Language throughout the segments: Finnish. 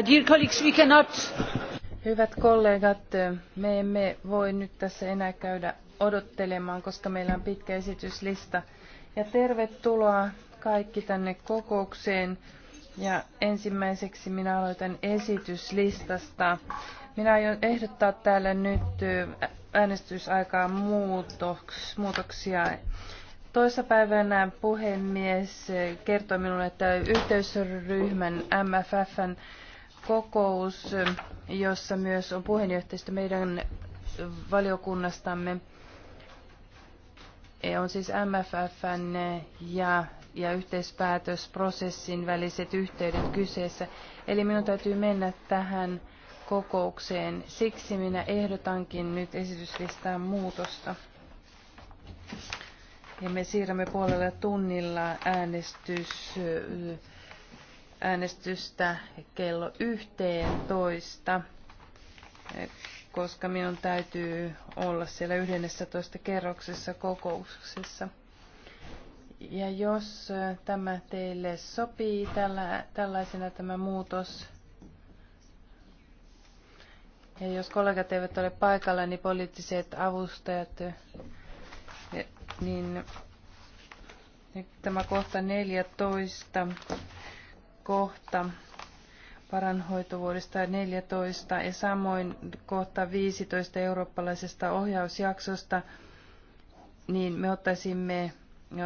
Uh, Hyvät kollegat, me emme voi nyt tässä enää käydä odottelemaan, koska meillä on pitkä esityslista. Ja tervetuloa kaikki tänne kokoukseen. Ja ensimmäiseksi minä aloitan esityslistasta. Minä aion ehdottaa täällä nyt äänestysaikaa muutoks, muutoksia. Toissapäivänä puhemies kertoi minulle, että yhteysryhmän MFFn kokous, jossa myös on puheenjohtajista meidän valiokunnastamme. On siis MFFn ja, ja yhteispäätösprosessin väliset yhteydet kyseessä. Eli minun täytyy mennä tähän kokoukseen. Siksi minä ehdotankin nyt esityslistaan muutosta. Ja me siirrämme puolella tunnilla äänestys äänestystä kello 11, koska minun täytyy olla siellä 11 kerroksessa kokouksessa. Ja jos tämä teille sopii tällä, tällaisena tämä muutos, ja jos kollegat eivät ole paikalla, niin poliittiset avustajat, niin tämä kohta 14 kohta paranhoitovuodesta 14 ja samoin kohta 15 eurooppalaisesta ohjausjaksosta, niin me ottaisimme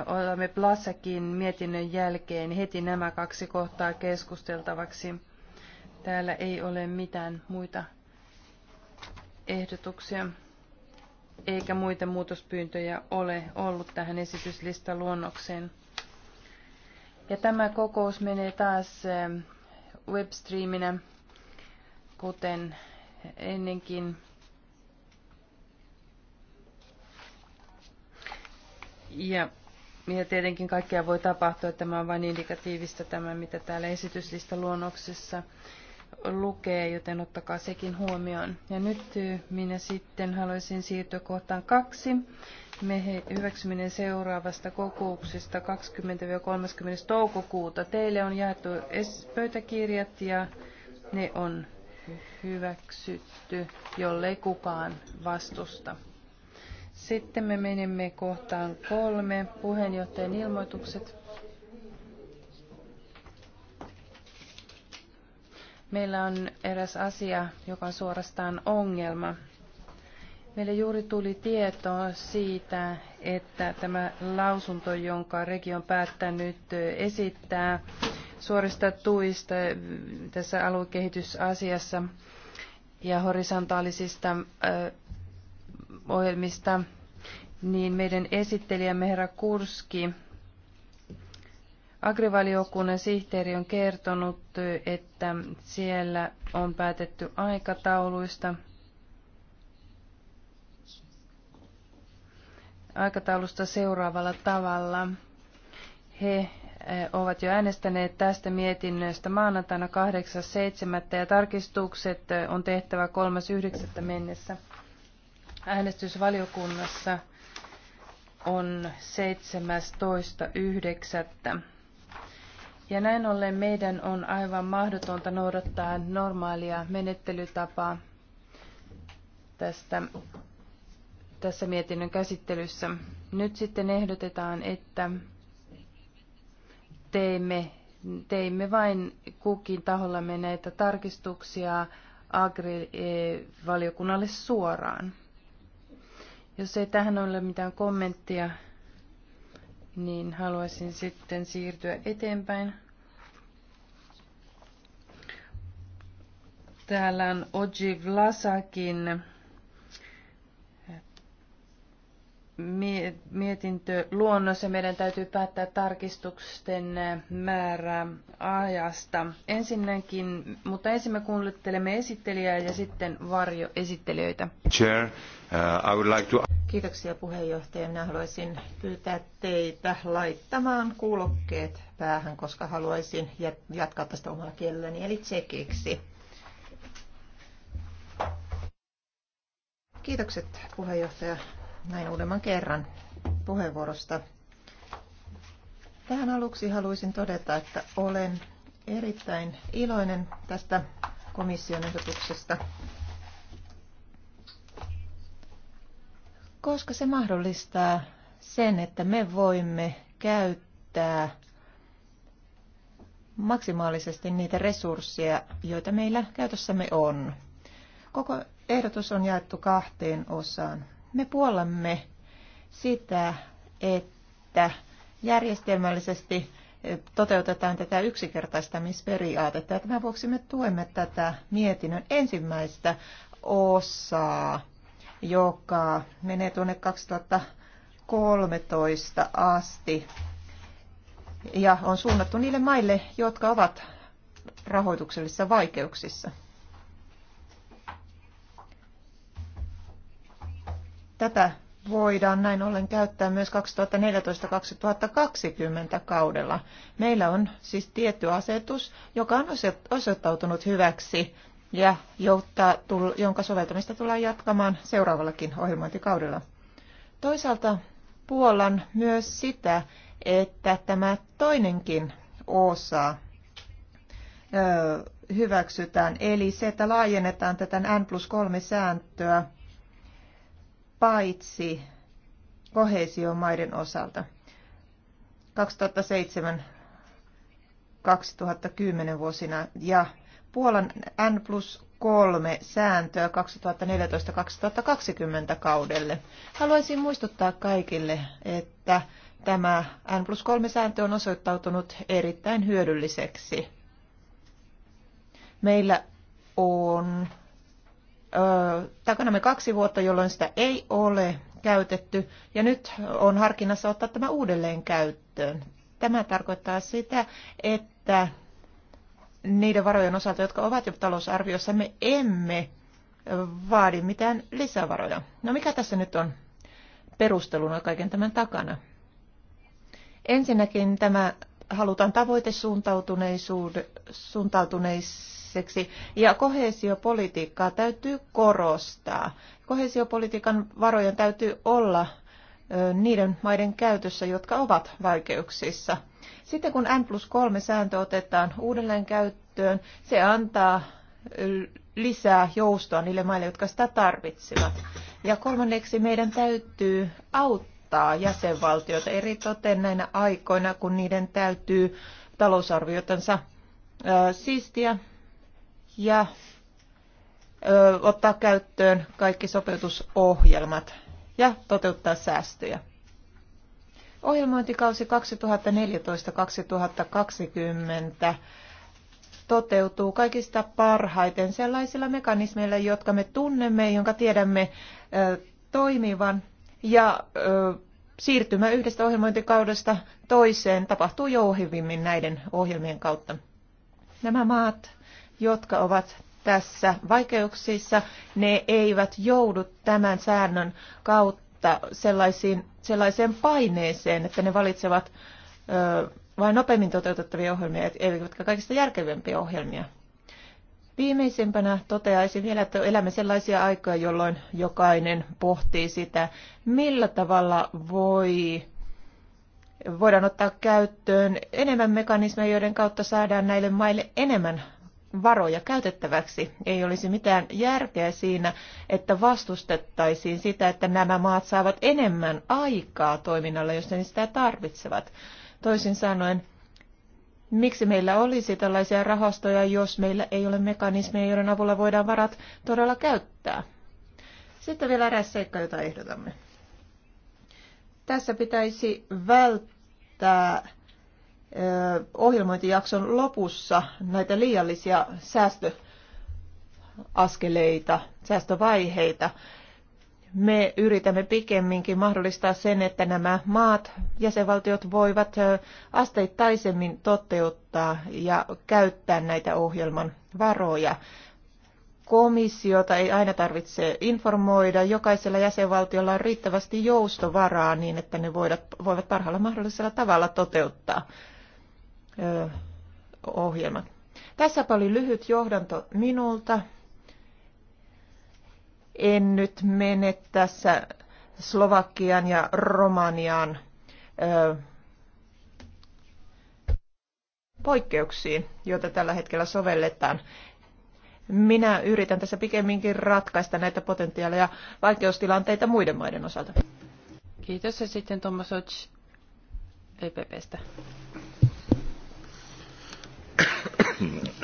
olemme plassakin mietinnön jälkeen heti nämä kaksi kohtaa keskusteltavaksi. Täällä ei ole mitään muita ehdotuksia eikä muita muutospyyntöjä ole ollut tähän esityslistaluonnokseen. luonnokseen. Ja tämä kokous menee taas ähm, webstreaminä, kuten ennenkin. Ja, ja tietenkin kaikkea voi tapahtua. Tämä on vain indikatiivista tämä, mitä täällä esityslistaluonnoksessa luonnoksessa lukee, joten ottakaa sekin huomioon. Ja nyt minä sitten haluaisin siirtyä kohtaan kaksi. Me hyväksyminen seuraavasta kokouksesta 20-30. toukokuuta. Teille on jaettu pöytäkirjat ja ne on hyväksytty, jollei kukaan vastusta. Sitten me menemme kohtaan kolme, puheenjohtajan ilmoitukset. Meillä on eräs asia, joka on suorastaan ongelma. Meille juuri tuli tieto siitä, että tämä lausunto, jonka regi on päättänyt esittää suorista tuista tässä aluekehitysasiassa ja horisontaalisista ohjelmista, niin meidän esittelijämme herra Kurski Agrivaliokunnan sihteeri on kertonut, että siellä on päätetty aikatauluista. Aikataulusta seuraavalla tavalla. He eh, ovat jo äänestäneet tästä mietinnöstä maanantaina 8.7. ja tarkistukset eh, on tehtävä 3.9. mennessä. Äänestysvaliokunnassa on 17.9. Ja näin ollen meidän on aivan mahdotonta noudattaa normaalia menettelytapaa tästä, tässä mietinnön käsittelyssä. Nyt sitten ehdotetaan, että teimme, teimme vain kukin taholla näitä tarkistuksia agri-valiokunnalle e-, suoraan. Jos ei tähän ole mitään kommenttia, niin haluaisin sitten siirtyä eteenpäin. Täällä on Oji Vlasakin mietintö luonnos ja meidän täytyy päättää tarkistusten äh, määrä, ajasta. Ensinnäkin, mutta ensin me kuuntelemme esittelijää ja sitten varjoesittelijöitä. Chair, uh, I would like to... Kiitoksia puheenjohtaja. Minä haluaisin pyytää teitä laittamaan kuulokkeet päähän, koska haluaisin jatkaa tästä omalla kielelläni, eli tsekiksi. Kiitokset puheenjohtaja näin uudemman kerran puheenvuorosta. Tähän aluksi haluaisin todeta, että olen erittäin iloinen tästä komission ehdotuksesta, koska se mahdollistaa sen, että me voimme käyttää maksimaalisesti niitä resursseja, joita meillä käytössämme on. Koko ehdotus on jaettu kahteen osaan me puolamme sitä, että järjestelmällisesti e, toteutetaan tätä yksinkertaistamisperiaatetta. Ja tämän vuoksi me tuemme tätä mietinnön ensimmäistä osaa, joka menee tuonne 2013 asti ja on suunnattu niille maille, jotka ovat rahoituksellisissa vaikeuksissa. Tätä voidaan näin ollen käyttää myös 2014-2020 kaudella. Meillä on siis tietty asetus, joka on osoittautunut hyväksi ja jonka soveltamista tullaan jatkamaan seuraavallakin ohjelmointikaudella. Toisaalta puolan myös sitä, että tämä toinenkin osa hyväksytään, eli se, että laajennetaan tätä N plus 3 sääntöä paitsi kohesiomaiden osalta. 2007 2010 vuosina ja Puolan N plus 3 sääntöä 2014-2020 kaudelle. Haluaisin muistuttaa kaikille, että tämä N plus 3 sääntö on osoittautunut erittäin hyödylliseksi. Meillä on takanamme kaksi vuotta, jolloin sitä ei ole käytetty, ja nyt on harkinnassa ottaa tämä uudelleen käyttöön. Tämä tarkoittaa sitä, että niiden varojen osalta, jotka ovat jo talousarviossa, me emme vaadi mitään lisävaroja. No mikä tässä nyt on perusteluna kaiken tämän takana? Ensinnäkin tämä halutaan tavoitesuuntautuneiseksi ja kohesiopolitiikkaa täytyy korostaa. Kohesiopolitiikan varojen täytyy olla niiden maiden käytössä, jotka ovat vaikeuksissa. Sitten kun N plus 3 sääntö otetaan uudelleen käyttöön, se antaa lisää joustoa niille maille, jotka sitä tarvitsevat. Ja kolmanneksi meidän täytyy auttaa rasittaa jäsenvaltioita eri näinä aikoina, kun niiden täytyy talousarviotansa siistiä ja ottaa käyttöön kaikki sopeutusohjelmat ja toteuttaa säästöjä. Ohjelmointikausi 2014-2020 toteutuu kaikista parhaiten sellaisilla mekanismeilla, jotka me tunnemme, jonka tiedämme toimivan – ja ö, siirtymä yhdestä ohjelmointikaudesta toiseen tapahtuu jouhivimmin näiden ohjelmien kautta. Nämä maat, jotka ovat tässä vaikeuksissa, ne eivät joudu tämän säännön kautta sellaisiin, sellaiseen paineeseen, että ne valitsevat ö, vain nopeammin toteutettavia ohjelmia, eivätkä kaikista järkevimpiä ohjelmia. Viimeisempänä toteaisin vielä, että elämme sellaisia aikoja, jolloin jokainen pohtii sitä, millä tavalla voi voidaan ottaa käyttöön enemmän mekanismeja, joiden kautta saadaan näille maille enemmän varoja käytettäväksi. Ei olisi mitään järkeä siinä, että vastustettaisiin sitä, että nämä maat saavat enemmän aikaa toiminnalle, jos ne sitä tarvitsevat. Toisin sanoen, Miksi meillä olisi tällaisia rahastoja, jos meillä ei ole mekanismeja, joiden avulla voidaan varat todella käyttää? Sitten vielä eräs seikka, jota ehdotamme. Tässä pitäisi välttää ohjelmointijakson lopussa näitä liiallisia säästöaskeleita, säästövaiheita me yritämme pikemminkin mahdollistaa sen, että nämä maat, jäsenvaltiot voivat asteittaisemmin toteuttaa ja käyttää näitä ohjelman varoja. Komissiota ei aina tarvitse informoida. Jokaisella jäsenvaltiolla on riittävästi joustovaraa niin, että ne voivat parhaalla mahdollisella tavalla toteuttaa ohjelmat. Tässä oli lyhyt johdanto minulta. En nyt mene tässä Slovakian ja Romanian ö, poikkeuksiin, joita tällä hetkellä sovelletaan. Minä yritän tässä pikemminkin ratkaista näitä potentiaaleja vaikeustilanteita muiden maiden osalta. Kiitos ja sitten Tomas Hodge EPPstä.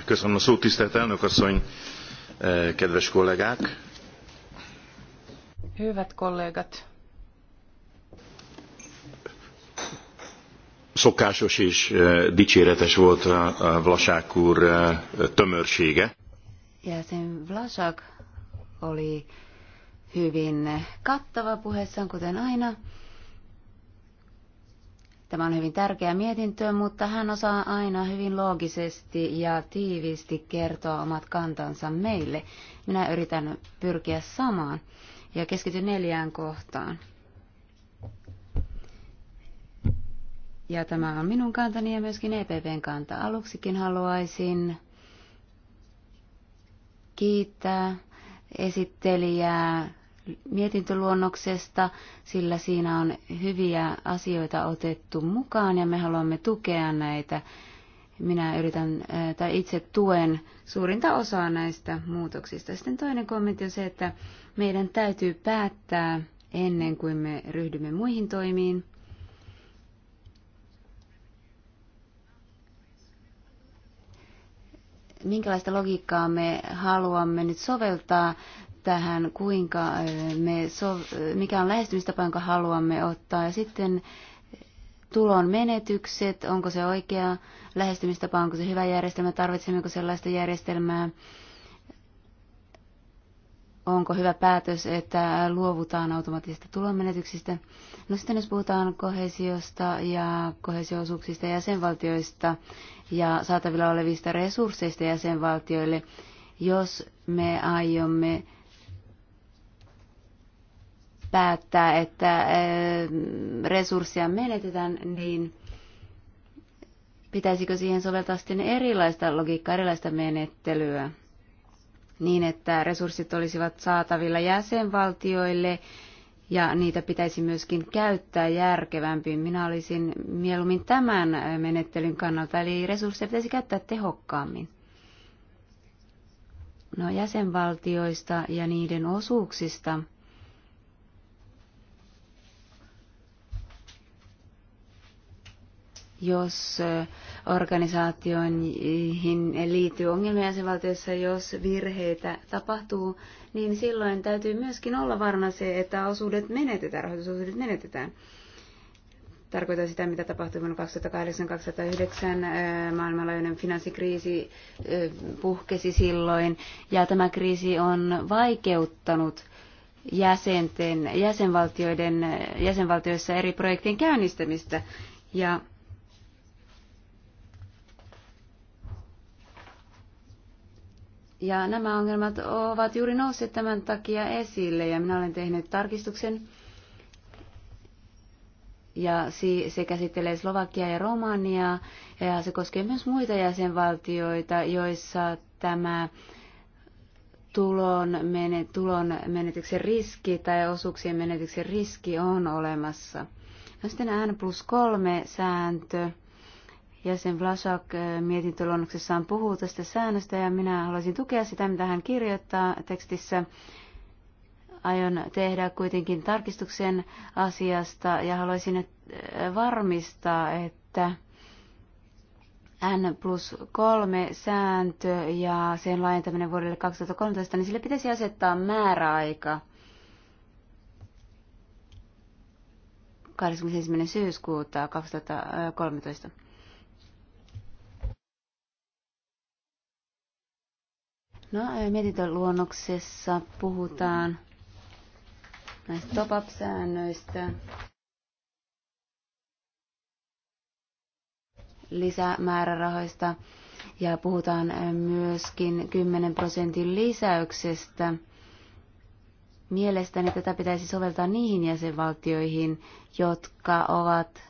Köszönöm a szót, tisztelt elnök asszony, kedves kollégák! Hyvät kollegat. Szokásos és eh, dicséretes volt a Vlasák úr eh, tömörsége. Ja sen Vlasak oli hyvin kattava puheessaan, kuten aina. Tämä on hyvin tärkeä mietintö, mutta hän osaa aina hyvin loogisesti ja tiiviisti kertoa omat kantansa meille. Minä yritän pyrkiä samaan ja keskityn neljään kohtaan. Ja tämä on minun kantani ja myöskin EPPn kanta. Aluksikin haluaisin kiittää esittelijää mietintöluonnoksesta, sillä siinä on hyviä asioita otettu mukaan ja me haluamme tukea näitä minä yritän eh, tai itse tuen suurinta osaa näistä muutoksista. Sitten toinen kommentti on se, että meidän täytyy päättää ennen kuin me ryhdymme muihin toimiin. Minkälaista logiikkaa me haluamme nyt soveltaa tähän, kuinka eh, me, mikä on lähestymistapa, jonka haluamme ottaa. Ja sitten tulon menetykset, onko se oikea lähestymistapa, onko se hyvä järjestelmä, tarvitsemmeko sellaista järjestelmää, onko hyvä päätös, että luovutaan automaattisista tulonmenetyksistä. No sitten jos puhutaan kohesiosta ja kohesiosuuksista jäsenvaltioista ja saatavilla olevista resursseista jäsenvaltioille, jos me aiomme päättää, että resursseja menetetään, niin pitäisikö siihen soveltaa sitten erilaista logiikkaa, erilaista menettelyä, niin että resurssit olisivat saatavilla jäsenvaltioille ja niitä pitäisi myöskin käyttää järkevämpiin. Minä olisin mieluummin tämän menettelyn kannalta, eli resursseja pitäisi käyttää tehokkaammin. No jäsenvaltioista ja niiden osuuksista – jos eh, organisaatioihin liittyy ongelmia jäsenvaltioissa, jos virheitä tapahtuu, niin silloin täytyy myöskin olla varna se, että osuudet menetetään, rahoitusosuudet menetetään. Tarkoitan sitä, mitä tapahtui vuonna 2008-2009. Eh, maailmanlaajuinen finanssikriisi eh, puhkesi silloin, ja tämä kriisi on vaikeuttanut jäsenten, jäsenvaltioiden, jäsenvaltioissa eri projektien käynnistämistä. Ja Ja nämä ongelmat ovat juuri nousseet tämän takia esille ja minä olen tehnyt tarkistuksen ja se käsittelee Slovakia ja Romaniaa ja se koskee myös muita jäsenvaltioita, joissa tämä tulon, menet, tulon menetyksen riski tai osuuksien menetyksen riski on olemassa. No sitten N plus 3 sääntö jäsen Vlasak äh, mietintöluonnoksessaan puhuu tästä säännöstä ja minä haluaisin tukea sitä, mitä hän kirjoittaa tekstissä. Aion tehdä kuitenkin tarkistuksen asiasta ja haluaisin äh, varmistaa, että N plus kolme sääntö ja sen laajentaminen vuodelle 2013, niin sille pitäisi asettaa määräaika 21. syyskuuta 2013. No, mietintöluonnoksessa puhutaan näistä top-up-säännöistä, lisämäärärahoista ja puhutaan myöskin 10 prosentin lisäyksestä. Mielestäni tätä pitäisi soveltaa niihin jäsenvaltioihin, jotka ovat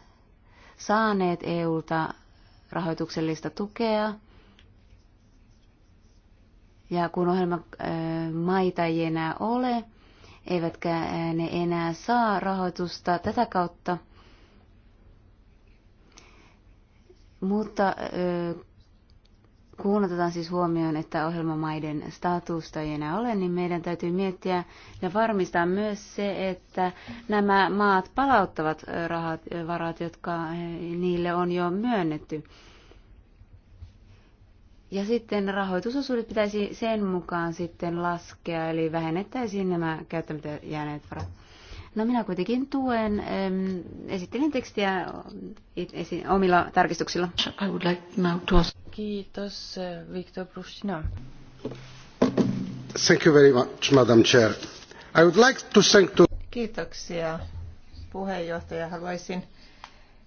saaneet EU-ta rahoituksellista tukea – ja kun äh, maita ei enää ole, eivätkä äh, ne enää saa rahoitusta tätä kautta, mutta äh, kun otetaan siis huomioon, että ohjelmamaiden statusta ei enää ole, niin meidän täytyy miettiä ja varmistaa myös se, että nämä maat palauttavat rahat, varat, jotka niille on jo myönnetty. Ja sitten rahoitusosuudet pitäisi sen mukaan sitten laskea, eli vähennettäisiin nämä käyttämättä jääneet varat. No minä kuitenkin tuen, äm, esittelen tekstiä esi- omilla tarkistuksilla. I would like now to ask. Kiitos, eh, Viktor Brusina. Thank you very much, Madam Chair. I would like to thank to... Kiitoksia, puheenjohtaja. Haluaisin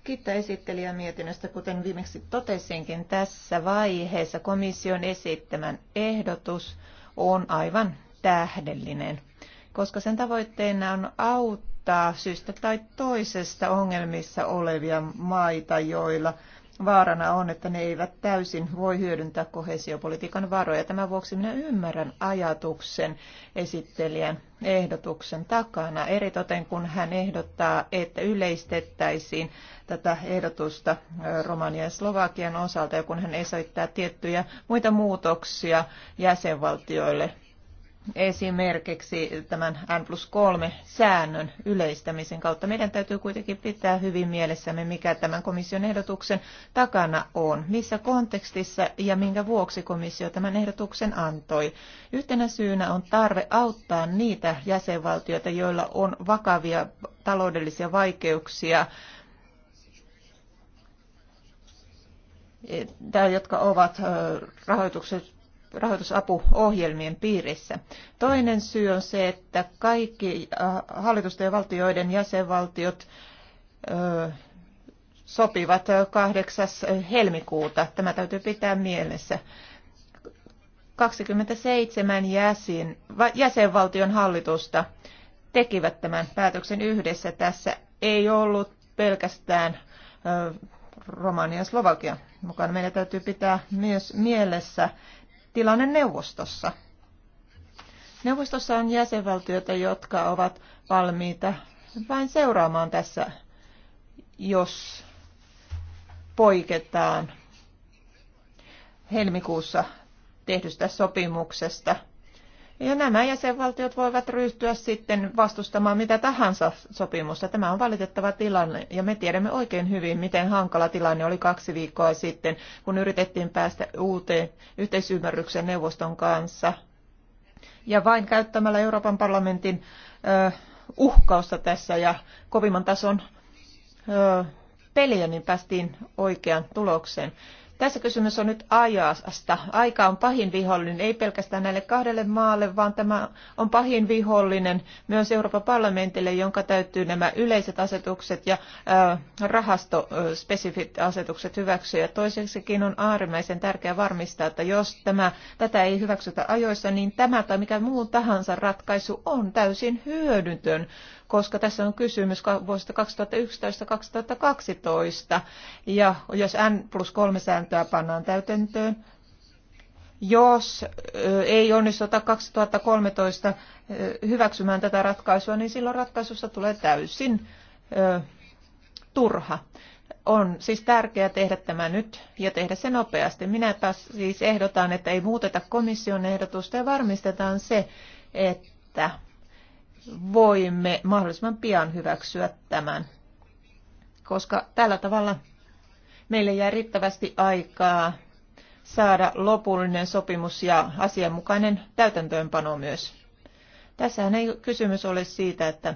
kiittää esittelijä mietinnöstä, kuten viimeksi totesinkin tässä vaiheessa. Komission esittämän ehdotus on aivan tähdellinen, koska sen tavoitteena on auttaa syystä tai toisesta ongelmissa olevia maita, joilla vaarana on, että ne eivät täysin voi hyödyntää kohesiopolitiikan varoja. Tämän vuoksi minä ymmärrän ajatuksen esittelijän ehdotuksen takana, eritoten kun hän ehdottaa, että yleistettäisiin tätä ehdotusta Romanian ja Slovakian osalta, ja kun hän esittää tiettyjä muita muutoksia jäsenvaltioille esimerkiksi tämän N plus 3 säännön yleistämisen kautta. Meidän täytyy kuitenkin pitää hyvin mielessämme, mikä tämän komission ehdotuksen takana on, missä kontekstissa ja minkä vuoksi komissio tämän ehdotuksen antoi. Yhtenä syynä on tarve auttaa niitä jäsenvaltioita, joilla on vakavia taloudellisia vaikeuksia jotka ovat rahoitukset rahoitusapuohjelmien piirissä. Toinen syy on se, että kaikki äh, hallitusten ja valtioiden jäsenvaltiot sopivat 8. helmikuuta. Tämä täytyy pitää mielessä. 27 jäsen, jäsenvaltion hallitusta tekivät tämän päätöksen yhdessä. Tässä ei ollut pelkästään Romania ja Slovakia mukana. Meidän täytyy pitää myös mielessä tilanne neuvostossa. Neuvostossa on jäsenvaltioita, jotka ovat valmiita vain seuraamaan tässä, jos poiketaan helmikuussa tehdystä sopimuksesta – ja nämä jäsenvaltiot voivat ryhtyä sitten vastustamaan mitä tahansa sopimusta. Tämä on valitettava tilanne ja me tiedämme oikein hyvin, miten hankala tilanne oli kaksi viikkoa sitten, kun yritettiin päästä uuteen yhteisymmärrykseen neuvoston kanssa. Ja vain käyttämällä Euroopan parlamentin ö, uhkausta tässä ja kovimman tason ö, peliä, niin päästiin oikeaan tulokseen. Tässä kysymys on nyt ajasta. Aika on pahin vihollinen, ei pelkästään näille kahdelle maalle, vaan tämä on pahin vihollinen myös Euroopan parlamentille, jonka täytyy nämä yleiset asetukset ja äh, rahastospesifit asetukset hyväksyä. Toiseksikin on äärimmäisen tärkeää varmistaa, että jos tämä, tätä ei hyväksytä ajoissa, niin tämä tai mikä muu tahansa ratkaisu on täysin hyödytön koska tässä on kysymys vuosista 2011-2012. Ja jos N plus 3 sääntöä pannaan täytäntöön, jos ei onnistuta 2013 hyväksymään tätä ratkaisua, niin silloin ratkaisusta tulee täysin turha. On siis tärkeää tehdä tämä nyt ja tehdä se nopeasti. Minä taas siis ehdotan, että ei muuteta komission ehdotusta ja varmistetaan se, että voimme mahdollisimman pian hyväksyä tämän, koska tällä tavalla meille jää riittävästi aikaa saada lopullinen sopimus ja asianmukainen täytäntöönpano myös. Tässähän ei kysymys ole siitä, että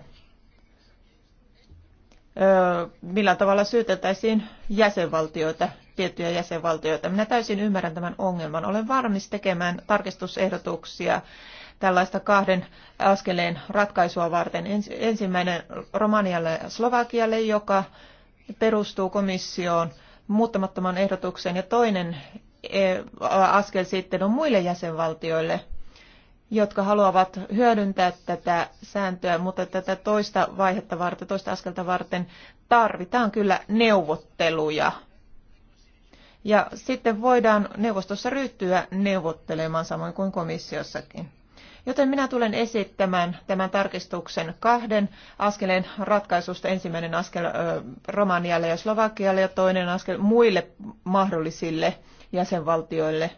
millä tavalla syytettäisiin jäsenvaltioita, tiettyjä jäsenvaltioita. Minä täysin ymmärrän tämän ongelman. Olen varmis tekemään tarkistusehdotuksia tällaista kahden askeleen ratkaisua varten. Ensimmäinen Romanialle ja Slovakialle, joka perustuu komissioon muuttamattoman ehdotuksen ja toinen e, askel sitten on muille jäsenvaltioille, jotka haluavat hyödyntää tätä sääntöä, mutta tätä toista vaihetta varten, toista askelta varten tarvitaan kyllä neuvotteluja. Ja sitten voidaan neuvostossa ryhtyä neuvottelemaan samoin kuin komissiossakin. Joten minä tulen esittämään tämän tarkistuksen kahden askeleen ratkaisusta. Ensimmäinen askel Romanialle ja Slovakialle ja toinen askel muille mahdollisille jäsenvaltioille.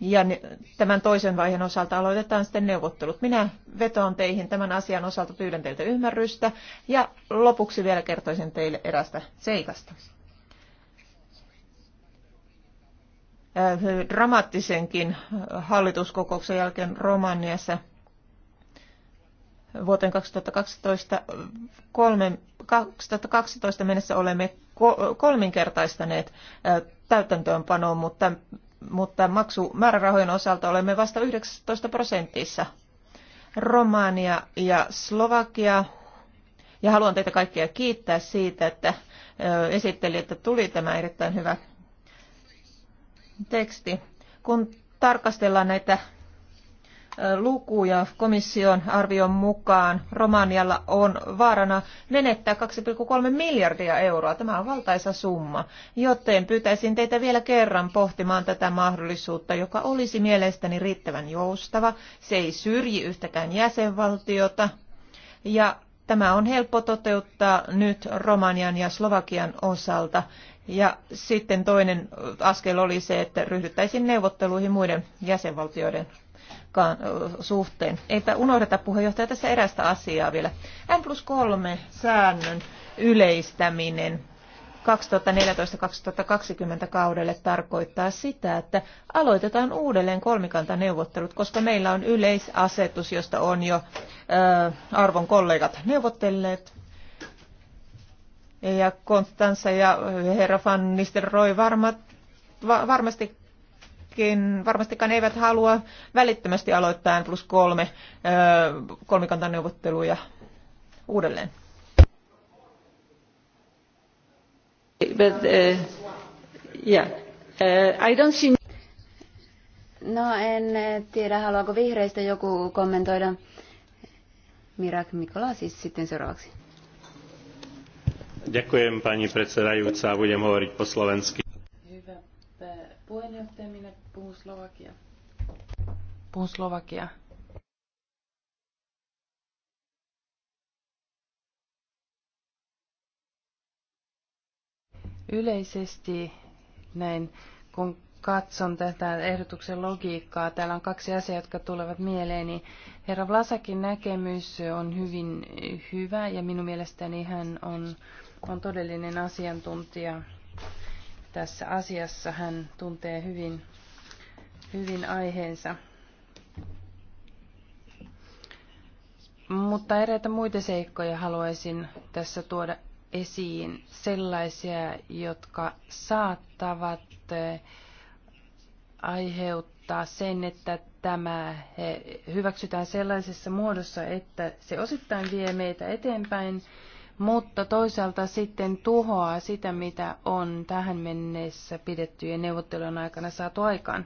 Ja tämän toisen vaiheen osalta aloitetaan sitten neuvottelut. Minä vetoan teihin tämän asian osalta, pyydän teiltä ymmärrystä ja lopuksi vielä kertoisin teille erästä seikasta. Äh, dramaattisenkin hallituskokouksen jälkeen Romaniassa vuoteen 2012, kolme, 2012 mennessä olemme kolminkertaistaneet äh, täytäntöönpanoon, mutta, mutta maksumäärärahojen osalta olemme vasta 19 prosentissa. Romania ja Slovakia. Ja haluan teitä kaikkia kiittää siitä, että äh, esitteli, että tuli tämä erittäin hyvä teksti. Kun tarkastellaan näitä lukuja komission arvion mukaan Romanialla on vaarana menettää 2,3 miljardia euroa. Tämä on valtaisa summa, joten pyytäisin teitä vielä kerran pohtimaan tätä mahdollisuutta, joka olisi mielestäni riittävän joustava. Se ei syrji yhtäkään jäsenvaltiota ja Tämä on helppo toteuttaa nyt Romanian ja Slovakian osalta ja sitten toinen askel oli se, että ryhdyttäisiin neuvotteluihin muiden jäsenvaltioiden suhteen. Eipä unohdeta puheenjohtaja tässä erästä asiaa vielä. N plus 3 säännön yleistäminen 2014-2020 kaudelle tarkoittaa sitä, että aloitetaan uudelleen kolmikantaneuvottelut, koska meillä on yleisasetus, josta on jo arvon kollegat neuvotelleet ja Konstanssa ja herra Van Nistelrooy varmat, va, varmasti varmastikaan eivät halua välittömästi aloittaa N plus kolme kolmikantaneuvotteluja uudelleen. But, uh, yeah. uh, I don't see... No en eh, tiedä, haluaako vihreistä joku kommentoida. Mirak Mikola siis sitten seuraavaksi. Ďakujem pani predsedajúca, budem hovoriť po slovensky. Hyvä eh, puheenjohtaja, minä puhun slovakia. Yleisesti näin, kun katson tätä ehdotuksen logiikkaa, täällä on kaksi asiaa, jotka tulevat mieleeni. Niin herra Vlasakin näkemys on hyvin hyvä ja minun mielestäni hän on on todellinen asiantuntija tässä asiassa. Hän tuntee hyvin, hyvin aiheensa. Mutta eräitä muita seikkoja haluaisin tässä tuoda esiin, sellaisia, jotka saattavat eh, aiheuttaa sen, että tämä eh, hyväksytään sellaisessa muodossa, että se osittain vie meitä eteenpäin mutta toisaalta sitten tuhoaa sitä, mitä on tähän mennessä pidettyjen neuvottelujen aikana saatu aikaan.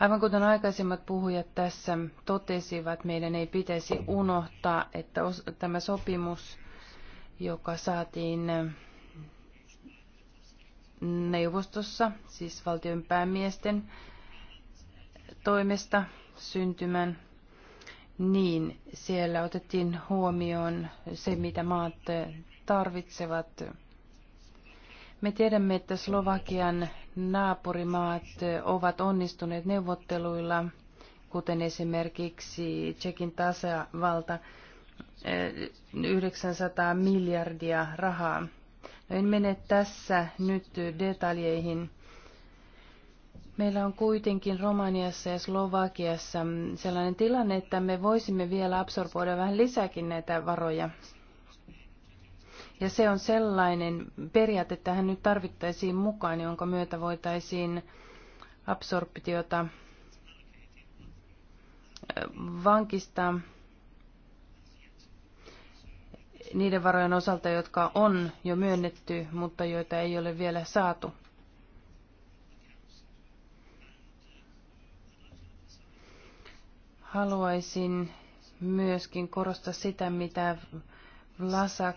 Aivan kuten aikaisemmat puhujat tässä totesivat, meidän ei pitäisi unohtaa, että tämä sopimus, joka saatiin äh, neuvostossa, siis valtion päämiesten toimesta syntymän niin siellä otettiin huomioon se, mitä maat tarvitsevat. Me tiedämme, että Slovakian naapurimaat ovat onnistuneet neuvotteluilla, kuten esimerkiksi Tsekin tasavalta, 900 eh, miljardia rahaa. No en mene tässä nyt detaljeihin Meillä on kuitenkin Romaniassa ja Slovakiassa sellainen tilanne, että me voisimme vielä absorboida vähän lisääkin näitä varoja. Ja se on sellainen periaate, että hän nyt tarvittaisiin mukaan, jonka myötä voitaisiin absorptiota vankistaa niiden varojen osalta, jotka on jo myönnetty, mutta joita ei ole vielä saatu. Haluaisin myöskin korostaa sitä, mitä Vlasak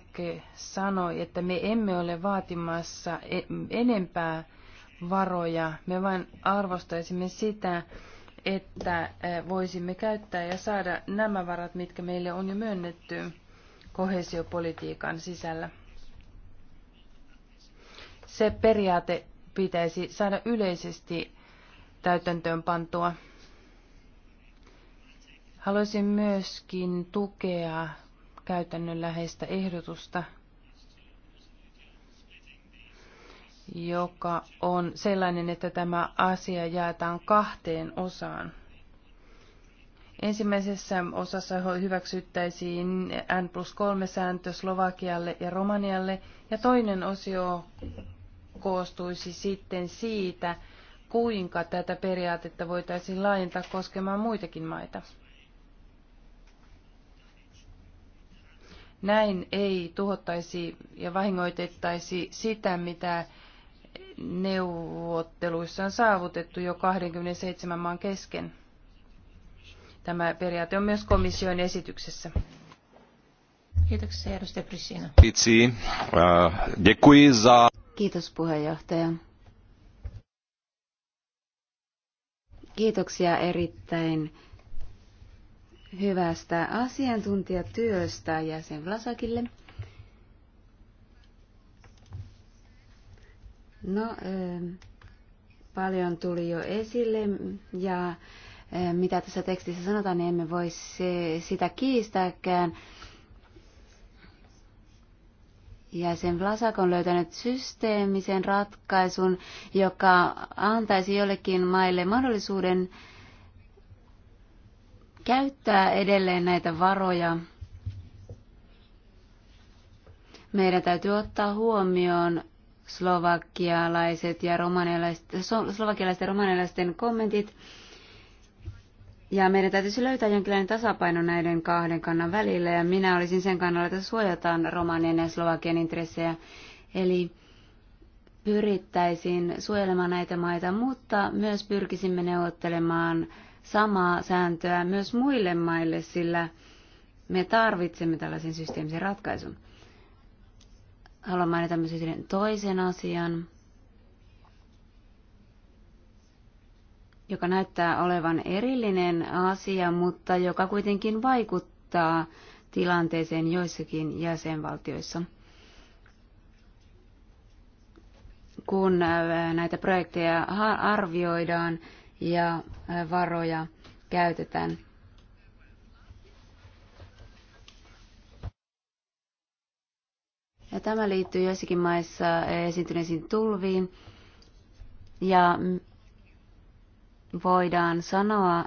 sanoi, että me emme ole vaatimassa e- enempää varoja. Me vain arvostaisimme sitä, että voisimme käyttää ja saada nämä varat, mitkä meille on jo myönnetty kohesiopolitiikan sisällä. Se periaate pitäisi saada yleisesti täytäntöön pantua. Haluaisin myöskin tukea käytännönläheistä ehdotusta, joka on sellainen, että tämä asia jaetaan kahteen osaan. Ensimmäisessä osassa hyväksyttäisiin N plus 3 sääntö Slovakialle ja Romanialle, ja toinen osio koostuisi sitten siitä, kuinka tätä periaatetta voitaisiin laajentaa koskemaan muitakin maita. Näin ei tuhottaisi ja vahingoitettaisi sitä, mitä neuvotteluissa on saavutettu jo 27 maan kesken. Tämä periaate on myös komission esityksessä. Kiitoksia, edustaja Prisina. Äh, Kiitos puheenjohtaja. Kiitoksia erittäin hyvästä asiantuntijatyöstä jäsen Vlasakille. No, ähm, paljon tuli jo esille ja äh, mitä tässä tekstissä sanotaan, niin emme voi sitä kiistääkään. Jäsen Vlasak on löytänyt systeemisen ratkaisun, joka antaisi jollekin maille mahdollisuuden käyttää edelleen näitä varoja, meidän täytyy ottaa huomioon slovakialaiset ja romanialaiset, slovakialaiset ja romanialaisten kommentit. Ja meidän täytyisi löytää jonkinlainen tasapaino näiden kahden kannan välillä, ja minä olisin sen kannalla, että suojataan romanien ja slovakian intressejä. Eli pyrittäisiin suojelemaan näitä maita, mutta myös pyrkisimme neuvottelemaan samaa sääntöä myös muille maille, sillä me tarvitsemme tällaisen systeemisen ratkaisun. Haluan mainita myös toisen asian, joka näyttää olevan erillinen asia, mutta joka kuitenkin vaikuttaa tilanteeseen joissakin jäsenvaltioissa. Kun äh, näitä projekteja arvioidaan, ja varoja käytetään. Ja tämä liittyy joissakin maissa esiintyneisiin tulviin. Ja voidaan sanoa,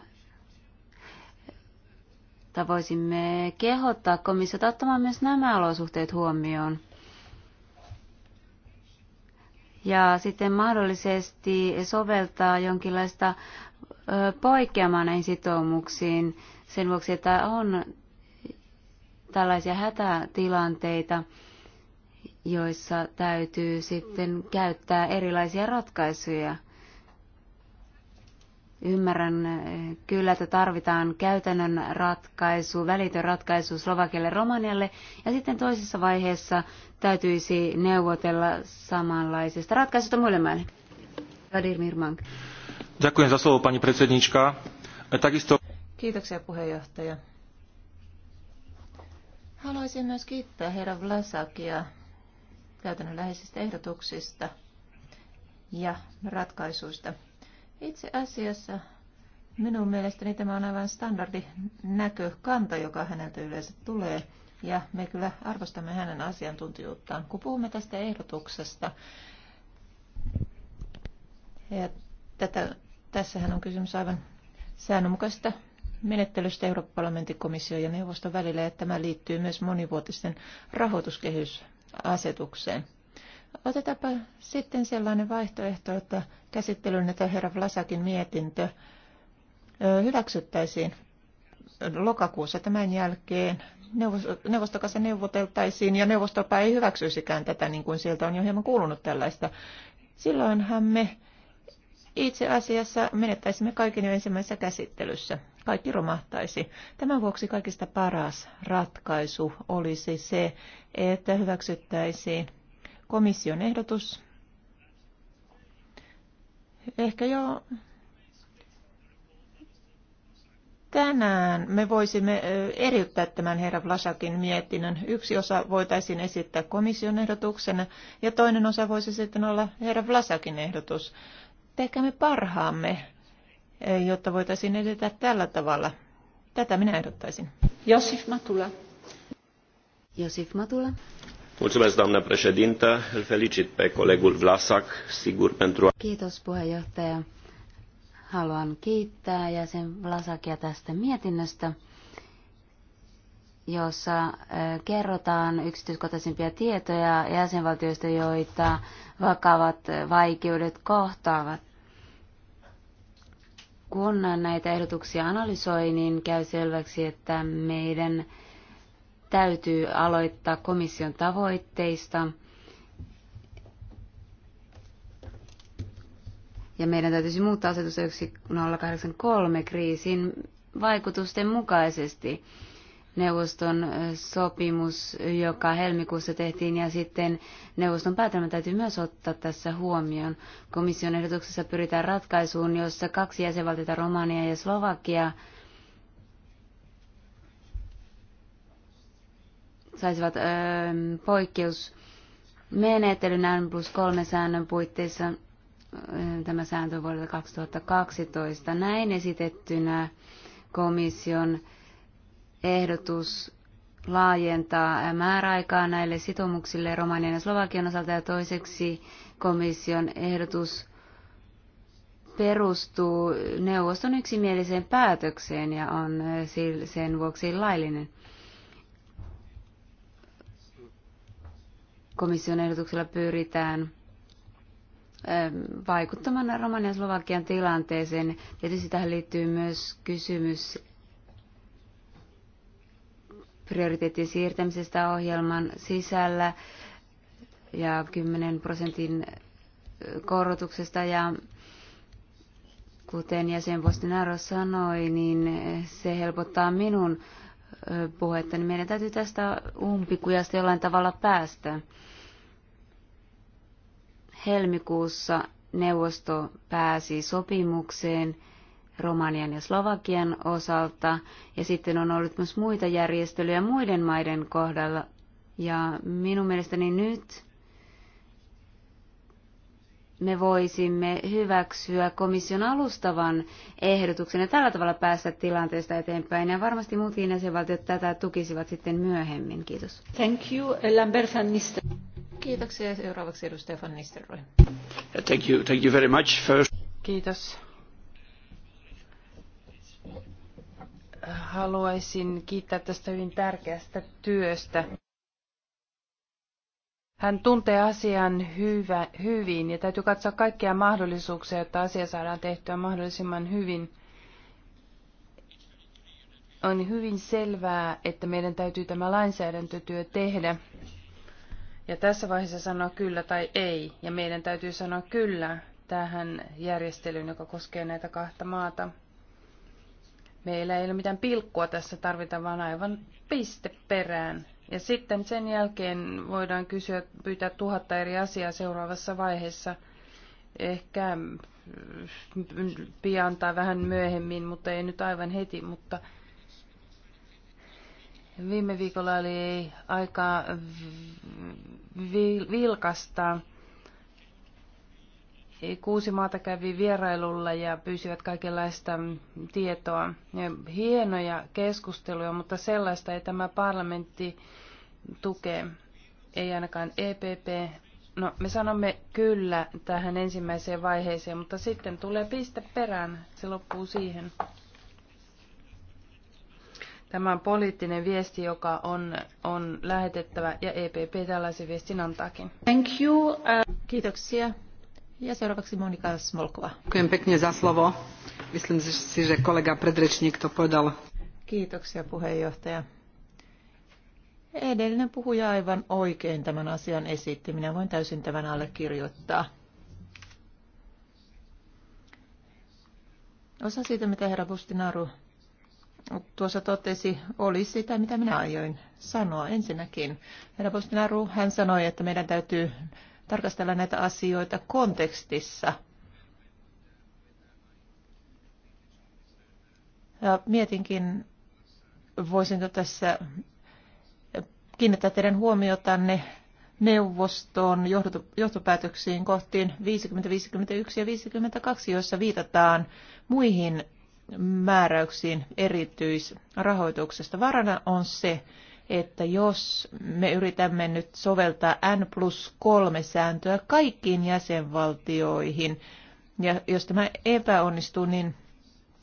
että voisimme kehottaa komissiota ottamaan myös nämä olosuhteet huomioon ja sitten mahdollisesti soveltaa jonkinlaista poikkeamaan näihin sitoumuksiin sen vuoksi, että on tällaisia hätätilanteita, joissa täytyy sitten käyttää erilaisia ratkaisuja – Ymmärrän eh, kyllä, että tarvitaan käytännön ratkaisu, välitön ratkaisu Slovakialle Romanialle, ja sitten toisessa vaiheessa täytyisi neuvotella samanlaisesta ratkaisusta muille maille. Vladimir Mank. Ďakujem za slovo, pani predsednička. Takisto... Kiitoksia puheenjohtaja. Haluaisin myös kiittää herra Vlasakia käytännönläheisistä ehdotuksista ja ratkaisuista. Itse asiassa minun mielestäni tämä on aivan standardi näkökanta, joka häneltä yleensä tulee. Ja me kyllä arvostamme hänen asiantuntijuuttaan. Kun puhumme tästä ehdotuksesta, ja tätä, tässähän on kysymys aivan säännönmukaisesta menettelystä Euroopan parlamentin komission ja neuvoston välillä, ja tämä liittyy myös monivuotisten rahoituskehysasetukseen. Otetaanpa sitten sellainen vaihtoehto, että käsittelyyn näitä herra Vlasakin mietintö hyväksyttäisiin lokakuussa tämän jälkeen. Neuvostokassa neuvoteltaisiin ja neuvostopa ei hyväksyisikään tätä, niin kuin sieltä on jo hieman kuulunut tällaista. Silloinhan me itse asiassa menettäisimme kaiken jo ensimmäisessä käsittelyssä. Kaikki romahtaisi. Tämän vuoksi kaikista paras ratkaisu olisi se, että hyväksyttäisiin komission ehdotus. Ehkä jo tänään me voisimme eriyttää tämän herra Vlasakin mietinnön. Yksi osa voitaisiin esittää komission ehdotuksena ja toinen osa voisi sitten olla herra Vlasakin ehdotus. Tehkäämme parhaamme, jotta voitaisiin edetä tällä tavalla. Tätä minä ehdottaisin. Josif Matula. Josif Matula doamnă președintă îl felicit pe colegul vlasak sigur pentru. Kiitos puheenjohtaja. Haluan kiittää jäsen Vlasakia tästä mietinnöstä, jossa eh, kerrotaan yksityiskohtaisimpia tietoja jäsenvaltioista, joita vakavat eh, vaikeudet kohtaavat. Kun näitä ehdotuksia analysoi, niin käy selväksi, että meidän täytyy aloittaa komission tavoitteista. Ja meidän täytyisi muuttaa asetus 1083 kriisin vaikutusten mukaisesti neuvoston sopimus, joka helmikuussa tehtiin, ja sitten neuvoston päätelmä täytyy myös ottaa tässä huomioon. Komission ehdotuksessa pyritään ratkaisuun, jossa kaksi jäsenvaltiota, Romania ja Slovakia, saisivat öö, poikkeusmenettelyn plus kolme säännön puitteissa tämä sääntö vuodelta 2012. Näin esitettynä komission ehdotus laajentaa määräaikaa näille sitoumuksille Romanian ja Slovakian osalta ja toiseksi komission ehdotus perustuu neuvoston yksimieliseen päätökseen ja on sen vuoksi laillinen. Komission ehdotuksella pyritään ähm, vaikuttamaan Romanian ja Slovakian tilanteeseen. Tietysti tähän liittyy myös kysymys prioriteettien siirtämisestä ohjelman sisällä ja 10 prosentin äh, korotuksesta ja kuten jäsenpostin Bostinaro sanoi, niin se helpottaa minun äh, puhettani. Meidän täytyy tästä umpikujasta jollain tavalla päästä. Helmikuussa neuvosto pääsi sopimukseen Romanian ja Slovakian osalta, ja sitten on ollut myös muita järjestelyjä muiden maiden kohdalla. Ja minun mielestäni nyt me voisimme hyväksyä komission alustavan ehdotuksen ja tällä tavalla päästä tilanteesta eteenpäin. Ja varmasti muutkin jäsenvaltiot tätä tukisivat sitten myöhemmin. Kiitos. Thank you, Lambert van Nistelrooy. Kiitoksia. Seuraavaksi edustaja Van Nistelrooy. Thank you, thank you very much. First... Kiitos. Haluaisin kiittää tästä hyvin tärkeästä työstä. Hän tuntee asian hyvä, hyvin ja täytyy katsoa kaikkia mahdollisuuksia, jotta asia saadaan tehtyä mahdollisimman hyvin. On hyvin selvää, että meidän täytyy tämä lainsäädäntötyö tehdä ja tässä vaiheessa sanoa kyllä tai ei. Ja meidän täytyy sanoa kyllä tähän järjestelyyn, joka koskee näitä kahta maata. Meillä ei ole mitään pilkkua tässä tarvita, vaan aivan piste perään. Ja sitten sen jälkeen voidaan kysyä, pyytää tuhatta eri asiaa seuraavassa vaiheessa. Ehkä mm, pian tai vähän myöhemmin, mutta ei nyt aivan heti, mutta Viime viikolla oli aika vilkasta. Kuusi maata kävi vierailulla ja pyysivät kaikenlaista tietoa. Hienoja keskusteluja, mutta sellaista ei tämä parlamentti tukee. Ei ainakaan EPP. No, me sanomme kyllä tähän ensimmäiseen vaiheeseen, mutta sitten tulee piste perään. Se loppuu siihen. Tämä on poliittinen viesti, joka on, on lähetettävä, ja EPP tällaisen viestin antaakin. Thank you. Uh... Kiitoksia. Ja seuraavaksi Monika Smolkova. za slovo. Kiitoksia puheenjohtaja. Edellinen puhuja aivan oikein tämän asian esitti. Minä voin täysin tämän allekirjoittaa. Osa siitä, mitä herra Bustinaru tuossa totesi, oli sitä, mitä minä aioin sanoa ensinnäkin. Herra Postinaru, hän sanoi, että meidän täytyy tarkastella näitä asioita kontekstissa. Ja mietinkin, voisinko tässä kiinnittää teidän huomiotanne neuvoston johtopäätöksiin kohtiin 50, 51 ja 52, joissa viitataan muihin määräyksiin erityisrahoituksesta. Varana on se, että jos me yritämme nyt soveltaa N plus 3 sääntöä kaikkiin jäsenvaltioihin, ja jos tämä epäonnistuu, niin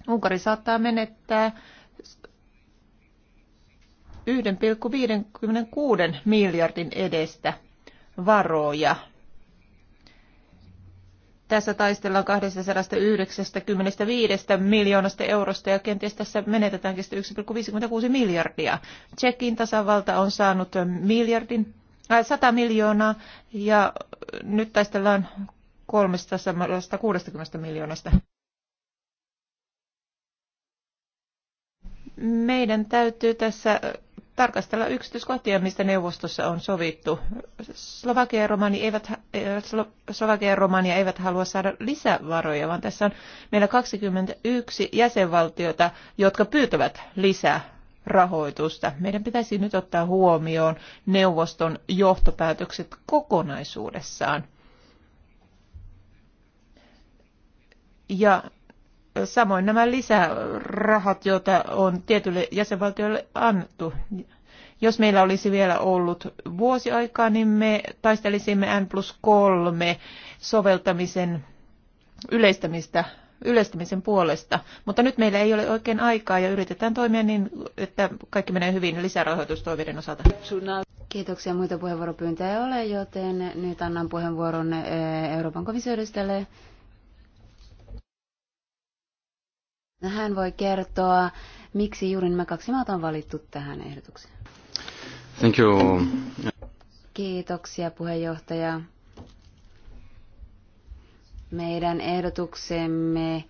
Unkari saattaa menettää 1,56 miljardin edestä varoja tässä taistellaan 295 miljoonasta eurosta ja kenties tässä menetetäänkin 1,56 miljardia. Tsekin tasavalta on saanut miljardin, äh, 100 miljoonaa ja nyt taistellaan 360 miljoonasta. Meidän täytyy tässä tarkastella yksityiskohtia, mistä neuvostossa on sovittu. Slovakia ja, Romani eivät, Slovakia ja Romania eivät halua saada lisävaroja, vaan tässä on meillä 21 jäsenvaltiota, jotka pyytävät lisää rahoitusta. Meidän pitäisi nyt ottaa huomioon neuvoston johtopäätökset kokonaisuudessaan. Ja Samoin nämä lisärahat, joita on tietylle jäsenvaltioille annettu. Jos meillä olisi vielä ollut vuosi aikaa, niin me taistelisimme N plus 3 soveltamisen yleistämistä yleistämisen puolesta, mutta nyt meillä ei ole oikein aikaa ja yritetään toimia niin, että kaikki menee hyvin lisärahoitustoiveiden osalta. Kiitoksia. Muita puheenvuoropyyntöjä ei ole, joten nyt annan puheenvuoron eh, Euroopan komission Hän voi kertoa, miksi juuri nämä kaksi maata on valittu tähän ehdotukseen. Thank you. Kiitoksia puheenjohtaja. Meidän ehdotuksemme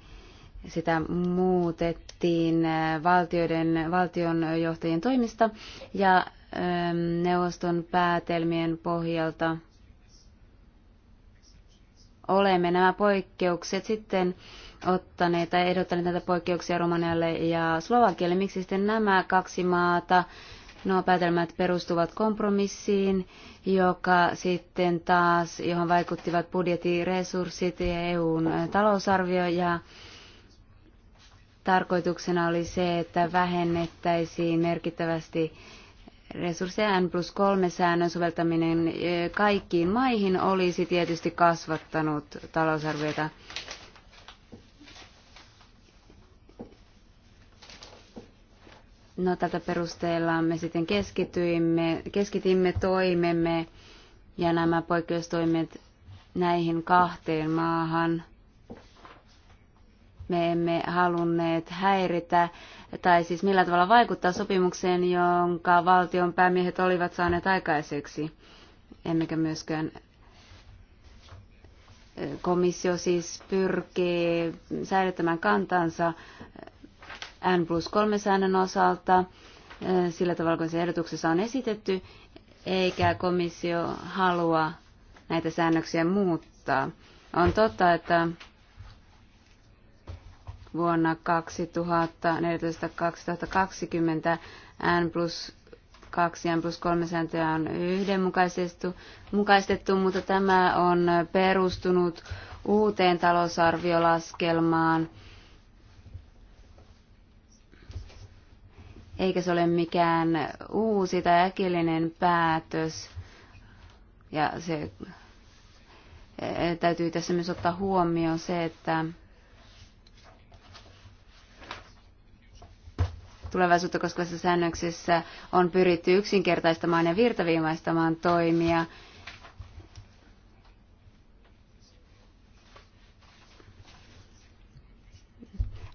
sitä muutettiin äh, valtioiden, valtionjohtajien toimista ja ähm, neuvoston päätelmien pohjalta olemme nämä poikkeukset sitten ottaneet tai ehdottaneet näitä poikkeuksia Romanialle ja Slovakialle. Miksi sitten nämä kaksi maata Nuo päätelmät perustuvat kompromissiin, joka sitten taas, johon vaikuttivat budjettiresurssit ja EUn talousarvio ja tarkoituksena oli se, että vähennettäisiin merkittävästi resursseja N plus 3 säännön soveltaminen eh, kaikkiin maihin olisi tietysti kasvattanut talousarviota. No tältä perusteella me sitten keskityimme, keskitimme toimemme ja nämä poikkeustoimet näihin kahteen maahan. Me emme halunneet häiritä tai siis millä tavalla vaikuttaa sopimukseen, jonka valtion päämiehet olivat saaneet aikaiseksi. Emmekä myöskään komissio siis pyrkii säilyttämään kantansa N plus 3 säännön osalta sillä tavalla, kuin se ehdotuksessa on esitetty, eikä komissio halua näitä säännöksiä muuttaa. On totta, että vuonna 2014-2020 N plus 2 ja N plus 3 sääntöjä on yhdenmukaistettu, mukaistettu, mutta tämä on perustunut uuteen talousarviolaskelmaan – eikä se ole mikään uusi tai äkillinen päätös. Ja se eh, täytyy tässä myös ottaa huomioon se, että tulevaisuutta koskevassa säännöksissä on pyritty yksinkertaistamaan ja virtaviimaistamaan toimia.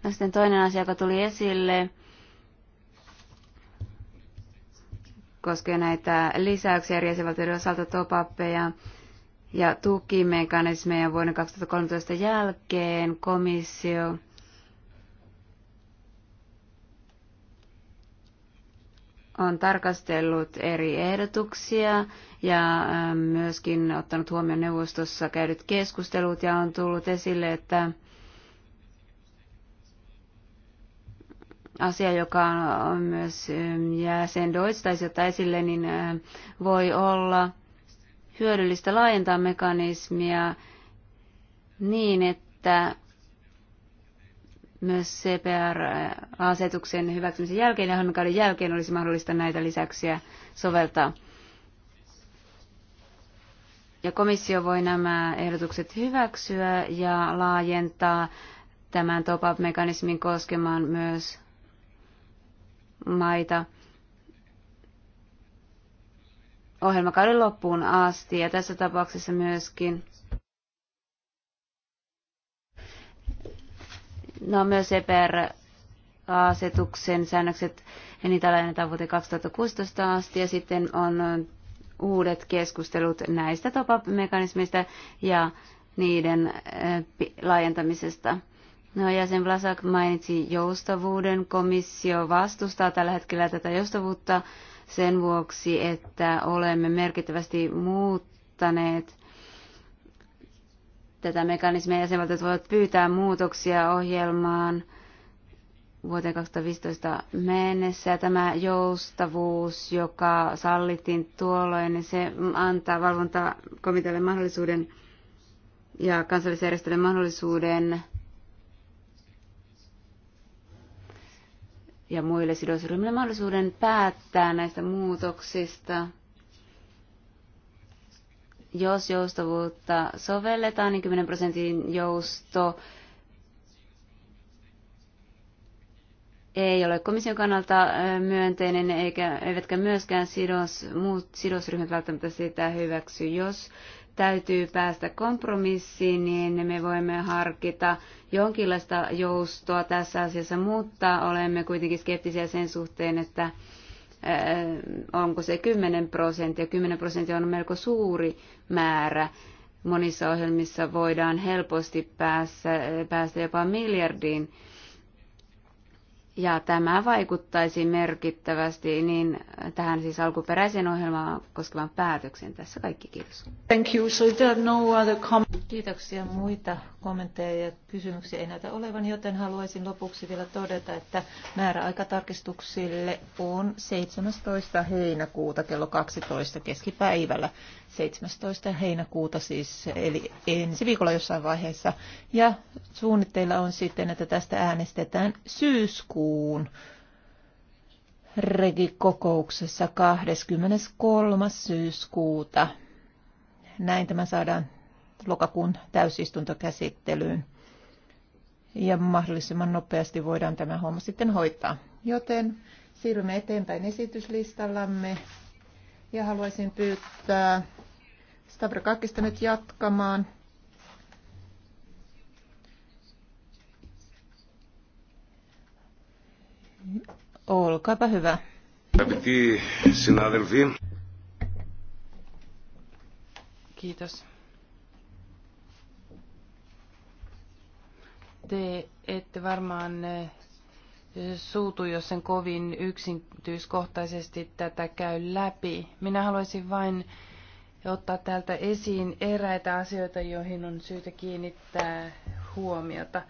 No sitten toinen asia, joka tuli esille, koskee näitä lisäyksiä jäsenvaltioiden osalta topappeja ja tukimekanismeja vuoden 2013 jälkeen komissio on tarkastellut eri ehdotuksia ja myöskin ottanut huomioon neuvostossa käydyt keskustelut ja on tullut esille, että asia, joka on myös ähm, jäsen Deutsch ottaa esille, niin äh, voi olla hyödyllistä laajentaa mekanismia niin, että myös CPR-asetuksen hyväksymisen jälkeen ja hankauden jälkeen olisi mahdollista näitä lisäyksiä soveltaa. Ja komissio voi nämä ehdotukset hyväksyä ja laajentaa tämän top-up-mekanismin koskemaan myös maita ohjelmakauden loppuun asti ja tässä tapauksessa myöskin no myös EPR asetuksen säännökset ja niitä laajennetaan vuoteen 2016 asti ja sitten on uudet keskustelut näistä top up ja niiden eh, laajentamisesta. No jäsen Vlasak mainitsi joustavuuden. Komissio vastustaa tällä hetkellä tätä joustavuutta sen vuoksi, että olemme merkittävästi muuttaneet tätä mekanismia. Jäsenvaltiot voivat pyytää muutoksia ohjelmaan vuoteen 2015 mennessä. Ja tämä joustavuus, joka sallittiin tuolloin, niin se antaa valvontakomitealle mahdollisuuden ja kansallisjärjestölle mahdollisuuden ja muille sidosryhmille mahdollisuuden päättää näistä muutoksista. Jos joustavuutta sovelletaan, niin 10 prosentin jousto ei ole komission kannalta myönteinen, eikä, eivätkä myöskään sidos, muut sidosryhmät välttämättä sitä hyväksy. Jos täytyy päästä kompromissiin, niin me voimme harkita jonkinlaista joustoa tässä asiassa, mutta olemme kuitenkin skeptisiä sen suhteen, että äh, onko se 10 prosenttia. 10 prosenttia on melko suuri määrä. Monissa ohjelmissa voidaan helposti päästä, äh, päästä jopa miljardiin ja tämä vaikuttaisi merkittävästi niin tähän siis alkuperäiseen ohjelmaan koskevan päätöksen. Tässä kaikki, kiitos. Thank you. So there are no other Kiitoksia. Muita kommentteja ja kysymyksiä ei näytä olevan, joten haluaisin lopuksi vielä todeta, että määräaikatarkistuksille on 17. heinäkuuta kello 12 keskipäivällä. 17. heinäkuuta siis, eli ensi viikolla jossain vaiheessa. Ja suunnitteilla on sitten, että tästä äänestetään syyskuun regikokouksessa 23. syyskuuta. Näin tämä saadaan lokakuun täysistuntokäsittelyyn. Ja mahdollisimman nopeasti voidaan tämä homma sitten hoitaa. Joten siirrymme eteenpäin esityslistallamme. Ja haluaisin pyytää Stavrakakista nyt jatkamaan. Olkaapa hyvä. Kiitos. Te ette varmaan eh, suutu, jos sen kovin yksityiskohtaisesti tätä käy läpi. Minä haluaisin vain ja ottaa täältä esiin eräitä asioita, joihin on syytä kiinnittää huomiota.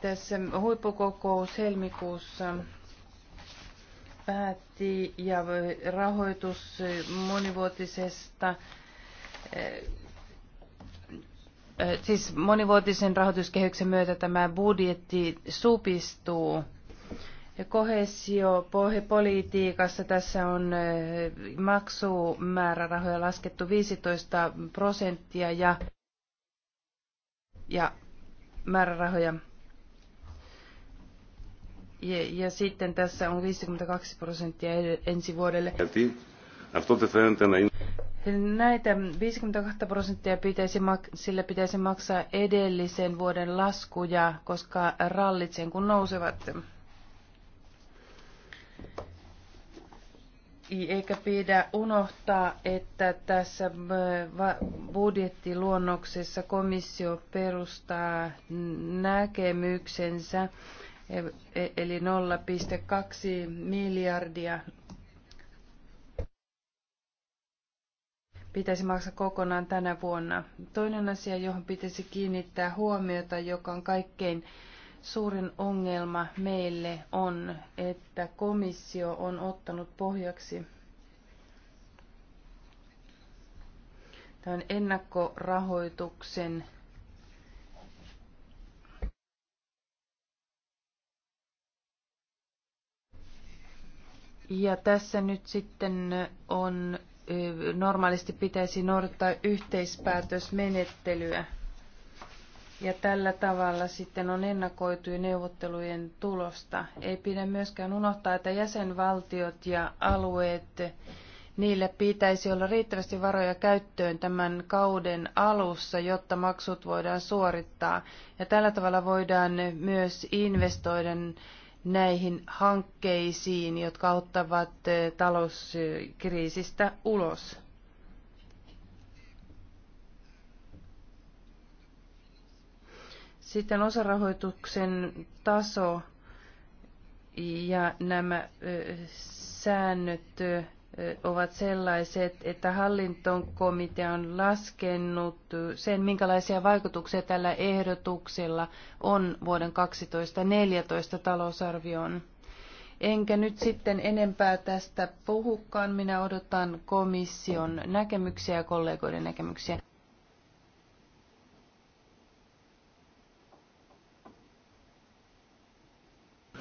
Tässä huippukokous helmikuussa päätti ja rahoitus monivuotisesta eh, siis monivuotisen rahoituskehyksen myötä tämä budjetti supistuu Kohesiopolitiikassa tässä on maksumäärärahoja laskettu 15 prosenttia ja, ja määrärahoja. Ja, ja sitten tässä on 52 prosenttia ensi vuodelle. Näitä 52 prosenttia pitäisi, sillä pitäisi maksaa edellisen vuoden laskuja, koska rallit sen kun nousevat. eikä pidä unohtaa, että tässä äh, budjettiluonnoksessa komissio perustaa näkemyksensä, e-, e-, eli 0,2 miljardia pitäisi maksaa kokonaan tänä vuonna. Toinen asia, johon pitäisi kiinnittää huomiota, joka on kaikkein Suurin ongelma meille on, että komissio on ottanut pohjaksi tämän ennakkorahoituksen Ja tässä nyt sitten on, normaalisti pitäisi noudattaa yhteispäätösmenettelyä. Ja tällä tavalla sitten on ennakoitu neuvottelujen tulosta. Ei pidä myöskään unohtaa, että jäsenvaltiot ja alueet, niillä pitäisi olla riittävästi varoja käyttöön tämän kauden alussa, jotta maksut voidaan suorittaa. Ja tällä tavalla voidaan myös investoida näihin hankkeisiin, jotka auttavat talouskriisistä ulos. Sitten osarahoituksen taso ja nämä säännöt ovat sellaiset, että hallintokomitea on laskenut sen, minkälaisia vaikutuksia tällä ehdotuksella on vuoden 2014 talousarvioon. Enkä nyt sitten enempää tästä puhukaan. Minä odotan komission näkemyksiä ja kollegoiden näkemyksiä.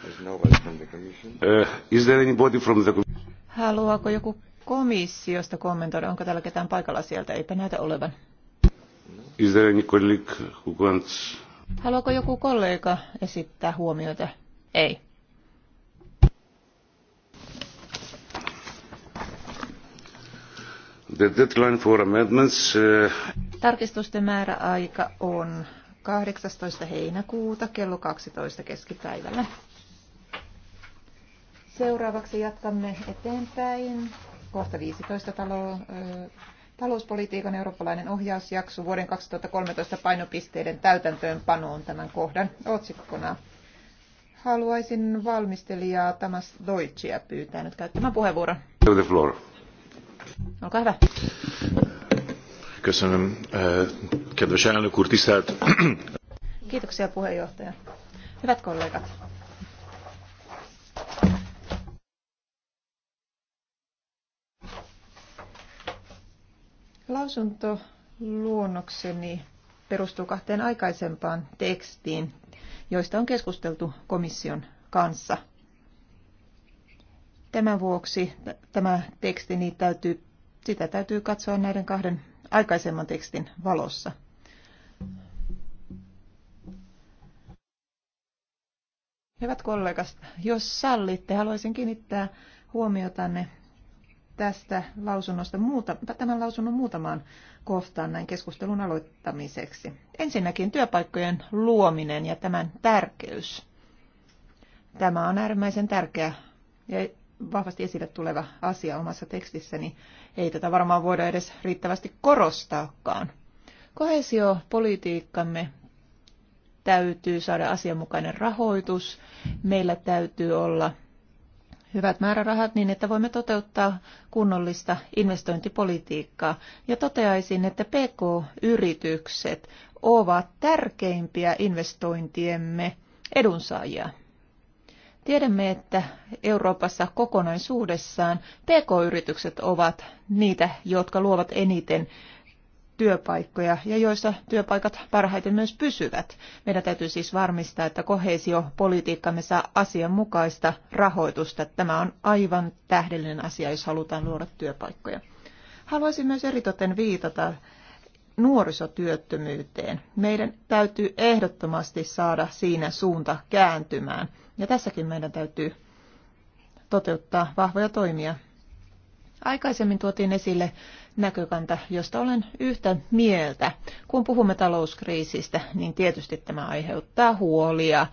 Uh, Haluaako joku komissiosta kommentoida? Onko täällä ketään paikalla sieltä? Eipä näytä olevan. Is there any colleague who wants... Haluaako joku kollega esittää huomioita? Ei. The deadline for amendments, uh... Tarkistusten määräaika on 18. heinäkuuta kello 12 keskipäivällä. Seuraavaksi jatkamme eteenpäin. Kohta 15 talo, talouspolitiikan eurooppalainen ohjausjakso vuoden 2013 painopisteiden täytäntöönpanoon tämän kohdan otsikkona. Haluaisin valmistelijaa Tamas Deutschia pyytää nyt käyttämään puheenvuoron. the floor. Olkaa hyvä. Köszönöm, äh, elnök Kiitoksia puheenjohtaja. Hyvät kollegat, Lausuntoluonnokseni perustuu kahteen aikaisempaan tekstiin, joista on keskusteltu komission kanssa. Tämän vuoksi tämä teksti niin täytyy, sitä täytyy katsoa näiden kahden aikaisemman tekstin valossa. Hyvät kollegat, jos sallitte, haluaisin kiinnittää huomiotanne tästä lausunnosta muuta, tämän lausunnon muutamaan kohtaan näin keskustelun aloittamiseksi. Ensinnäkin työpaikkojen luominen ja tämän tärkeys. Tämä on äärimmäisen tärkeä ja vahvasti esille tuleva asia omassa tekstissäni. Ei tätä varmaan voida edes riittävästi korostaakaan. Kohesiopolitiikkamme täytyy saada asianmukainen rahoitus. Meillä täytyy olla hyvät määrärahat niin, että voimme toteuttaa kunnollista investointipolitiikkaa. Ja toteaisin, että PK-yritykset ovat tärkeimpiä investointiemme edunsaajia. Tiedämme, että Euroopassa kokonaisuudessaan PK-yritykset ovat niitä, jotka luovat eniten työpaikkoja ja joissa työpaikat parhaiten myös pysyvät. Meidän täytyy siis varmistaa, että kohesiopolitiikkamme saa asianmukaista rahoitusta. Tämä on aivan tähdellinen asia, jos halutaan luoda työpaikkoja. Haluaisin myös eritoten viitata nuorisotyöttömyyteen. Meidän täytyy ehdottomasti saada siinä suunta kääntymään. Ja tässäkin meidän täytyy toteuttaa vahvoja toimia. Aikaisemmin tuotiin esille näkökanta, josta olen yhtä mieltä. Kun puhumme talouskriisistä, niin tietysti tämä aiheuttaa huolia.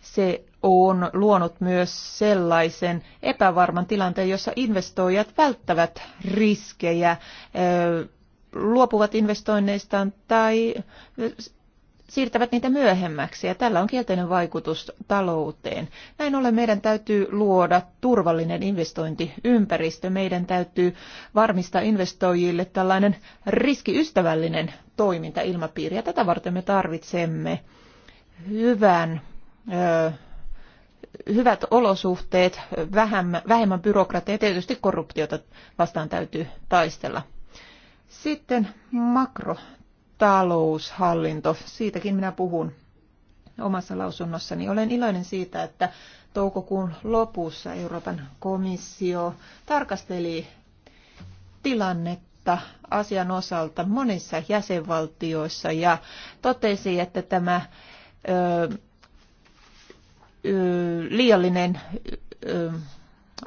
Se on luonut myös sellaisen epävarman tilanteen, jossa investoijat välttävät riskejä, luopuvat investoinneistaan tai siirtävät niitä myöhemmäksi ja tällä on kielteinen vaikutus talouteen. Näin ollen meidän täytyy luoda turvallinen investointiympäristö. Meidän täytyy varmistaa investoijille tällainen riskiystävällinen toimintailmapiiri ja tätä varten me tarvitsemme hyvän ö, hyvät olosuhteet, vähemmän, vähemmän byrokratiaa ja tietysti korruptiota vastaan täytyy taistella. Sitten makro taloushallinto. Siitäkin minä puhun omassa lausunnossani. Olen iloinen siitä, että toukokuun lopussa Euroopan komissio tarkasteli tilannetta asian osalta monissa jäsenvaltioissa ja totesi, että tämä ö, ö, liiallinen ö,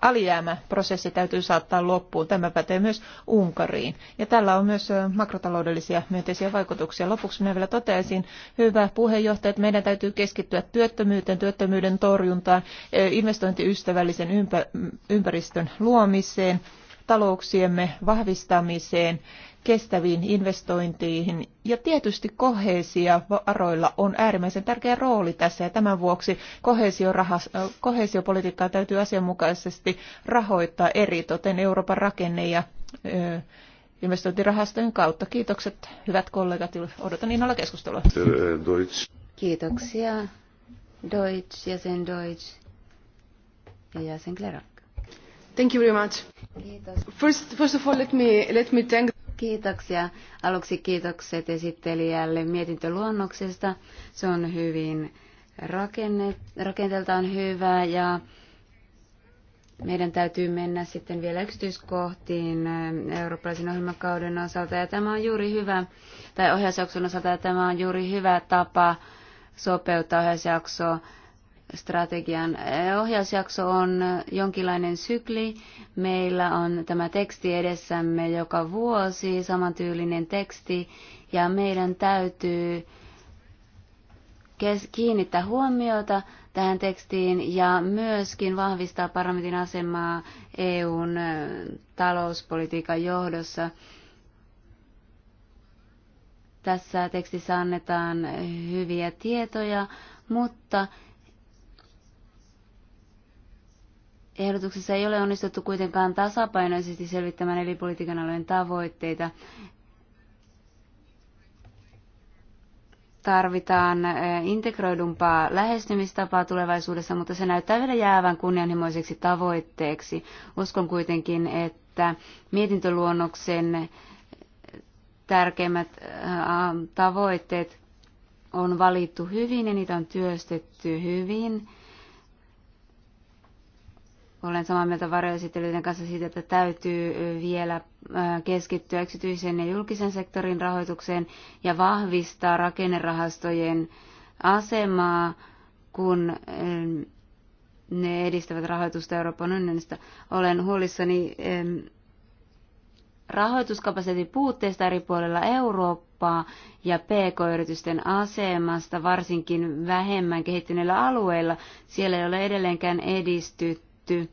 alijäämäprosessi täytyy saattaa loppuun. Tämä pätee myös Unkariin. Ja tällä on myös makrotaloudellisia myönteisiä vaikutuksia. Lopuksi minä vielä toteaisin, hyvä puheenjohtaja, että meidän täytyy keskittyä työttömyyteen, työttömyyden torjuntaan, investointiystävällisen ympäristön luomiseen – talouksiemme vahvistamiseen, kestäviin investointeihin ja tietysti kohesia varoilla on äärimmäisen tärkeä rooli tässä ja tämän vuoksi koheesiopolitiikkaa täytyy asianmukaisesti rahoittaa eri toten Euroopan rakenne ja ö, investointirahastojen kautta. Kiitokset hyvät kollegat, odotan innolla keskustelua. Kiitoksia Deutsch, jäsen Deutsch ja jäsen Klera. Kiitos. First, first of all, let me, let me thank... Kiitoksia. Aluksi kiitokset esittelijälle mietintöluonnoksesta. Se on hyvin rakennet rakenteeltaan hyvä ja meidän täytyy mennä sitten vielä yksityiskohtiin eh, eurooppalaisen ohjelmakauden osalta ja tämä on juuri hyvä, tai ohjausjakson osalta ja tämä on juuri hyvä tapa sopeuttaa ohjausjaksoa strategian. Ohjausjakso on jonkinlainen sykli. Meillä on tämä teksti edessämme joka vuosi, samantyylinen teksti, ja meidän täytyy kiinnittää huomiota tähän tekstiin ja myöskin vahvistaa parlamentin asemaa EUn talouspolitiikan johdossa. Tässä tekstissä annetaan hyviä tietoja, mutta Ehdotuksessa ei ole onnistuttu kuitenkaan tasapainoisesti selvittämään eri politiikan alojen tavoitteita. Tarvitaan eh, integroidumpaa lähestymistapaa tulevaisuudessa, mutta se näyttää vielä jäävän kunnianhimoiseksi tavoitteeksi. Uskon kuitenkin, että mietintöluonnoksen tärkeimmät eh, tavoitteet on valittu hyvin ja niitä on työstetty hyvin olen samaa mieltä varjoesittelyiden kanssa siitä, että täytyy vielä keskittyä yksityisen ja julkisen sektorin rahoitukseen ja vahvistaa rakennerahastojen asemaa, kun ne edistävät rahoitusta Euroopan unionista. Olen huolissani rahoituskapasiteetin puutteesta eri puolilla Eurooppaa ja pk-yritysten asemasta, varsinkin vähemmän kehittyneillä alueilla. Siellä ei ole edelleenkään edistytty tehty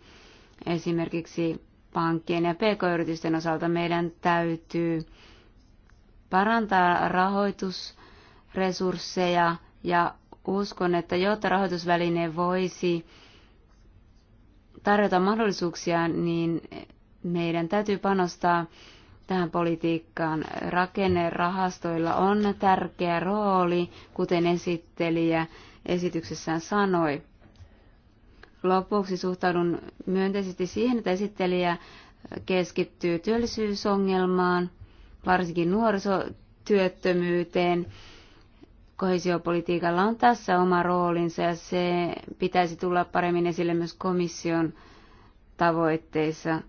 esimerkiksi pankkien ja pk-yritysten osalta. Meidän täytyy parantaa rahoitusresursseja ja uskon, että jotta rahoitusväline voisi tarjota mahdollisuuksia, niin meidän täytyy panostaa tähän politiikkaan. Rakennerahastoilla on tärkeä rooli, kuten esittelijä esityksessään sanoi. Lopuksi suhtaudun myönteisesti siihen, että esittelijä keskittyy työllisyysongelmaan, varsinkin nuorisotyöttömyyteen. Kohesiopolitiikalla on tässä oma roolinsa ja se pitäisi tulla paremmin esille myös komission tavoitteissa –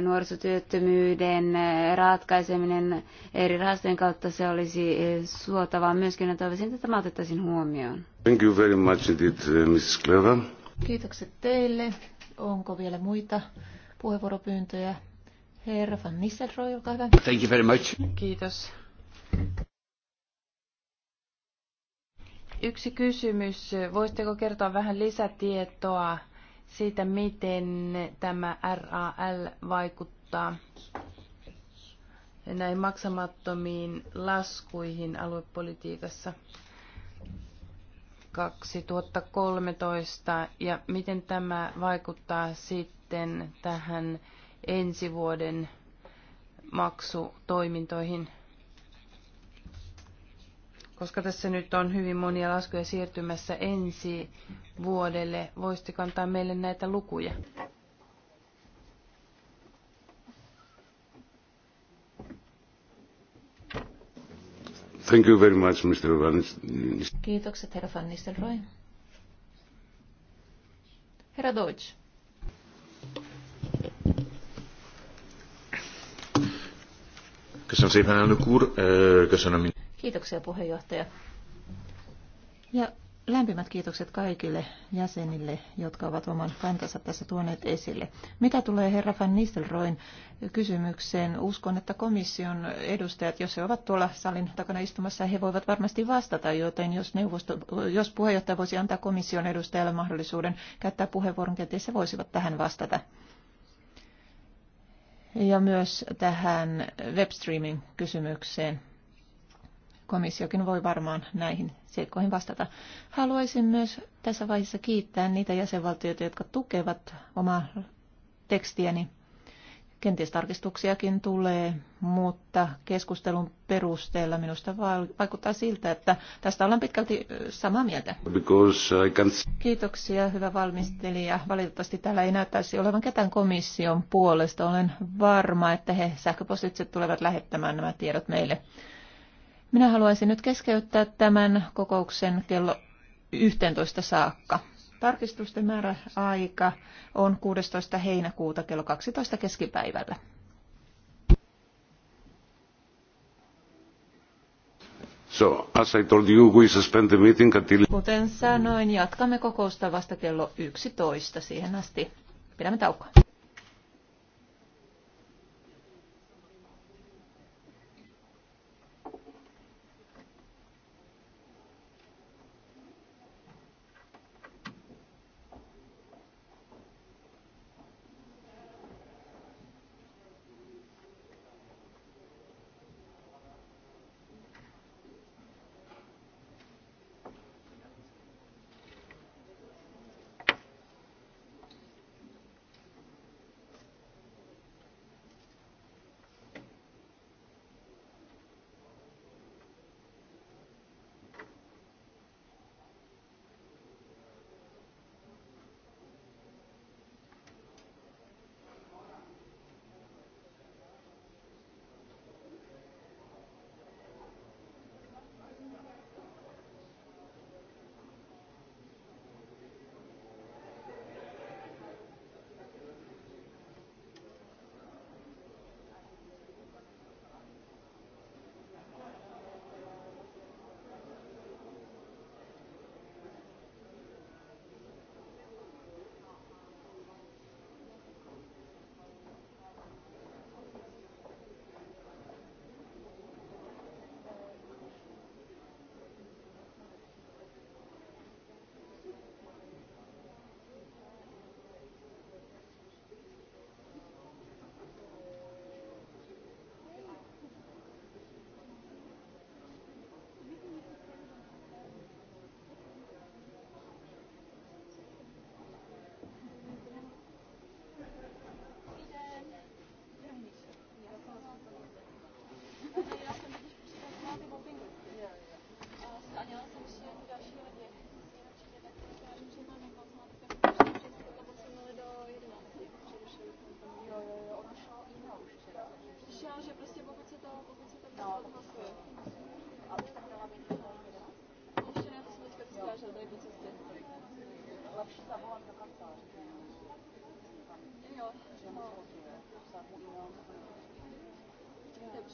nuorisotyöttömyyden ratkaiseminen eri rahastojen kautta se olisi suotavaa myöskin, ja toivoisin, että tämä otettaisiin huomioon. Thank you very much indeed, uh, Mrs. Clever. Kiitokset teille. Onko vielä muita puheenvuoropyyntöjä? Herra Van Nistelrooy, olkaa hyvä. Thank you very much. Kiitos. Yksi kysymys. Voisitteko kertoa vähän lisätietoa siitä, miten tämä RAL vaikuttaa näihin maksamattomiin laskuihin aluepolitiikassa 2013 ja miten tämä vaikuttaa sitten tähän ensi vuoden maksutoimintoihin koska tässä nyt on hyvin monia laskuja siirtymässä ensi vuodelle. Voisitteko antaa meille näitä lukuja? Thank you very much, Mr. Van Kiitokset, herra Van Nistelrooy. Herra Deutsch. Köszönöm szépen, elnök úr. Köszönöm. Kiitoksia puheenjohtaja. Ja lämpimät kiitokset kaikille jäsenille, jotka ovat oman kantansa tässä tuoneet esille. Mitä tulee herra Van Nistelroin kysymykseen, uskon, että komission edustajat, jos he ovat tuolla salin takana istumassa, he voivat varmasti vastata, joten jos, neuvosto, jos puheenjohtaja voisi antaa komission edustajalle mahdollisuuden käyttää puheenvuoron, kenties he voisivat tähän vastata. Ja myös tähän webstreaming kysymykseen komissiokin voi varmaan näihin seikkoihin vastata. Haluaisin myös tässä vaiheessa kiittää niitä jäsenvaltioita, jotka tukevat omaa tekstiäni. Kenties tarkistuksiakin tulee, mutta keskustelun perusteella minusta vaikuttaa siltä, että tästä ollaan pitkälti samaa mieltä. Kiitoksia, hyvä valmistelija. Valitettavasti täällä ei näyttäisi olevan ketään komission puolesta. Olen varma, että he sähköpostitse tulevat lähettämään nämä tiedot meille. Minä haluaisin nyt keskeyttää tämän kokouksen kello 11 saakka. Tarkistusten määrä aika on 16. heinäkuuta kello 12 keskipäivällä. So, as I told you, we suspend the meeting until... Kuten sanoin, jatkamme kokousta vasta kello 11 siihen asti. Pidämme taukoa.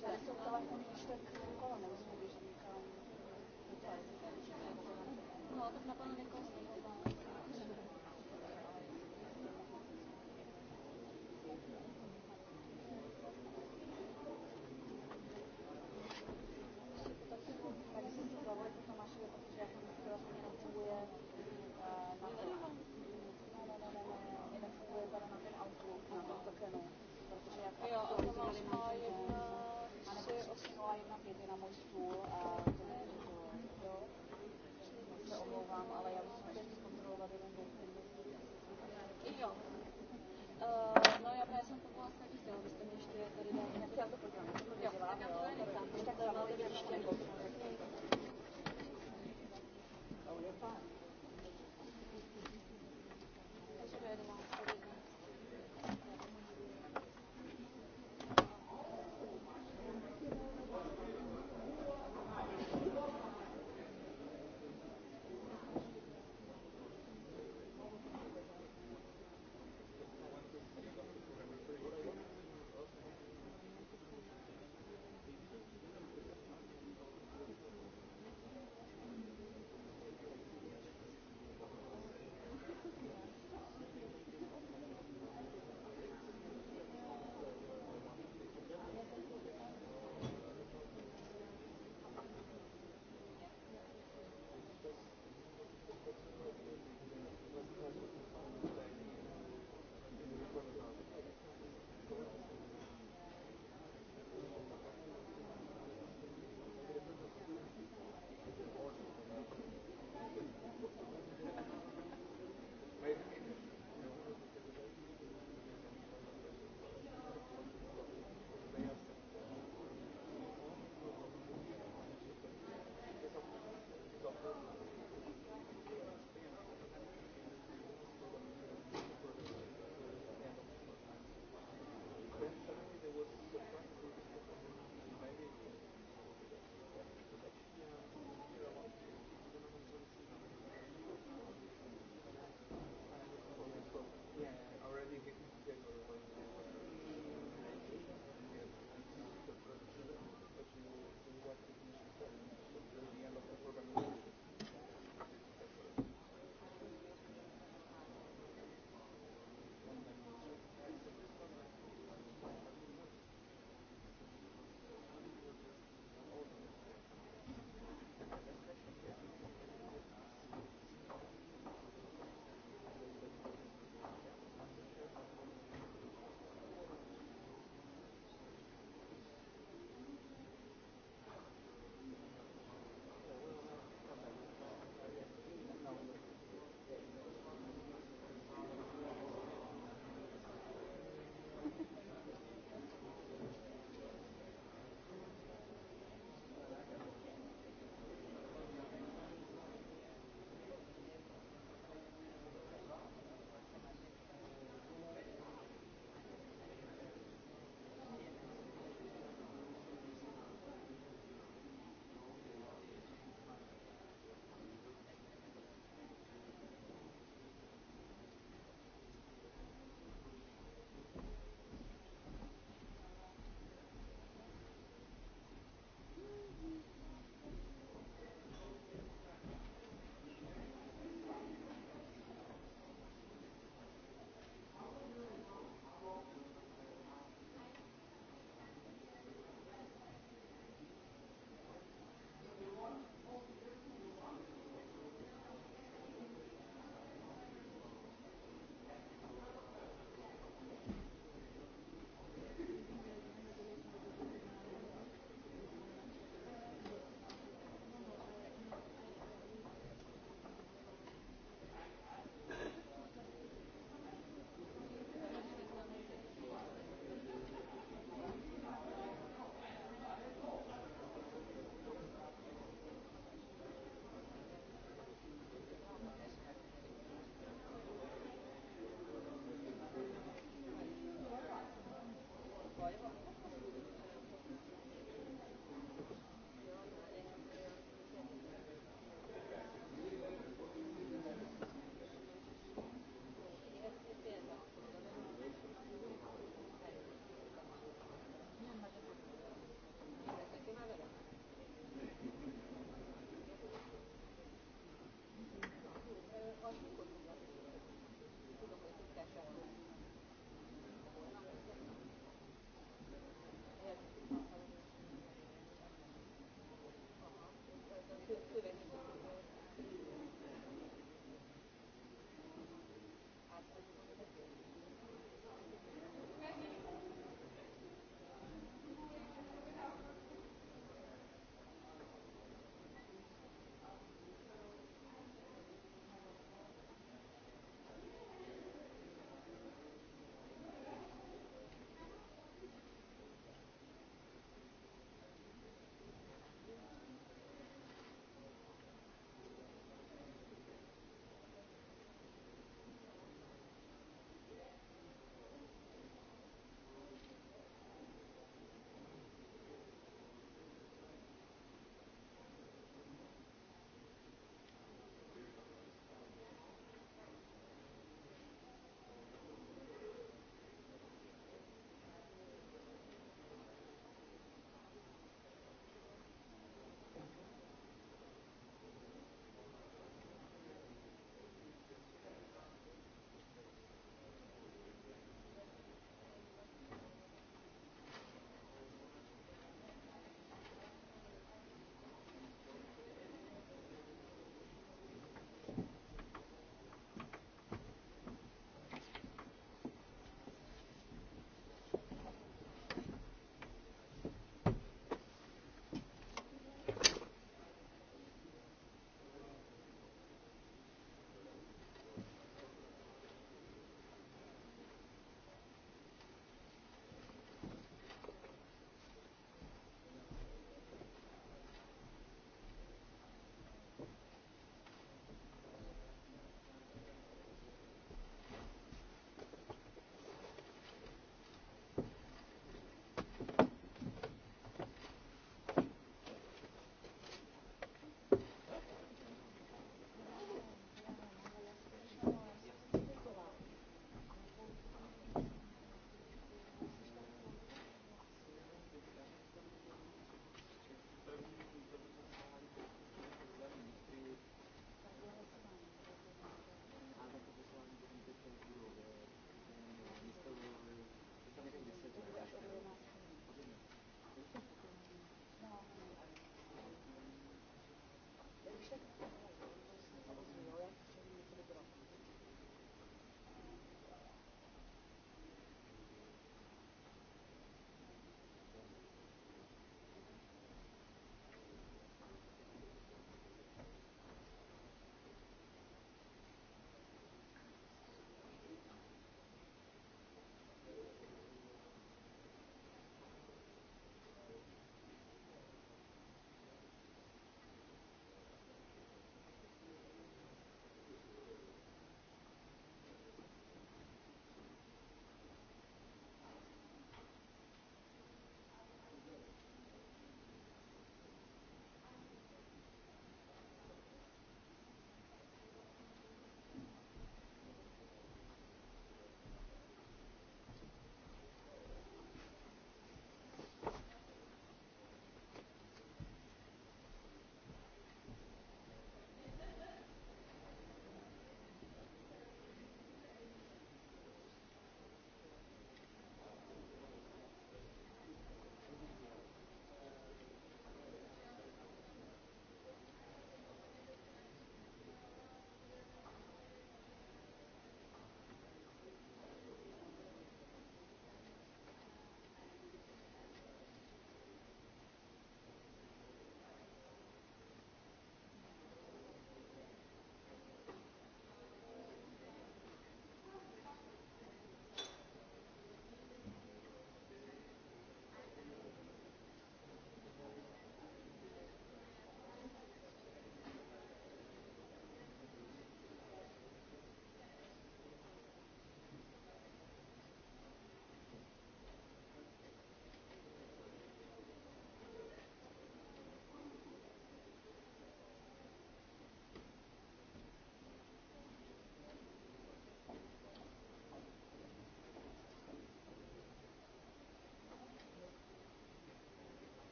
No, tak na panu nekonstatuji.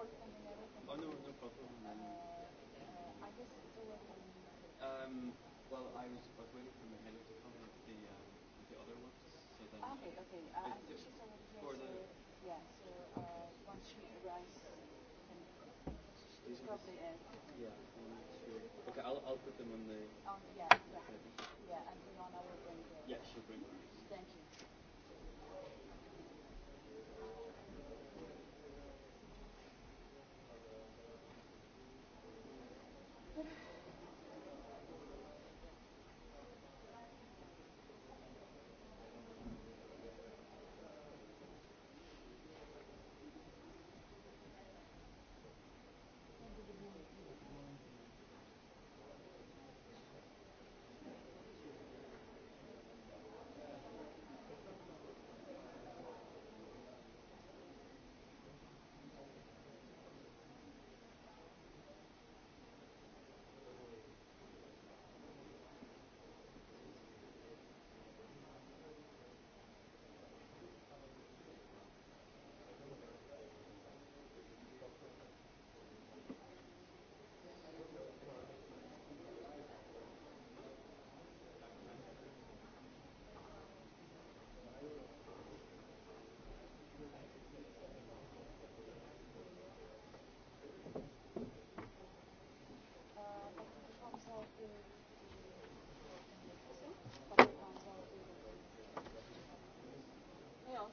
Oh, no, no problem. uh, I Um, well, I was, I was waiting for to come with the, with uh, the other ones, so then... Ah, okay, okay. Uh, I think she's already here, for so, the... yeah, so uh, once she arrives, she's probably uh, Yeah, I'm sure. Okay, I'll, I'll put them on the... Um, yeah, yeah, yeah, and Rihanna will bring the... Yeah, she'll bring Thank you.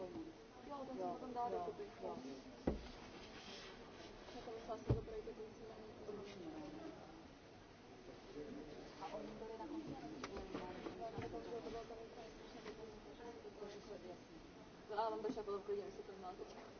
voinut. Joo, joo, joo, joo. Ja to to myslím, že A oni to měl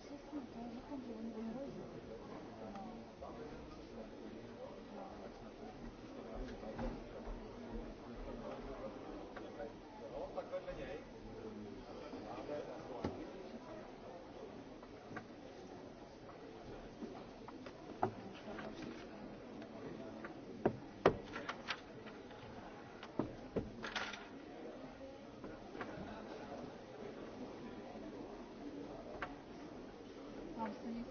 Gracias.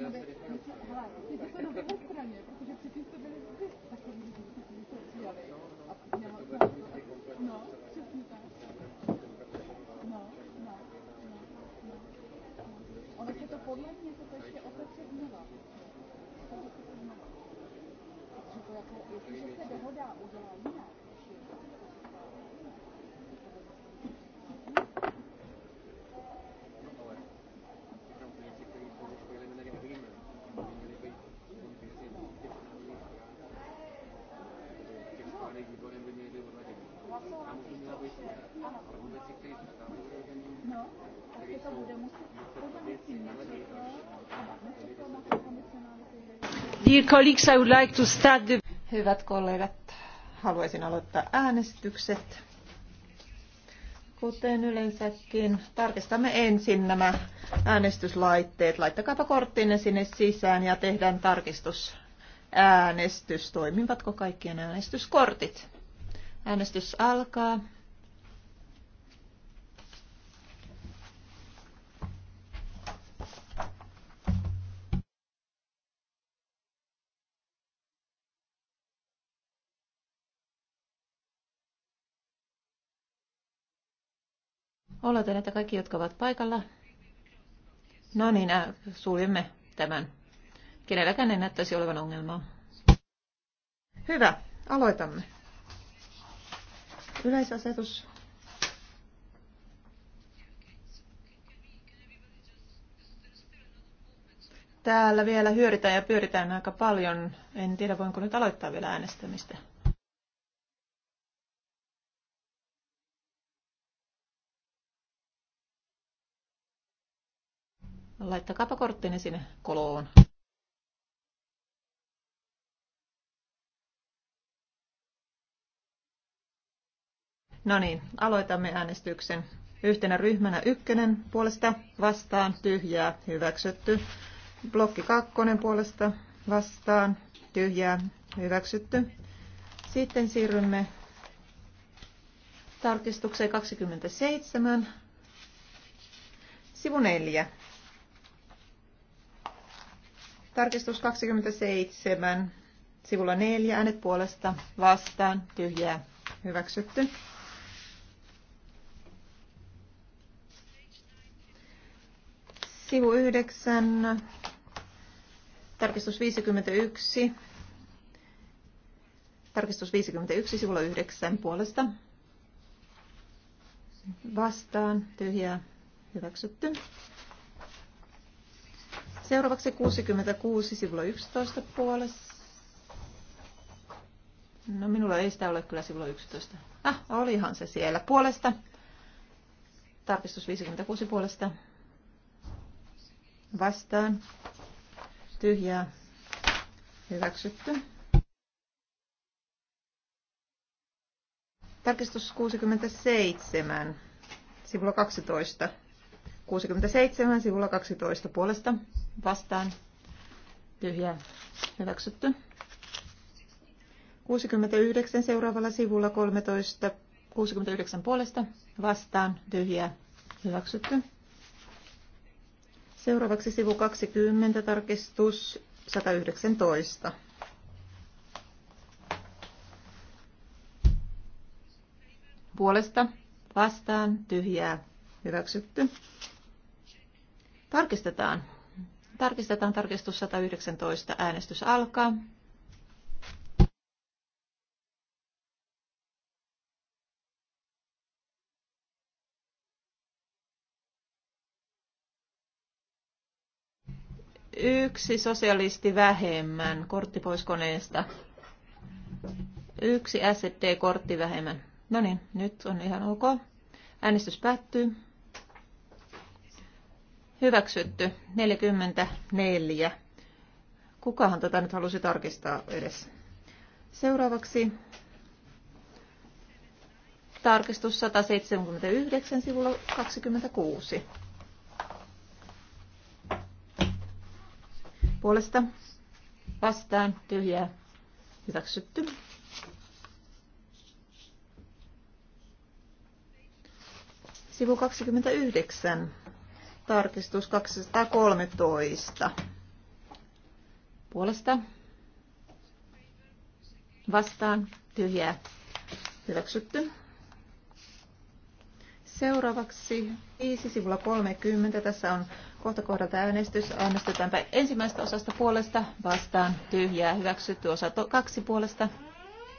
Gracias. Hyvät kollegat, haluaisin aloittaa äänestykset. Kuten yleensäkin, tarkistamme ensin nämä äänestyslaitteet. Laittakaapa korttinne sinne sisään ja tehdään tarkistus äänestys. Toimivatko kaikkien äänestyskortit? Äänestys alkaa. Oletan, että kaikki, jotka ovat paikalla. No niin, suljemme tämän. Kenelläkään ei näyttäisi olevan ongelmaa. Hyvä, aloitamme. Yleisasetus. Täällä vielä hyöritään ja pyöritään aika paljon. En tiedä, voinko nyt aloittaa vielä äänestämistä. Laittakaapa korttini sinne koloon. No niin, aloitamme äänestyksen. Yhtenä ryhmänä ykkönen puolesta vastaan tyhjää hyväksytty. Blokki kakkonen puolesta vastaan tyhjää hyväksytty. Sitten siirrymme tarkistukseen 27, sivu 4 Tarkistus 27, sivulla 4, äänet puolesta, vastaan, tyhjää, hyväksytty. Sivu 9, tarkistus 51, tarkistus 51, sivulla 9, puolesta, vastaan, tyhjää, hyväksytty. Seuraavaksi 66 sivulla 11 puolessa. No minulla ei sitä ole kyllä sivulla 11. Ah, olihan se siellä puolesta. Tarkistus 56 puolesta. Vastaan. Tyhjää. Hyväksytty. Tarkistus 67, sivulla 12. 67, sivulla 12 puolesta vastaan tyhjää hyväksytty. 69 seuraavalla sivulla 13, 69 puolesta vastaan tyhjää hyväksytty. Seuraavaksi sivu 20, tarkistus 119. Puolesta, vastaan, tyhjää, hyväksytty. Tarkistetaan. Tarkistetaan tarkistus 119. Äänestys alkaa. Yksi sosialisti vähemmän. Kortti pois koneesta. Yksi SD-kortti vähemmän. No niin, nyt on ihan ok. Äänestys päättyy. Hyväksytty. 44. Kukahan tätä nyt halusi tarkistaa edes? Seuraavaksi tarkistus 179 sivulla 26. Puolesta vastaan tyhjää hyväksytty. Sivu 29. Tarkistus 213. Puolesta. Vastaan. Tyhjää. Hyväksytty. Seuraavaksi 5 sivulla 30. Tässä on kohta kohdalta äänestys. Äänestetäänpä ensimmäistä osasta puolesta vastaan tyhjää hyväksytty. Osa to, kaksi puolesta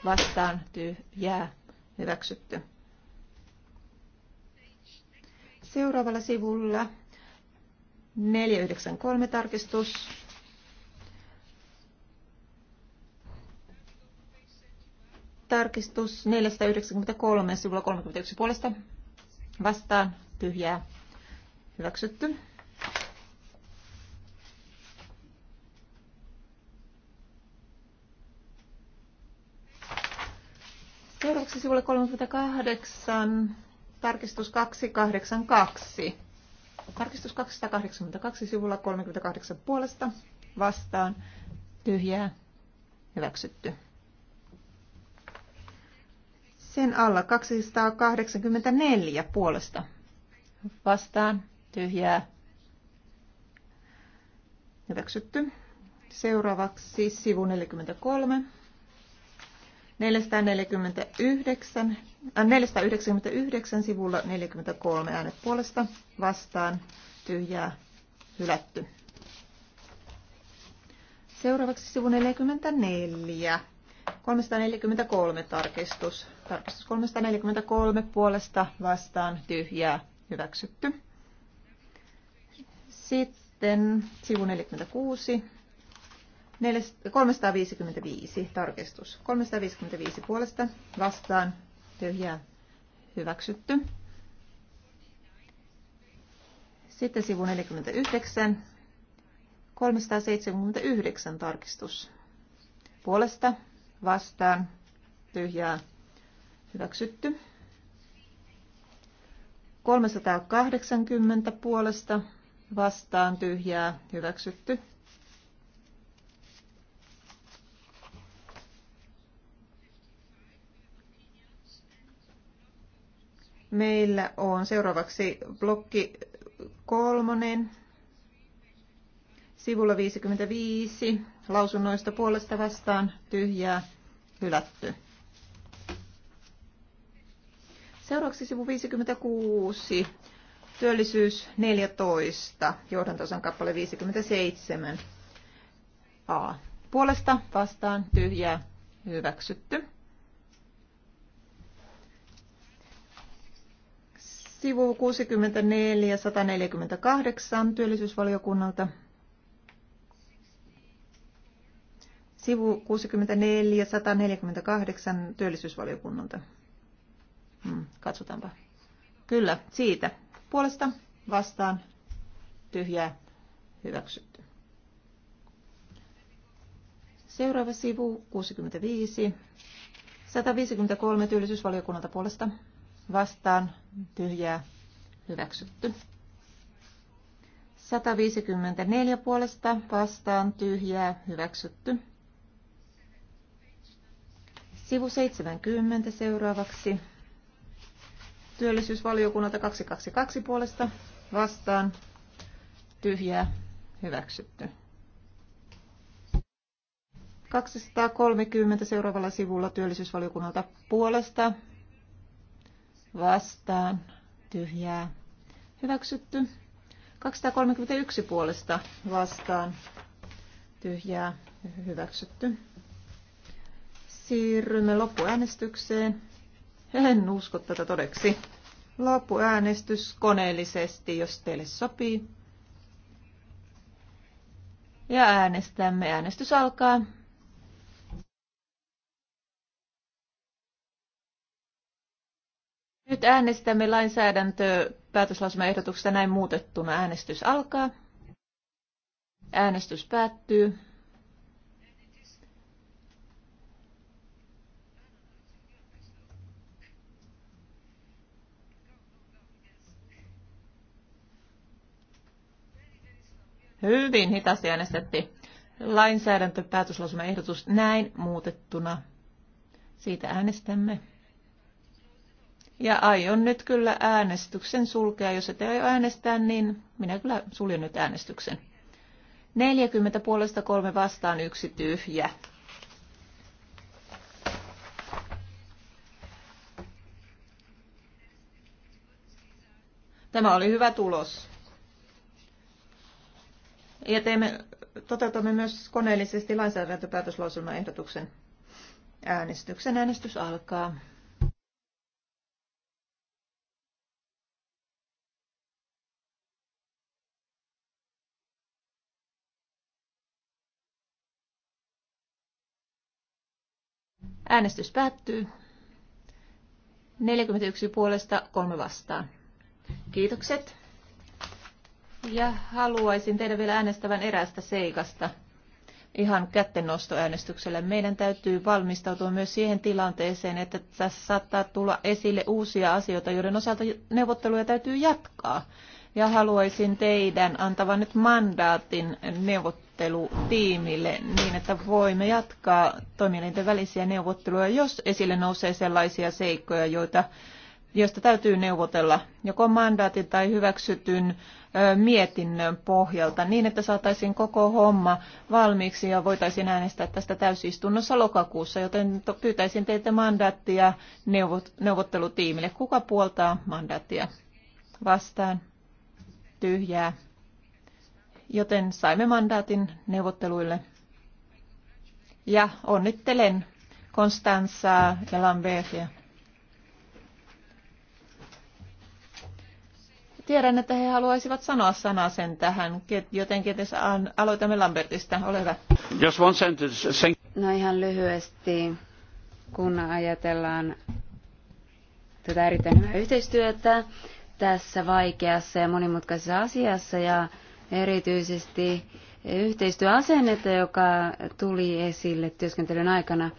vastaan tyhjää hyväksytty. Seuraavalla sivulla 493 tarkistus. Tarkistus 493 sivulla 31 puolesta. Vastaan tyhjää. Hyväksytty. Seuraavaksi sivulle 38, tarkistus 282. Tarkistus 282 sivulla 38 puolesta vastaan. Tyhjää. Hyväksytty. Sen alla 284 puolesta vastaan. Tyhjää. Hyväksytty. Seuraavaksi sivu 43 449, äh, 499 sivulla 43 äänet puolesta vastaan tyhjää hylätty. Seuraavaksi sivu 44. 343 tarkistus. Tarkistus 343 puolesta vastaan tyhjää hyväksytty. Sitten sivu 46. 355 tarkistus. 355 puolesta vastaan tyhjää hyväksytty. Sitten sivu 49. 379 tarkistus. Puolesta vastaan tyhjää hyväksytty. 380 puolesta vastaan tyhjää hyväksytty. Meillä on seuraavaksi blokki kolmonen, sivulla 55, lausunnoista puolesta vastaan, tyhjää, hylätty. Seuraavaksi sivu 56, työllisyys 14, johdantosan kappale 57, A. Puolesta vastaan, tyhjää, hyväksytty. Sivu 64 148 työllisyysvaliokunnalta. Sivu 64 148 työllisyysvaliokunnalta. Hmm, katsotaanpa. Kyllä, siitä. Puolesta vastaan tyhjää hyväksytty. Seuraava sivu 65. 153 työllisyysvaliokunnalta puolesta vastaan tyhjää hyväksytty. 154 puolesta vastaan tyhjää hyväksytty. Sivu 70 seuraavaksi. Työllisyysvaliokunnalta 222 puolesta vastaan tyhjää hyväksytty. 230 seuraavalla sivulla työllisyysvaliokunnalta puolesta vastaan, tyhjää, hyväksytty. 231 puolesta vastaan, tyhjää, hyväksytty. Siirrymme loppuäänestykseen. En usko tätä todeksi. Loppuäänestys koneellisesti, jos teille sopii. Ja äänestämme. Äänestys alkaa. Nyt äänestämme lainsäädäntö päätöslausumaehdotuksesta näin muutettuna. Äänestys alkaa. Äänestys päättyy. Hyvin hitaasti äänestettiin. Lainsäädäntöpäätöslausumaehdotus näin muutettuna. Siitä äänestämme. Ja aion nyt kyllä äänestyksen sulkea. Jos et aio äänestää, niin minä kyllä suljen nyt äänestyksen. 40 puolesta kolme vastaan yksi tyhjä. Tämä oli hyvä tulos. Ja teemme, toteutamme myös koneellisesti lainsäädäntöpäätöslauselman ehdotuksen äänestyksen. Äänestys alkaa. Äänestys päättyy. 41 puolesta, kolme vastaan. Kiitokset. Ja haluaisin teidän vielä äänestävän eräästä seikasta ihan kättennostoäänestyksellä. Meidän täytyy valmistautua myös siihen tilanteeseen, että tässä saattaa tulla esille uusia asioita, joiden osalta neuvotteluja täytyy jatkaa ja haluaisin teidän antavan nyt mandaatin neuvottelutiimille niin, että voimme jatkaa toimielinten välisiä neuvotteluja, jos esille nousee sellaisia seikkoja, joita josta täytyy neuvotella joko mandaatin tai hyväksytyn mietinnön pohjalta niin, että saataisiin koko homma valmiiksi ja voitaisiin äänestää tästä täysistunnossa lokakuussa, joten pyytäisin teitä mandaattia neuvottelutiimille. Kuka puoltaa mandaattia vastaan? tyhjää. Joten saimme mandaatin neuvotteluille. Ja onnittelen Konstansaa ja Lambertia. Tiedän, että he haluaisivat sanoa sanaa sen tähän, joten kenties aloitamme Lambertista. Ole hyvä. Just one sentence. No ihan lyhyesti, kun ajatellaan tätä erittäin hyvää yhteistyötä, tässä vaikeassa ja monimutkaisessa asiassa ja erityisesti yhteistyöasennetta, joka tuli esille työskentelyn aikana.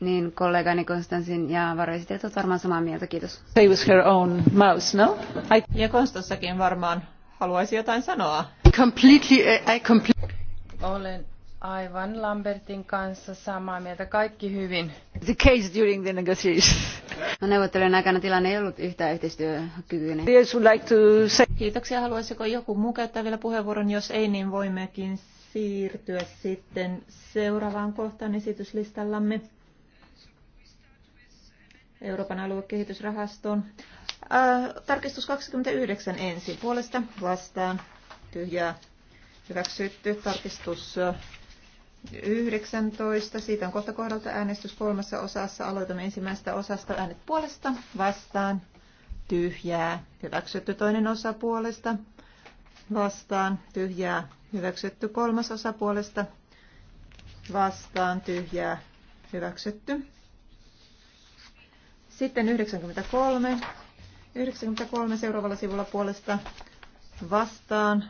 Niin kollegani Konstantin ja varoisitteet ovat varmaan samaa mieltä, kiitos. was her own mouse, no? I... Ja Konstansakin varmaan haluaisi jotain sanoa. Completely, I completely... Olen Aivan Lambertin kanssa samaa mieltä. Kaikki hyvin. The case during the negotiations. No, neuvottelujen aikana tilanne ei ollut yhtään yhteistyökykyinen. Yes, would like to say... Kiitoksia. Haluaisiko joku muu käyttää vielä puheenvuoron? Jos ei, niin voimmekin siirtyä sitten seuraavaan kohtaan esityslistallamme. Euroopan aluekehitysrahastoon. Ää, äh, tarkistus 29 ensin puolesta vastaan. Tyhjää hyväksytty. Tarkistus äh, 19. Siitä on kohta kohdalta äänestys kolmassa osassa. Aloitamme ensimmäistä osasta äänet puolesta, vastaan, tyhjää, hyväksytty toinen osa puolesta, vastaan, tyhjää, hyväksytty kolmas osa puolesta, vastaan, tyhjää, hyväksytty. Sitten 93. 93 seuraavalla sivulla puolesta vastaan,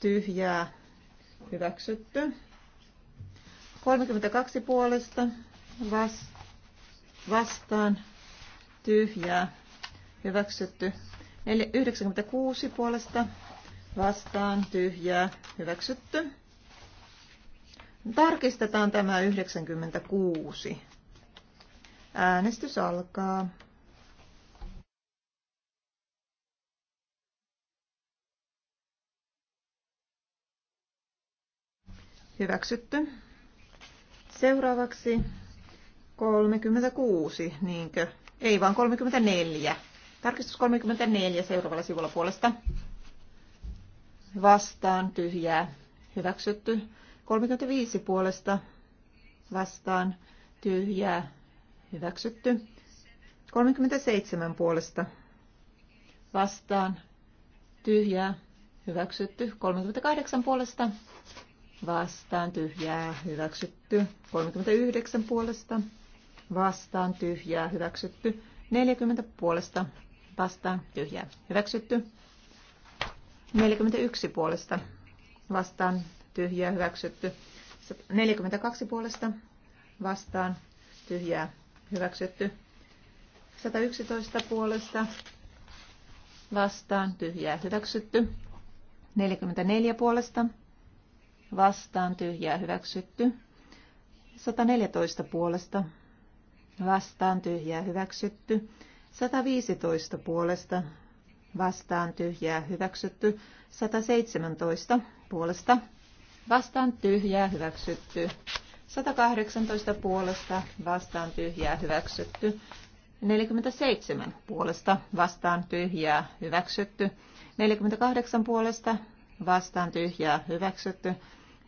tyhjää, hyväksytty. 32 puolesta vas, vastaan tyhjää hyväksytty. 96 puolesta vastaan tyhjää hyväksytty. Tarkistetaan tämä 96. Äänestys alkaa. Hyväksytty. Seuraavaksi 36, niinkö? Ei vaan 34. Tarkistus 34 seuraavalla sivulla puolesta. Vastaan tyhjää. Hyväksytty. 35 puolesta. Vastaan tyhjää. Hyväksytty. 37 puolesta. Vastaan tyhjää. Hyväksytty. 38 puolesta vastaan tyhjää hyväksytty. 39 puolesta vastaan tyhjää hyväksytty. 40 puolesta vastaan tyhjää hyväksytty. 41 puolesta vastaan tyhjää hyväksytty. 42 puolesta vastaan tyhjää hyväksytty. 111 puolesta vastaan tyhjää hyväksytty. 44 puolesta vastaan tyhjää hyväksytty. 114 puolesta vastaan tyhjää hyväksytty. 115 puolesta vastaan tyhjää hyväksytty. 117 puolesta vastaan tyhjää hyväksytty. 118 puolesta vastaan tyhjää hyväksytty. 47 puolesta vastaan tyhjää hyväksytty. 48 puolesta vastaan tyhjää hyväksytty.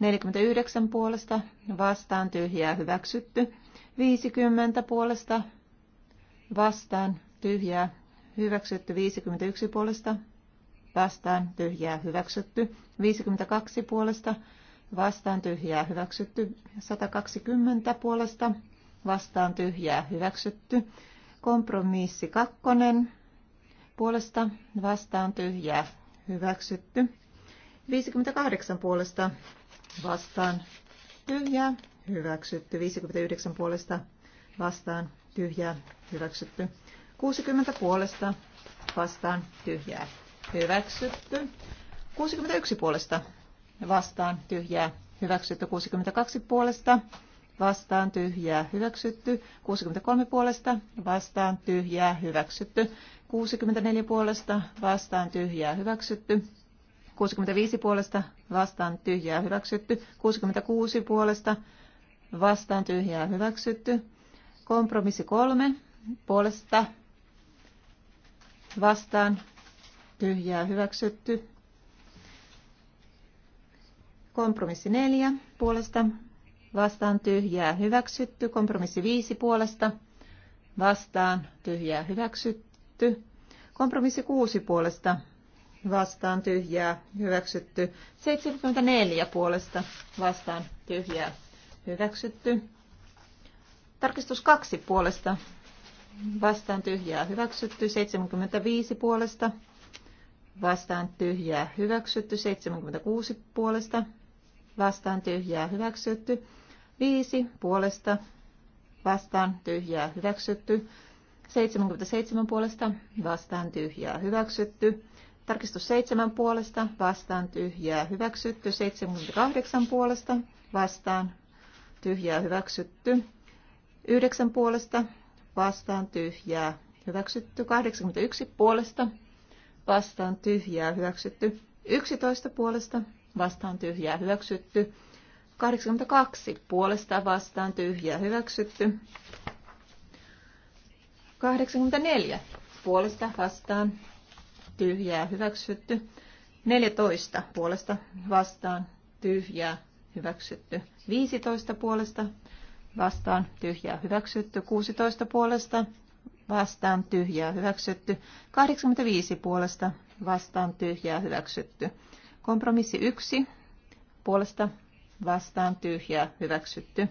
49 puolesta vastaan tyhjää hyväksytty. 50 puolesta vastaan tyhjää hyväksytty. 51 puolesta vastaan tyhjää hyväksytty. 52 puolesta vastaan tyhjää hyväksytty. 120 puolesta vastaan tyhjää hyväksytty. Kompromissi 2 puolesta vastaan tyhjää hyväksytty. 58 puolesta vastaan tyhjää, hyväksytty. 59 puolesta vastaan tyhjää, hyväksytty. 60 puolesta vastaan tyhjää, hyväksytty. 61 puolesta vastaan tyhjää, hyväksytty. 62 puolesta vastaan tyhjää, hyväksytty. 63 puolesta vastaan tyhjää, hyväksytty. 64 puolesta vastaan tyhjää, hyväksytty. 65 puolesta vastaan tyhjää hyväksytty. 66 puolesta vastaan tyhjää hyväksytty. Kompromissi kolme puolesta vastaan tyhjää hyväksytty. Kompromissi neljä puolesta vastaan tyhjää hyväksytty. Kompromissi viisi puolesta vastaan tyhjää hyväksytty. Kompromissi kuusi puolesta vastaan tyhjää, hyväksytty. 74 puolesta vastaan tyhjää, hyväksytty. Tarkistus 2 puolesta vastaan tyhjää, hyväksytty. 75 puolesta vastaan tyhjää, hyväksytty. 76 puolesta vastaan tyhjää, hyväksytty. 5 puolesta vastaan tyhjää, hyväksytty. 77 puolesta vastaan tyhjää, hyväksytty. Tarkistus 7 puolesta vastaan tyhjää hyväksytty. 78 puolesta vastaan tyhjää hyväksytty. 9 puolesta vastaan tyhjää hyväksytty. 81 puolesta vastaan tyhjää hyväksytty. 11 puolesta vastaan tyhjää hyväksytty. 82 puolesta vastaan tyhjää hyväksytty. 84 puolesta vastaan tyhjää hyväksytty. 14 puolesta vastaan tyhjää hyväksytty. 15 puolesta vastaan tyhjää hyväksytty. 16 puolesta vastaan tyhjää hyväksytty. 85 puolesta vastaan tyhjää hyväksytty. Kompromissi 1 puolesta vastaan tyhjää hyväksytty.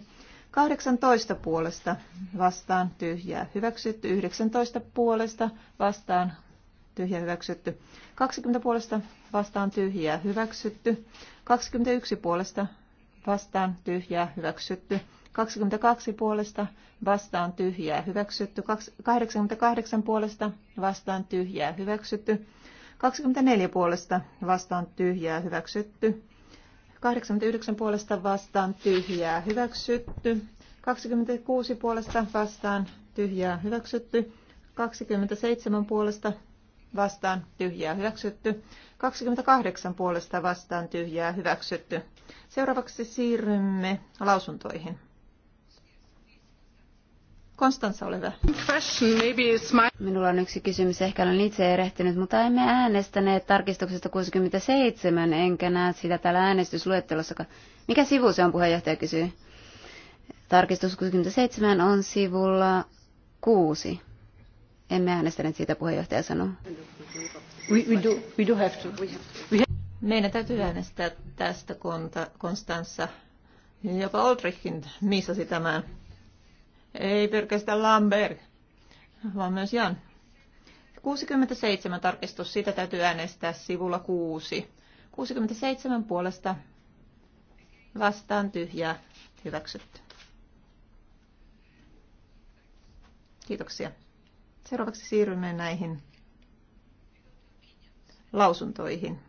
18 puolesta vastaan tyhjää hyväksytty, 19 puolesta vastaan tyhjä hyväksytty. 20 puolesta vastaan tyhjää hyväksytty. 21 puolesta vastaan tyhjää hyväksytty. 22 puolesta vastaan tyhjää hyväksytty. 88 puolesta vastaan tyhjää hyväksytty. 24 puolesta vastaan tyhjää hyväksytty. 89 puolesta vastaan tyhjää hyväksytty. 26 puolesta vastaan tyhjää hyväksytty. 27 puolesta vastaan tyhjää hyväksytty. 28 puolesta vastaan tyhjää hyväksytty. Seuraavaksi siirrymme lausuntoihin. Konstanssa, ole hyvä. Minulla on yksi kysymys, ehkä olen itse erehtynyt, mutta emme äänestäneet tarkistuksesta 67, enkä näe sitä täällä äänestysluettelossa. Mikä sivu se on, puheenjohtaja kysyy? Tarkistus 67 on sivulla 6. Emme äänestäneet siitä, puheenjohtaja sanoo. We, we, do, we do have to. We have We have... Meidän täytyy äänestää tästä Konstanssa. Jopa Oltrichkin missasi tämän. Ei pelkästään Lambert, vaan myös Jan. 67 tarkistus, siitä täytyy äänestää sivulla 6. 67 puolesta vastaan tyhjä hyväksytty. Kiitoksia. Seuraavaksi siirrymme näihin lausuntoihin.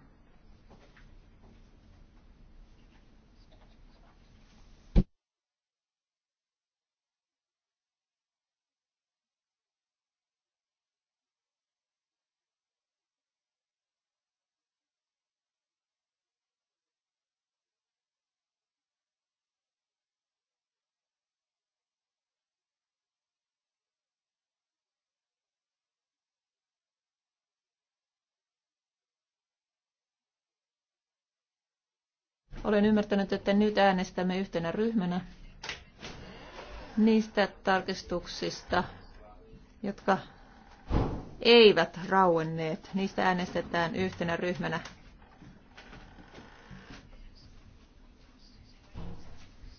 Olen ymmärtänyt, että nyt äänestämme yhtenä ryhmänä niistä tarkistuksista, jotka eivät rauenneet. Niistä äänestetään yhtenä ryhmänä.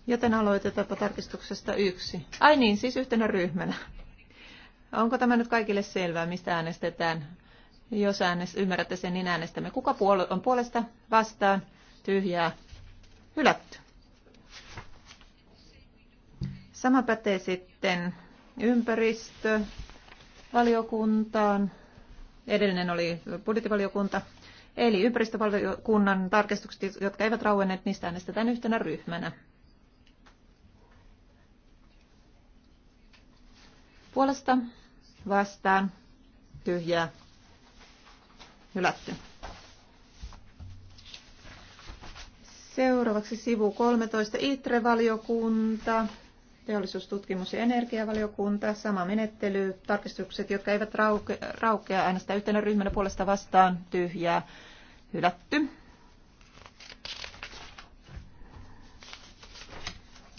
Joten aloitetaanpa tarkistuksesta yksi. Ai niin, siis yhtenä ryhmänä. Onko tämä nyt kaikille selvää, mistä äänestetään? Jos äänest, ymmärrätte sen, niin äänestämme. Kuka puol- on puolesta vastaan? Tyhjää hylätty. Sama pätee sitten ympäristövaliokuntaan. Edellinen oli budjettivaliokunta. Eli ympäristövaliokunnan tarkistukset, jotka eivät rauenneet, niistä äänestetään yhtenä ryhmänä. Puolesta vastaan tyhjää hylätty. Seuraavaksi sivu 13 ITRE-valiokunta, teollisuustutkimus- ja energiavaliokunta, sama menettely, tarkistukset, jotka eivät rauke, raukea äänestää yhtenä ryhmänä puolesta vastaan, tyhjää, hylätty.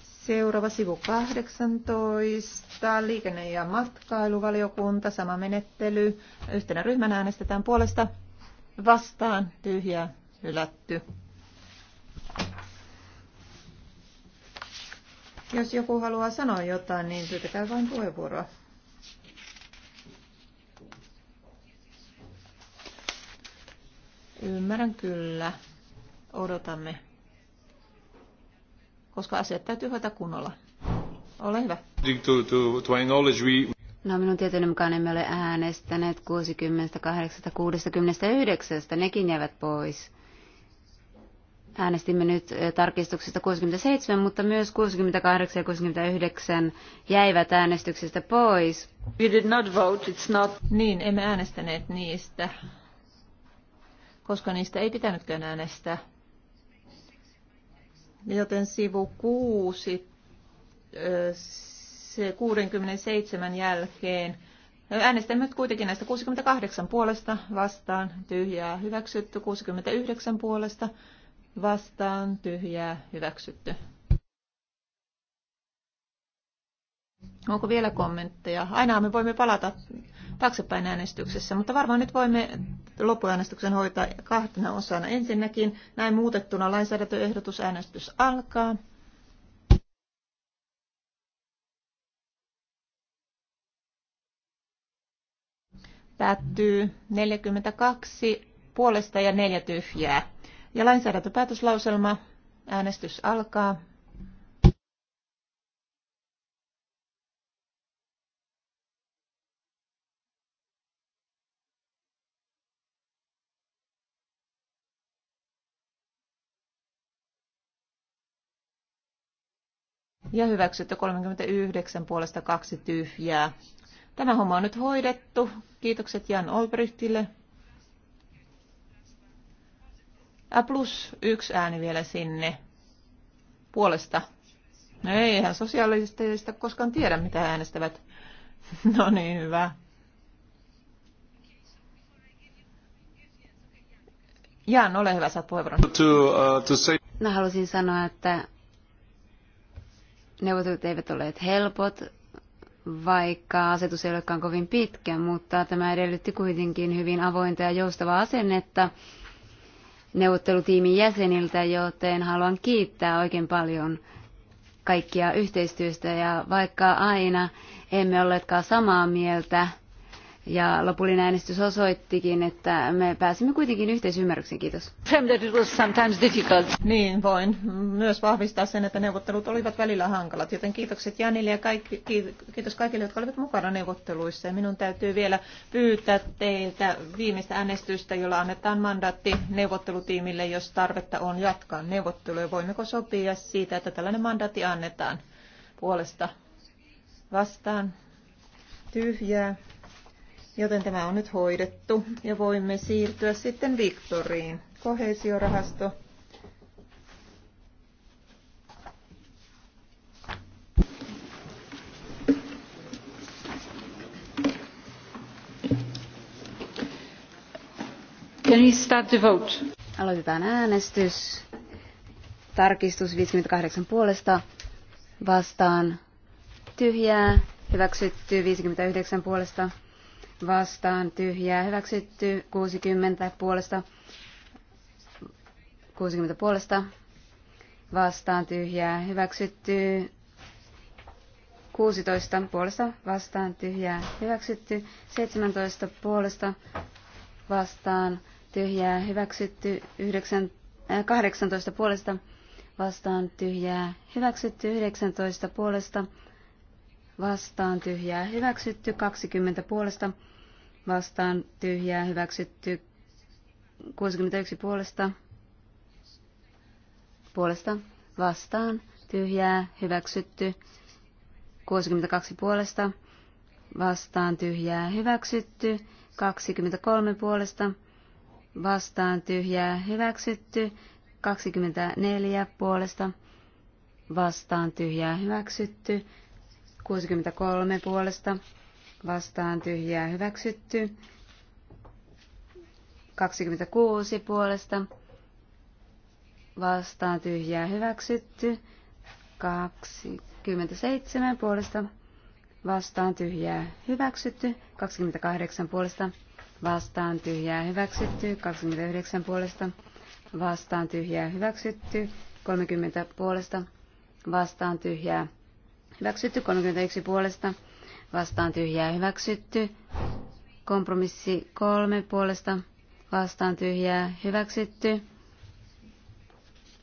Seuraava sivu 18, liikenne- ja matkailuvaliokunta, sama menettely. Yhtenä ryhmänä äänestetään puolesta vastaan, tyhjää, hylätty. Jos joku haluaa sanoa jotain, niin pyytäkää vain puheenvuoroa. Ymmärrän kyllä. Odotamme. Koska asiat täytyy hoitaa kunnolla. Ole hyvä. To, to, to my knowledge, we... No minun tietoni mukaan emme ole äänestäneet 60, 80, 69. Nekin jäävät pois. Äänestimme nyt tarkistuksesta 67, mutta myös 68 ja 69 jäivät äänestyksestä pois. We did not vote, it's not... Niin, emme äänestäneet niistä, koska niistä ei pitänytkään äänestää. Joten sivu 6, se 67 jälkeen Äänestämme nyt kuitenkin näistä 68 puolesta vastaan, tyhjää hyväksytty, 69 puolesta vastaan tyhjää hyväksytty. Onko vielä kommentteja? Aina me voimme palata taaksepäin äänestyksessä, mutta varmaan nyt voimme loppuäänestyksen hoitaa kahtena osana. Ensinnäkin näin muutettuna lainsäädäntöehdotusäänestys alkaa. Päättyy 42 puolesta ja neljä tyhjää. Ja lainsäädäntöpäätöslauselma. Äänestys alkaa. ja hyväksytty 39 puolesta kaksi tyhjää. Tämä homma on nyt hoidettu. Kiitokset Jan Olbrichtille. plus yksi ääni vielä sinne puolesta. No eihän sosiaalisteista koskaan tiedä, mitä äänestävät. No niin, hyvä. Jan, ole hyvä, saat puheenvuoron. To, uh, to say... No halusin sanoa, että neuvottelut eivät olleet helpot, vaikka asetus ei olekaan kovin pitkä, mutta tämä edellytti kuitenkin hyvin avointa ja joustavaa asennetta neuvottelutiimin jäseniltä, joten haluan kiittää oikein paljon kaikkia yhteistyöstä ja vaikka aina emme olleetkaan samaa mieltä ja lopullinen äänestys osoittikin, että me pääsimme kuitenkin yhteisymmärryksen. Kiitos. Niin, voin myös vahvistaa sen, että neuvottelut olivat välillä hankalat, joten kiitokset Janille ja kaikki, kiitos kaikille, jotka olivat mukana neuvotteluissa. Ja minun täytyy vielä pyytää teiltä viimeistä äänestystä, jolla annetaan mandaatti neuvottelutiimille, jos tarvetta on jatkaa neuvotteluja. Voimmeko sopia siitä, että tällainen mandaatti annetaan puolesta vastaan? Tyhjää Joten tämä on nyt hoidettu ja voimme siirtyä sitten Victoriin. Kohesiorahasto. Can you start the vote? Aloitetaan äänestys. Tarkistus 58 puolesta vastaan tyhjää. Hyväksytty 59 puolesta vastaan tyhjää hyväksytty 60 puolesta 60 puolesta vastaan tyhjää hyväksytty 16 puolesta vastaan tyhjää hyväksytty 17 puolesta vastaan tyhjää hyväksytty 9, äh, 18 puolesta vastaan tyhjää hyväksytty 19 puolesta vastaan tyhjää hyväksytty 20 puolesta vastaan tyhjää hyväksytty 61 puolesta puolesta vastaan tyhjää hyväksytty 62 puolesta vastaan tyhjää hyväksytty 23 puolesta vastaan tyhjää hyväksytty 24 puolesta vastaan tyhjää hyväksytty 63 puolesta vastaan tyhjää hyväksytty. 26 puolesta vastaan tyhjää hyväksytty. 27 puolesta vastaan tyhjää hyväksytty. 28 puolesta vastaan tyhjää hyväksytty. 29 puolesta vastaan tyhjää hyväksytty. 30 puolesta vastaan tyhjää hyväksytty. 31 puolesta vastaan tyhjää hyväksytty. Kompromissi kolme puolesta vastaan tyhjää hyväksytty.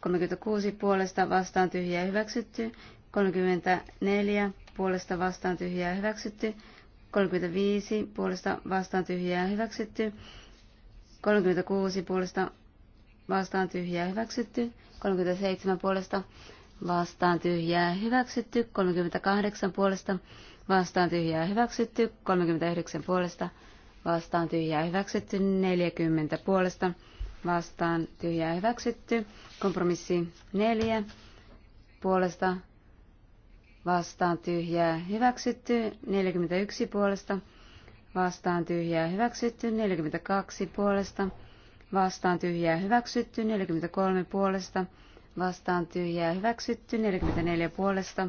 36 puolesta vastaan tyhjää hyväksytty. 34 puolesta vastaan tyhjää hyväksytty. 35 puolesta vastaan tyhjää hyväksytty. 36 puolesta vastaan tyhjää hyväksytty. 37 puolesta vastaan tyhjää hyväksytty. 38 puolesta vastaan tyhjää hyväksytty, 39 puolesta vastaan tyhjää hyväksytty, 40 puolesta vastaan tyhjää hyväksytty, kompromissi 4 puolesta vastaan tyhjää hyväksytty, 41 puolesta vastaan tyhjää hyväksytty, 42 puolesta vastaan tyhjää hyväksytty, 43 puolesta vastaan tyhjää hyväksytty, 44 puolesta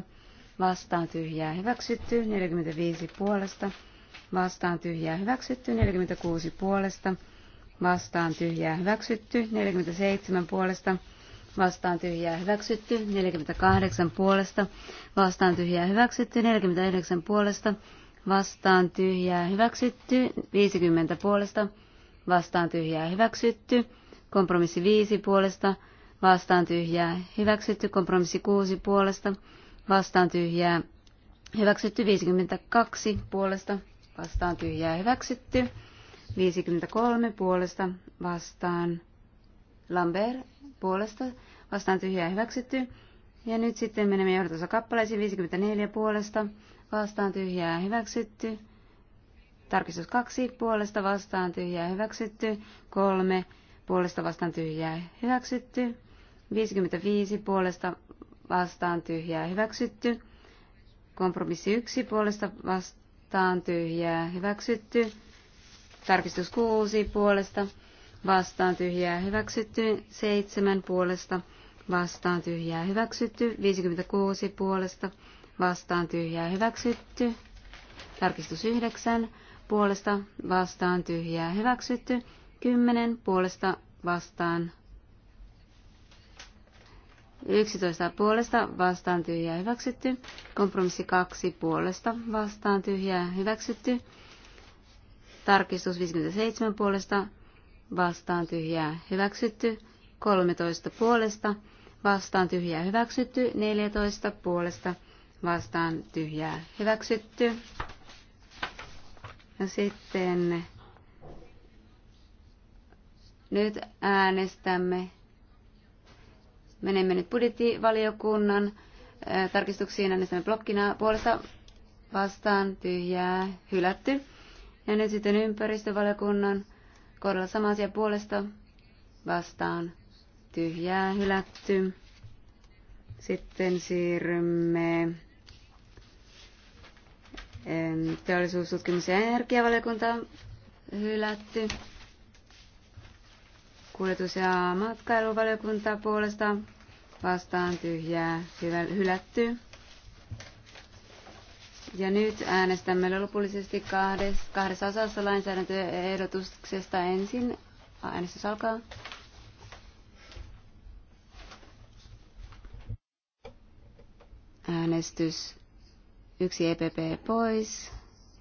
vastaan tyhjää hyväksytty, 45 puolesta, vastaan tyhjää hyväksytty, 46 puolesta, vastaan tyhjää hyväksytty, 47 puolesta, vastaan tyhjää hyväksytty, 48 puolesta, vastaan tyhjää hyväksytty, 49 puolesta, vastaan tyhjää hyväksytty, 50 puolesta, vastaan tyhjää hyväksytty, kompromissi 5 puolesta, vastaan tyhjää hyväksytty, kompromissi 6 puolesta, vastaan tyhjää hyväksytty. 52 puolesta vastaan tyhjää hyväksytty. 53 puolesta vastaan Lambert puolesta vastaan tyhjää hyväksytty. Ja nyt sitten menemme johdatonsa kappaleisiin 54 puolesta vastaan tyhjää hyväksytty. Tarkistus 2 puolesta vastaan tyhjää hyväksytty. 3 puolesta vastaan tyhjää hyväksytty. 55 puolesta vastaan tyhjää hyväksytty. Kompromissi 1 puolesta vastaan tyhjää hyväksytty. Tarkistus 6 puolesta vastaan tyhjää hyväksytty. 7 puolesta vastaan tyhjää hyväksytty. 56 puolesta vastaan tyhjää hyväksytty. Tarkistus 9 puolesta vastaan tyhjää hyväksytty. 10 puolesta vastaan 11 puolesta vastaan tyhjää hyväksytty. Kompromissi 2 puolesta vastaan tyhjää hyväksytty. Tarkistus 57 puolesta vastaan tyhjää hyväksytty. 13 puolesta vastaan tyhjää hyväksytty. 14 puolesta vastaan tyhjää hyväksytty. Ja sitten nyt äänestämme Menemme nyt budjettivaliokunnan tarkistuksiin äänestämme blokkina puolesta vastaan tyhjää hylätty. Ja nyt sitten ympäristövaliokunnan kohdalla sama asia puolesta vastaan tyhjää hylätty. Sitten siirrymme teollisuustutkimus- ja energiavaliokuntaan hylätty. Kuljetus- ja matkailuvaliokunta puolesta vastaan tyhjää hylätty. Ja nyt äänestämme lopullisesti kahdes, kahdessa osassa lainsäädäntöehdotuksesta ensin. Äänestys alkaa. Äänestys. Yksi EPP pois.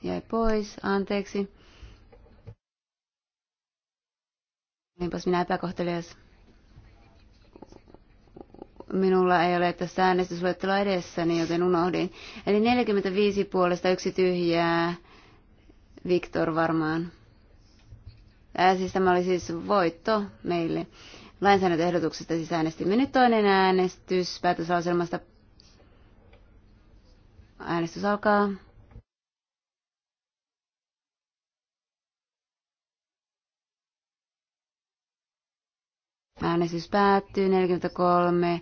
Jäi pois. Anteeksi. Olinpas minä epäkohtelias. Minulla ei ole tässä äänestysluetteloa edessäni, niin joten unohdin. Eli 45 puolesta yksi tyhjää. Viktor varmaan. Ää, siis tämä oli siis voitto meille lainsäädäntöehdotuksesta siis äänestimme. Nyt toinen äänestys päätöslauselmasta. Äänestys alkaa. Äänestys päättyy 43.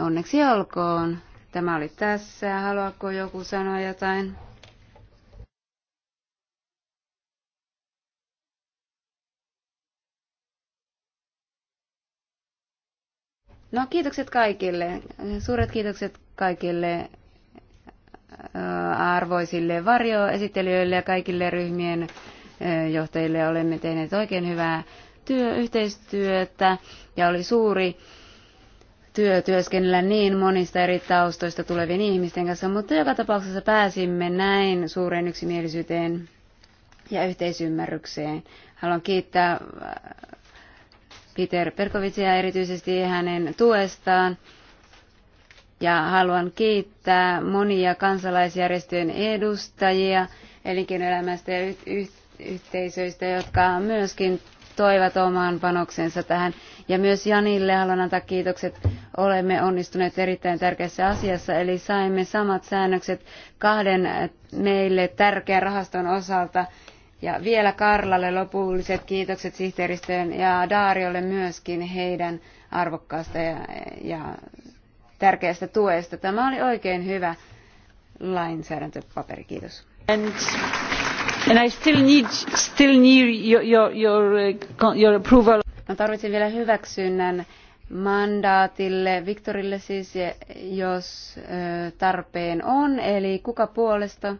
Onneksi olkoon. Tämä oli tässä. Haluaako joku sanoa jotain? No kiitokset kaikille. Suuret kiitokset kaikille äh, arvoisille varjoesittelijöille ja kaikille ryhmien äh, johtajille. Olemme tehneet oikein hyvää työ, yhteistyötä ja oli suuri työ työskennellä niin monista eri taustoista tulevien ihmisten kanssa, mutta joka tapauksessa pääsimme näin suureen yksimielisyyteen ja yhteisymmärrykseen. Haluan kiittää äh, Peter Perkovitsia erityisesti hänen tuestaan. Ja haluan kiittää monia kansalaisjärjestöjen edustajia elinkeinoelämästä ja yhteisöistä, jotka myöskin toivat oman panoksensa tähän. Ja myös Janille haluan antaa kiitokset. Olemme onnistuneet erittäin tärkeässä asiassa, eli saimme samat säännökset kahden äh, meille tärkeän rahaston osalta. Ja vielä Karlalle lopulliset kiitokset sihteeristöön ja Daariolle myöskin heidän arvokkaasta ja, ja tärkeästä tuesta. Tämä oli oikein hyvä lainsäädäntöpaperi. Kiitos. And And I still need, still need your, your, your, uh, approval. Mä tarvitsen vielä hyväksynnän mandaatille, Viktorille siis, jos tarpeen on, eli kuka puolesta,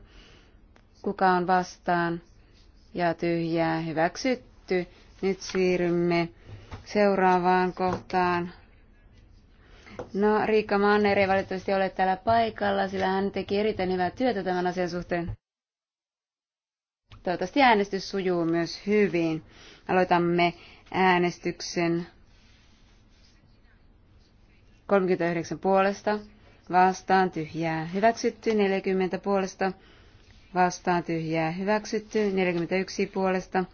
kuka on vastaan ja tyhjää hyväksytty. Nyt siirrymme seuraavaan kohtaan. No, Riikka Manner ei valitettavasti ole täällä paikalla, sillä hän teki erittäin hyvää työtä tämän asian suhteen. Toivottavasti äänestys sujuu myös hyvin. Aloitamme äänestyksen 39 puolesta, vastaan tyhjää hyväksytty 40 puolesta, vastaan tyhjää hyväksytty 41 puolesta,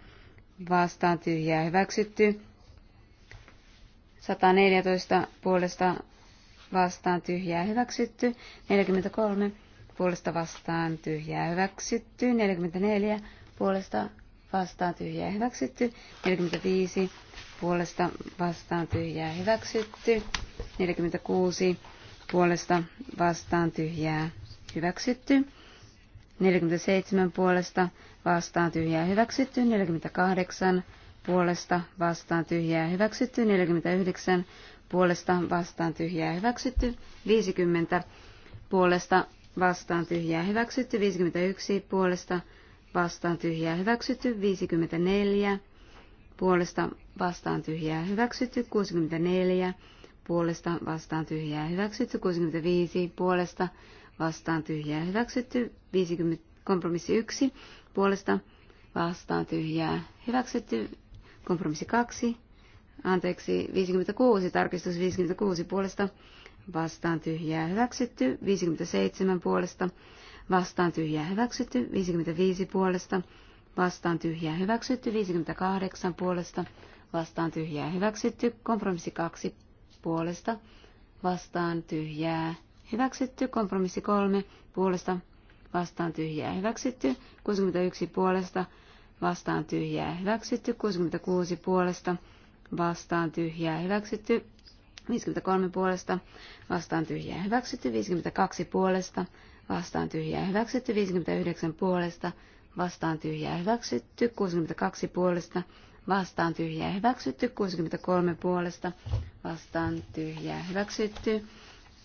vastaan tyhjää hyväksytty 114 puolesta, vastaan tyhjää hyväksytty 43 puolesta vastaan tyhjää hyväksytty, 44 puolesta vastaan tyhjää hyväksytty, 45 puolesta vastaan tyhjää hyväksytty, 46 puolesta vastaan tyhjää hyväksytty, 47 puolesta vastaan tyhjää hyväksytty, 48 puolesta vastaan tyhjää hyväksytty, 49 puolesta vastaan tyhjää hyväksytty, 50 puolesta vastaan tyhjää hyväksytty 51 puolesta vastaan tyhjää hyväksytty 54 puolesta vastaan tyhjää hyväksytty 64 puolesta vastaan tyhjää hyväksytty 65 puolesta vastaan tyhjää hyväksytty 50 kompromissi 1 puolesta vastaan tyhjää hyväksytty kompromissi 2 anteeksi 56 tarkistus 56 puolesta vastaan tyhjää hyväksytty, 57 puolesta, vastaan tyhjää hyväksytty, 55 puolesta, vastaan tyhjää hyväksytty, 58 puolesta, vastaan tyhjää hyväksytty, kompromissi 2 puolesta, vastaan tyhjää hyväksytty, kompromissi 3 puolesta, vastaan tyhjää hyväksytty, 61 puolesta, vastaan tyhjää hyväksytty, 66 puolesta, vastaan tyhjää hyväksytty, 53 puolesta vastaan tyhjää hyväksytty, 52 puolesta vastaan tyhjää hyväksytty, 59 puolesta vastaan tyhjää hyväksytty, 62 puolesta vastaan tyhjää hyväksytty, 63 puolesta vastaan tyhjää hyväksytty,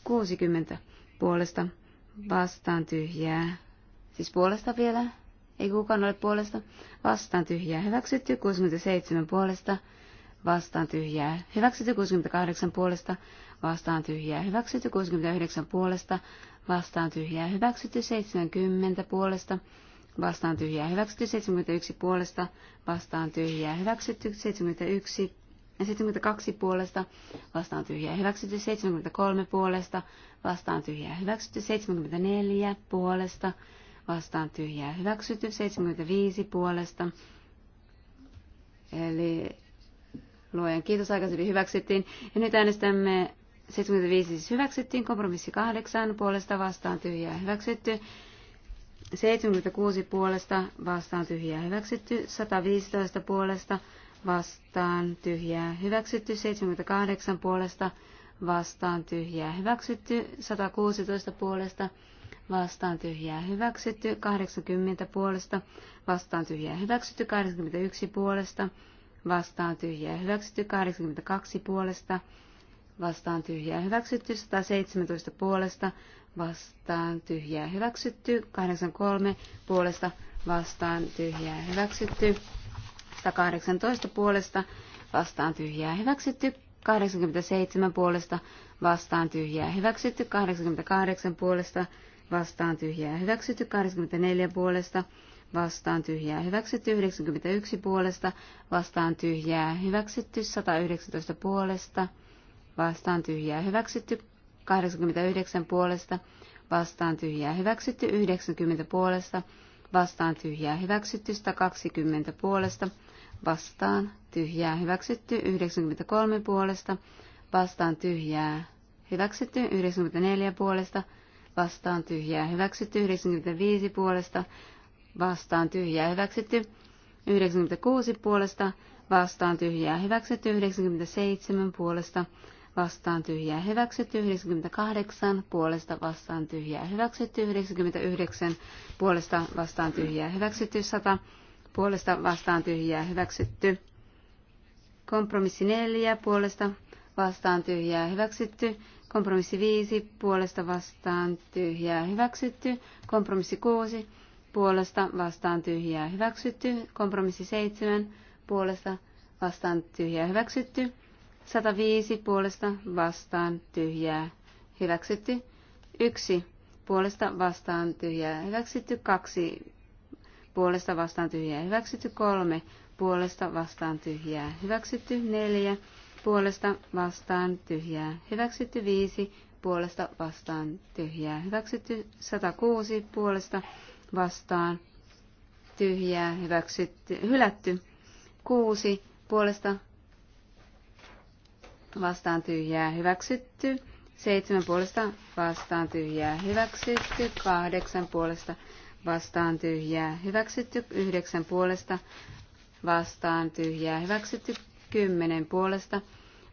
60 puolesta vastaan tyhjää, siis puolesta vielä, ei kukaan ole puolesta, vastaan tyhjää hyväksytty, 67 puolesta vastaan tyhjää. Hyväksytty 68 puolesta vastaan tyhjää. Hyväksytty 69 puolesta vastaan tyhjää. Hyväksytty 70 puolesta vastaan tyhjää. Hyväksytty 71 puolesta vastaan tyhjää. Hyväksytty 71 72 puolesta vastaan tyhjää. Hyväksytty 73 puolesta vastaan tyhjää. Hyväksytty 74 puolesta vastaan tyhjää. Hyväksytty 75 puolesta. Eli Luojan kiitos aikaisemmin hyväksyttiin. Ja nyt äänestämme 75 siis hyväksyttiin, kompromissi 8 puolesta vastaan tyhjää hyväksytty. 76 puolesta vastaan tyhjää hyväksytty, 115 puolesta vastaan tyhjää hyväksytty, 78 puolesta vastaan tyhjää hyväksytty, 116 puolesta vastaan tyhjää hyväksytty, 80 puolesta vastaan tyhjää hyväksytty, 81 puolesta vastaan tyhjää hyväksytty 82 puolesta, vastaan tyhjää hyväksytty 117 puolesta, vastaan tyhjää hyväksytty 83 puolesta, vastaan tyhjää hyväksytty 118 puolesta, vastaan tyhjää hyväksytty 87 puolesta, vastaan tyhjää hyväksytty 88 puolesta, vastaan tyhjää hyväksytty 84 puolesta, vastaan tyhjää hyväksytty, 91 puolesta vastaan tyhjää hyväksytty, 119 puolesta vastaan tyhjää hyväksytty, 89 puolesta vastaan tyhjää hyväksytty, 90 puolesta vastaan tyhjää hyväksytty, 120 puolesta vastaan tyhjää hyväksytty, 93 puolesta vastaan tyhjää hyväksytty, 94 puolesta vastaan tyhjää hyväksytty, 95 puolesta vastaan tyhjää hyväksytty. 96 puolesta vastaan tyhjää hyväksytty. 97 puolesta vastaan tyhjää hyväksytty. 98 puolesta vastaan tyhjää hyväksytty. 99 puolesta vastaan tyhjää hyväksytty. 100 puolesta vastaan tyhjää hyväksytty. Kompromissi 4 puolesta vastaan tyhjää hyväksytty. Kompromissi 5 puolesta vastaan tyhjää hyväksytty. Kompromissi 6 puolesta vastaan tyhjää hyväksytty. Kompromissi 7 puolesta vastaan tyhjää hyväksytty. 105 puolesta vastaan tyhjää hyväksytty. 1 puolesta vastaan tyhjää hyväksytty. 2 puolesta vastaan tyhjää hyväksytty. 3 puolesta vastaan tyhjää hyväksytty. 4 puolesta vastaan tyhjää hyväksytty. 5 puolesta vastaan tyhjää hyväksytty. 106 puolesta vastaan tyhjää hyväksytty, hylätty. Kuusi puolesta vastaan tyhjää hyväksytty. Seitsemän puolesta vastaan tyhjää hyväksytty. Kahdeksan puolesta vastaan tyhjää hyväksytty. Yhdeksän puolesta vastaan tyhjää hyväksytty. Kymmenen puolesta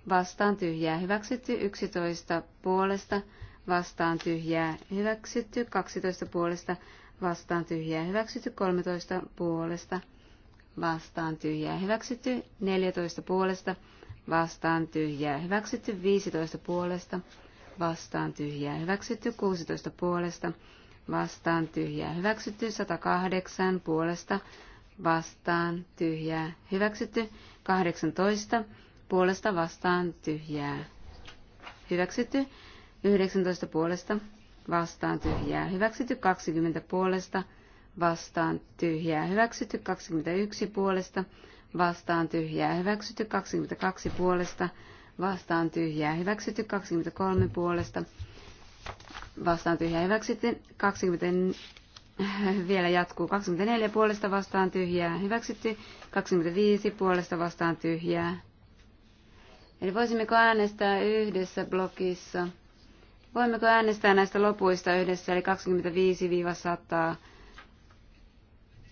vastaan tyhjää hyväksytty. Yksitoista puolesta vastaan tyhjää hyväksytty. Kaksitoista puolesta vastaan tyhjää hyväksytty, 13 puolesta vastaan tyhjää hyväksytty, 14 puolesta vastaan tyhjää hyväksytty, 15 puolesta vastaan tyhjää hyväksytty, 16 puolesta vastaan tyhjää hyväksytty, 108 puolesta vastaan tyhjää hyväksytty, 18 puolesta vastaan tyhjää hyväksytty, 19 puolesta vastaan tyhjää hyväksytty 20 puolesta, vastaan tyhjää hyväksytty 21 puolesta, vastaan tyhjää hyväksytty 22 puolesta, vastaan tyhjää hyväksytty 23 puolesta, vastaan tyhjää hyväksytty 20, vielä jatkuu 24 puolesta vastaan tyhjää hyväksytty, 25 puolesta vastaan tyhjää. Eli voisimmeko äänestää yhdessä blokissa Voimmeko äänestää näistä lopuista yhdessä, eli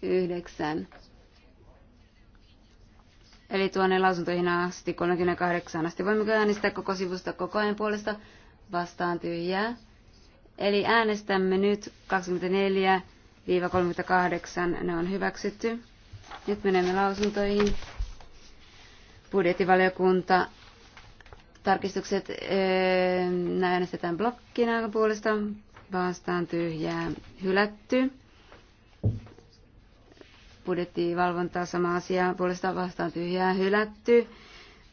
25-109? Eli tuonne lausuntoihin asti, 38 asti. Voimmeko äänestää koko sivusta koko ajan puolesta? Vastaan tyhjää. Eli äänestämme nyt 24-38, ne on hyväksytty. Nyt menemme lausuntoihin. Budjettivaliokunta Tarkistukset eh, äänestetään blokkina puolesta. Vastaan tyhjää hylätty. Budjettivalvontaa sama asia. Puolesta vastaan tyhjää hylätty.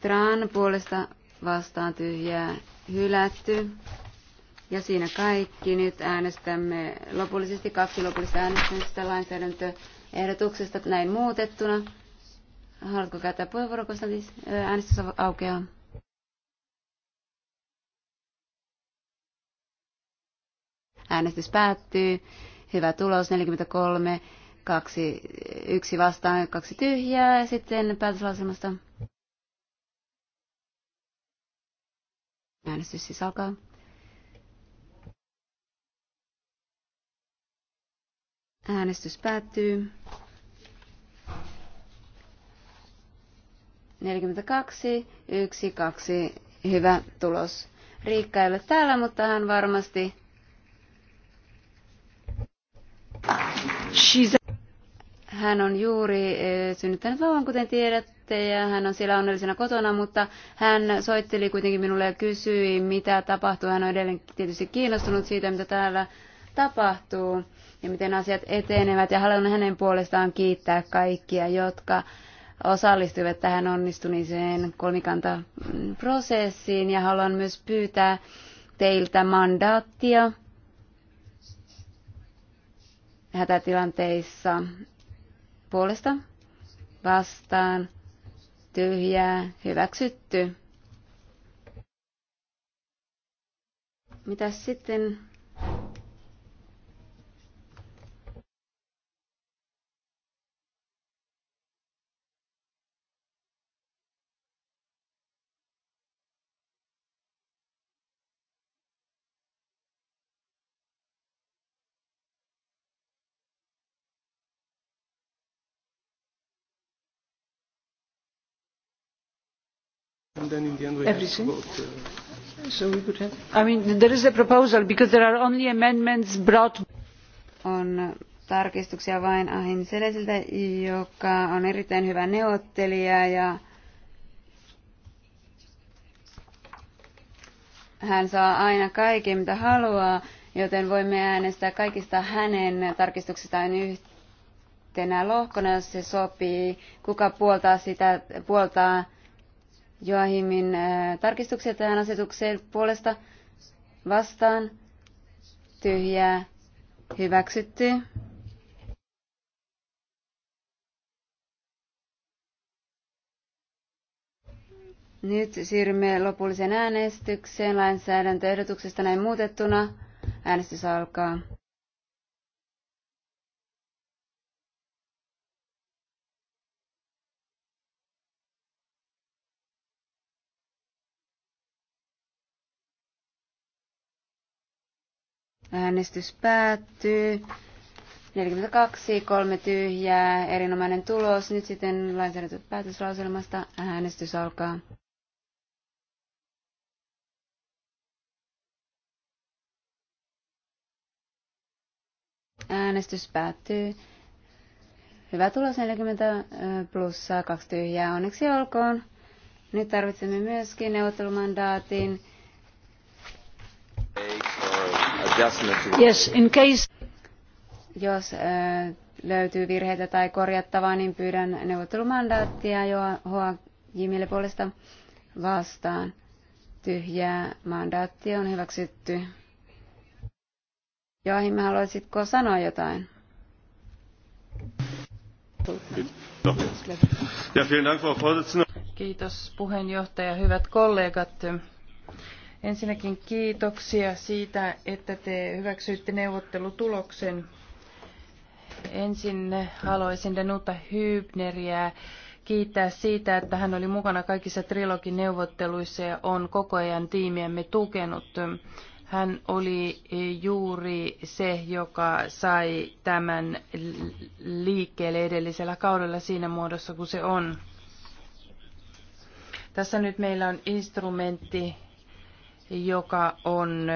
Tran puolesta vastaan tyhjää hylätty. Ja siinä kaikki. Nyt äänestämme lopullisesti kaksi lopullista äänestämistä lainsäädäntöehdotuksesta näin muutettuna. Haluatko käyttää puheenvuoro, Konstantis? Äänestys aukeaa. Äänestys päättyy. Hyvä tulos, 43, kaksi, yksi vastaan, kaksi tyhjää. ja Sitten päätöslausemasta. Äänestys siis alkaa. Äänestys päättyy. 42, 1, 2. Hyvä tulos. Riikka ei ole täällä, mutta hän varmasti hän on juuri e, synnyttänyt vauvan, kuten tiedätte, ja hän on siellä onnellisena kotona, mutta hän soitteli kuitenkin minulle ja kysyi, mitä tapahtuu. Hän on edelleen tietysti kiinnostunut siitä, mitä täällä tapahtuu ja miten asiat etenevät. Ja haluan hänen puolestaan kiittää kaikkia, jotka osallistuivat tähän onnistuneeseen kolmikantaprosessiin. Ja haluan myös pyytää teiltä mandaattia hätätilanteissa puolesta vastaan tyhjää hyväksytty. Mitä sitten then in the end we Everything? have to vote. Uh, so we could have... I mean, there is a proposal because there are only amendments brought... On tarkistuksia vain Ahin Selesiltä, joka on erittäin hyvä neuvottelija ja hän saa aina kaiken mitä haluaa, joten voimme äänestää kaikista hänen tarkistuksistaan yhtenä lohkona, jos se sopii. Kuka puoltaa sitä, puoltaa Joahimin äh, tarkistuksia tähän asetukseen puolesta vastaan tyhjää hyväksytty. Nyt siirrymme lopulliseen äänestykseen lainsäädäntöehdotuksesta näin muutettuna. Äänestys alkaa. Äänestys päättyy. 42, kolme tyhjää, erinomainen tulos. Nyt sitten päätöslauselmasta. äänestys alkaa. Äänestys päättyy. Hyvä tulos 40 plussaa, kaksi tyhjää. Onneksi olkoon. Nyt tarvitsemme myöskin neuvottelumandaatin jos äh, löytyy virheitä tai korjattavaa, niin pyydän neuvottelumandaattia hoa Jimille puolesta vastaan. Tyhjää mandaatti on hyväksytty. Joahimme, haluaisitko sanoa jotain? No. Kiitos puheenjohtaja, hyvät kollegat. Ensinnäkin kiitoksia siitä, että te hyväksyitte neuvottelutuloksen. Ensin haluaisin Danuta Hybneriä kiittää siitä, että hän oli mukana kaikissa trilogin neuvotteluissa ja on koko ajan tiimiämme tukenut. Hän oli juuri se, joka sai tämän liikkeelle edellisellä kaudella siinä muodossa, kuin se on. Tässä nyt meillä on instrumentti, joka on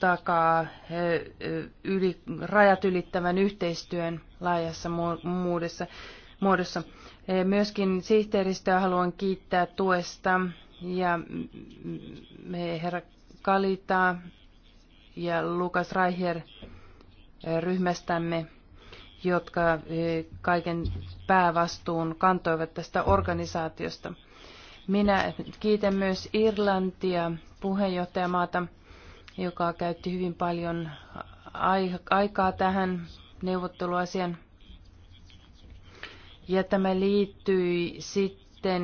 takaa yli, rajat ylittävän yhteistyön laajassa muodossa. muodossa. E, myöskin sihteeristöä haluan kiittää tuesta ja herra Kalita ja Lukas Raiher ryhmästämme, jotka kaiken päävastuun kantoivat tästä organisaatiosta. Minä kiitän myös Irlantia puheenjohtajamaata, joka käytti hyvin paljon aikaa tähän neuvotteluasian. Ja tämä liittyi sitten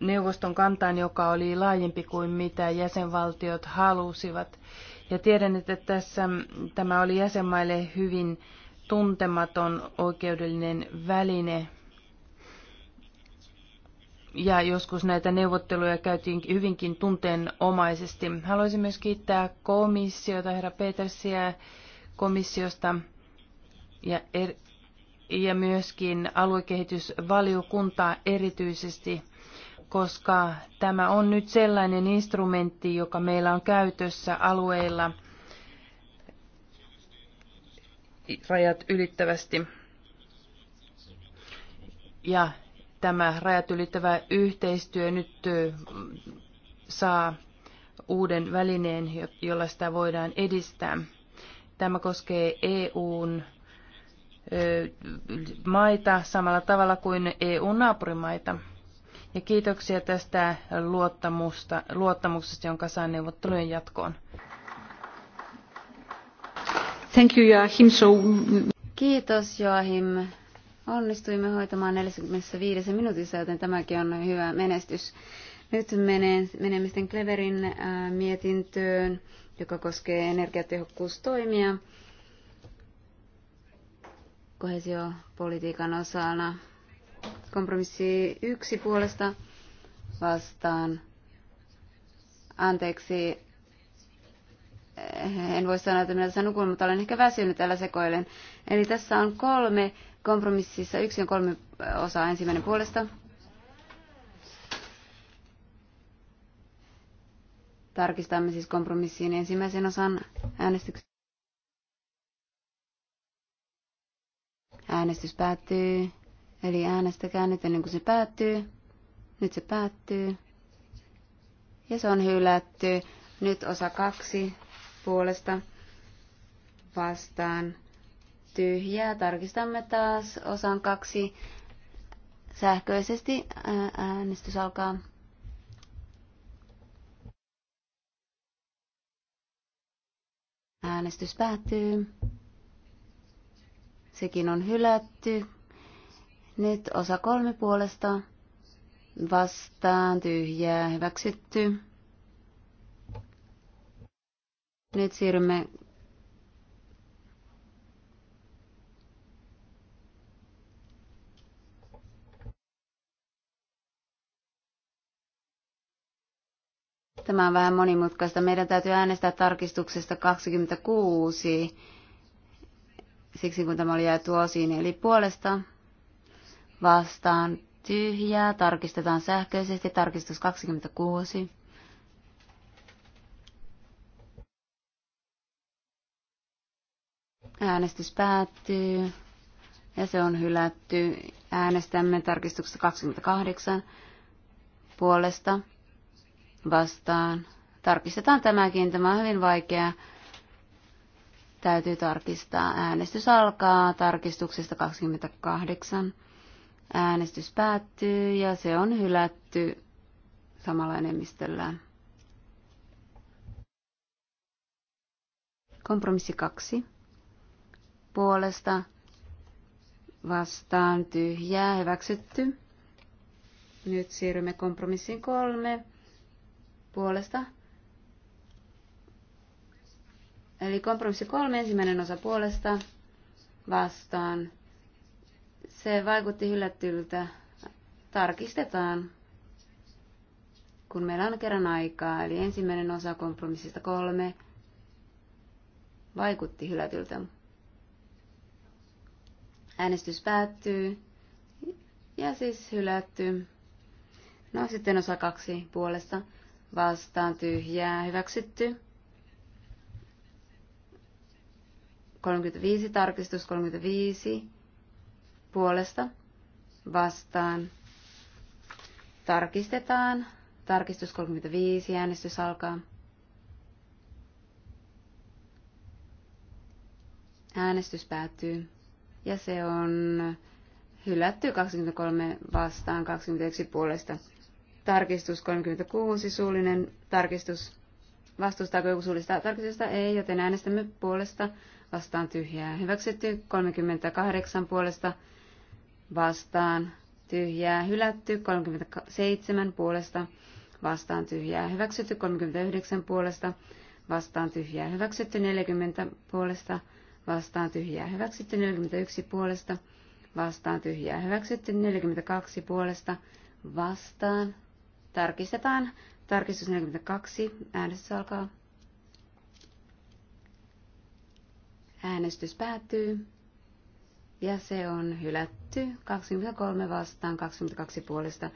neuvoston kantaan, joka oli laajempi kuin mitä jäsenvaltiot halusivat. Ja tiedän, että tässä tämä oli jäsenmaille hyvin tuntematon oikeudellinen väline, ja joskus näitä neuvotteluja käytiin hyvinkin tunteenomaisesti. Haluaisin myös kiittää komissiota, herra Petersiä komissiosta ja, er, ja myöskin aluekehitysvaliokuntaa erityisesti, koska tämä on nyt sellainen instrumentti, joka meillä on käytössä alueilla rajat ylittävästi. Ja tämä rajat ylittävä yhteistyö nyt saa uuden välineen, jolla sitä voidaan edistää. Tämä koskee EUn maita samalla tavalla kuin EU-naapurimaita. Ja kiitoksia tästä luottamusta, luottamuksesta, jonka saan neuvottelujen jatkoon. Thank you, Joachim. So... Kiitos Joachim onnistuimme hoitamaan 45 minuutissa, joten tämäkin on hyvä menestys. Nyt menemme sitten Cleverin äh, mietintöön, joka koskee energiatehokkuustoimia kohesiopolitiikan osana. Kompromissi yksi puolesta vastaan. Anteeksi, en voi sanoa, että minä tässä nukun, mutta olen ehkä väsynyt tällä sekoilen. Eli tässä on kolme Kompromississa yksi on kolme osaa ensimmäinen puolesta. Tarkistamme siis kompromissiin ensimmäisen osan äänestyksen. Äänestys päättyy. Eli äänestäkää nyt ennen kuin se päättyy. Nyt se päättyy. Ja se on hylätty. Nyt osa kaksi puolesta vastaan tyhjää. Tarkistamme taas osan kaksi sähköisesti. Äänestys alkaa. Äänestys päättyy. Sekin on hylätty. Nyt osa kolme puolesta. Vastaan tyhjää hyväksytty. Nyt siirrymme Tämä on vähän monimutkaista. Meidän täytyy äänestää tarkistuksesta 26, siksi kun tämä oli jaettu osiin. Eli puolesta vastaan tyhjää. Tarkistetaan sähköisesti. Tarkistus 26. Äänestys päättyy ja se on hylätty. Äänestämme tarkistuksesta 28 puolesta vastaan. Tarkistetaan tämäkin. Tämä on hyvin vaikea. Täytyy tarkistaa. Äänestys alkaa tarkistuksesta 28. Äänestys päättyy ja se on hylätty samalla enemmistöllä. Kompromissi 2. Puolesta vastaan tyhjää hyväksytty. Nyt siirrymme kompromissiin 3 puolesta. Eli kompromissi kolme, ensimmäinen osa puolesta vastaan. Se vaikutti hylättyltä. Tarkistetaan, kun meillä on kerran aikaa. Eli ensimmäinen osa kompromissista kolme vaikutti hylätyltä. Äänestys päättyy ja siis hylätty. No sitten osa kaksi puolesta vastaan tyhjää hyväksytty. 35 tarkistus 35 puolesta vastaan. Tarkistetaan. Tarkistus 35 äänestys alkaa. Äänestys päättyy ja se on hylätty 23 vastaan 21 puolesta. Tarkistus 36, suullinen tarkistus. Vastustaako joku suullista tarkistusta? Ei, joten äänestämme puolesta vastaan tyhjää. Hyväksytty 38 puolesta vastaan tyhjää. Hylätty 37 puolesta vastaan tyhjää. Hyväksytty 39 puolesta vastaan tyhjää. Hyväksytty 40 puolesta vastaan tyhjää. Hyväksytty 41 puolesta vastaan tyhjää. Hyväksytty 42 puolesta vastaan Tarkistetaan. Tarkistus 42. Äänestys alkaa. Äänestys päättyy. Ja se on hylätty 23 vastaan 22 puolesta.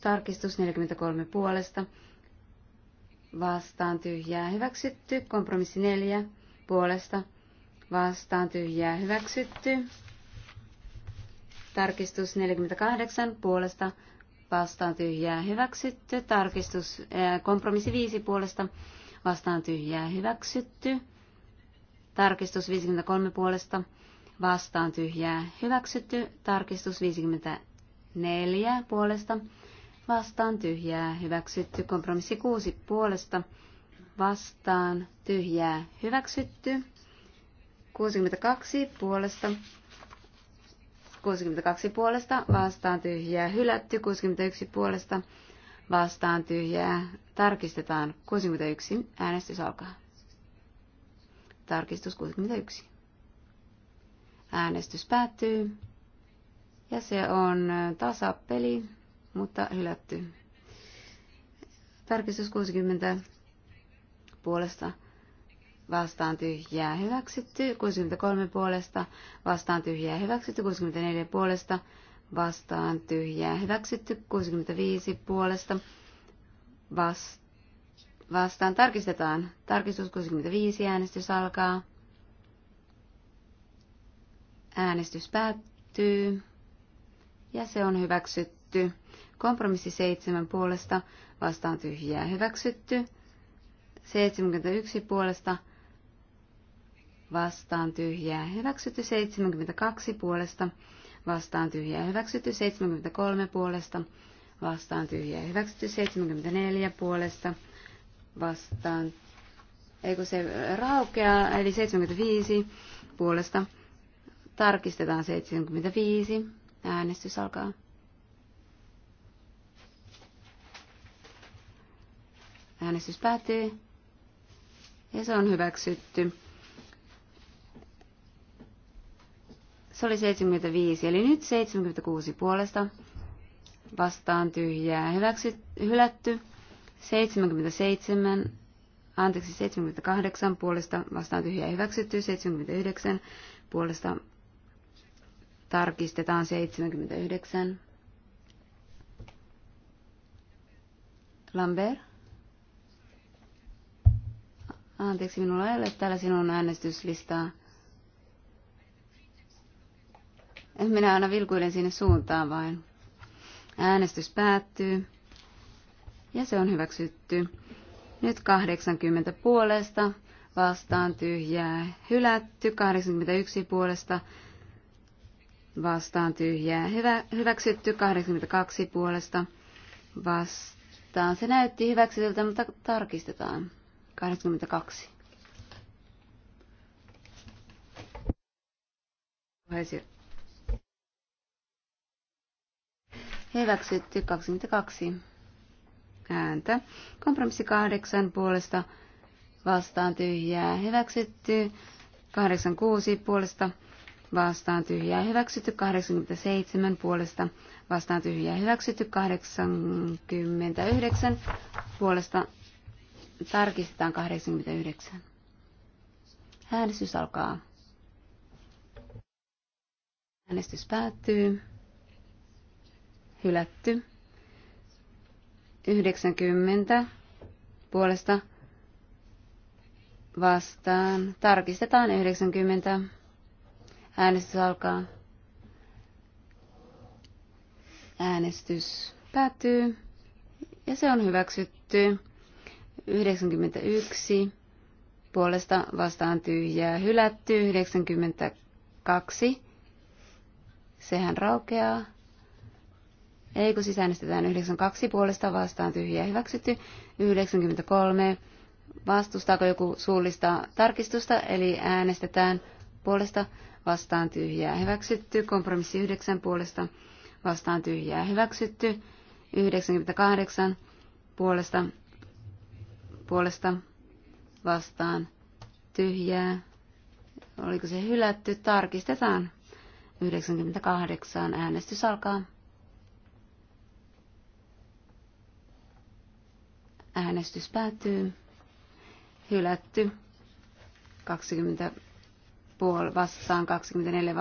Tarkistus 43 puolesta. Vastaan tyhjää hyväksytty. Kompromissi 4 puolesta. Vastaan tyhjää hyväksytty. Tarkistus 48 puolesta vastaan tyhjää hyväksytty. Tarkistus kompromissi 5 puolesta vastaan tyhjää hyväksytty. Tarkistus 53 puolesta vastaan tyhjää hyväksytty. Tarkistus 54 puolesta vastaan tyhjää hyväksytty. Kompromissi 6 puolesta vastaan tyhjää hyväksytty. 62 puolesta 62 puolesta vastaan tyhjää hylätty, 61 puolesta vastaan tyhjää tarkistetaan, 61 äänestys alkaa. Tarkistus 61. Äänestys päättyy ja se on tasapeli, mutta hylätty. Tarkistus 60 puolesta vastaan tyhjää hyväksytty, 63 puolesta vastaan tyhjää hyväksytty, 64 puolesta vastaan tyhjää hyväksytty, 65 puolesta vastaan, vastaan tarkistetaan. Tarkistus 65 äänestys alkaa. Äänestys päättyy ja se on hyväksytty. Kompromissi 7 puolesta vastaan tyhjää hyväksytty. 71 puolesta vastaan tyhjää hyväksytty 72 puolesta, vastaan tyhjää hyväksytty 73 puolesta, vastaan tyhjää hyväksytty 74 puolesta, vastaan, ei kun se raukeaa, eli 75 puolesta, tarkistetaan 75, äänestys alkaa. Äänestys päättyy. Ja se on hyväksytty. Se oli 75, eli nyt 76 puolesta vastaan tyhjää hyväksy, hylätty. 77, anteeksi 78 puolesta vastaan tyhjää hyväksytty. 79 puolesta tarkistetaan 79. Lambert? Anteeksi, minulla ei ole täällä sinun äänestyslistaa. Minä aina vilkuilen sinne suuntaan vain. Äänestys päättyy. Ja se on hyväksytty. Nyt 80 puolesta vastaan tyhjää hylätty. 81 puolesta vastaan tyhjää hyvä, hyväksytty. 82 puolesta vastaan. Se näytti hyväksytyltä, mutta tarkistetaan. 82. Puheenjohtaja Hyväksytty 22 ääntä. Kompromissi 8 puolesta vastaan tyhjää. Hyväksytty 86 puolesta vastaan tyhjää. Hyväksytty 87 puolesta vastaan tyhjää. Hyväksytty 89 puolesta tarkistetaan 89. Äänestys alkaa. Äänestys päättyy hylätty. 90 puolesta vastaan. Tarkistetaan 90. Äänestys alkaa. Äänestys päättyy. Ja se on hyväksytty. 91 puolesta vastaan tyhjää hylätty. 92. Sehän raukeaa. Ei kun sisäänestetään 92 puolesta vastaan tyhjää hyväksytty, 93 vastustaako joku suullista tarkistusta, eli äänestetään puolesta vastaan tyhjää hyväksytty, kompromissi 9 puolesta vastaan tyhjää hyväksytty, 98 puolesta, puolesta vastaan tyhjää, oliko se hylätty, tarkistetaan, 98 äänestys alkaa. Äänestys päättyy. Hylätty. 20 puol- vastaan, 24 äh,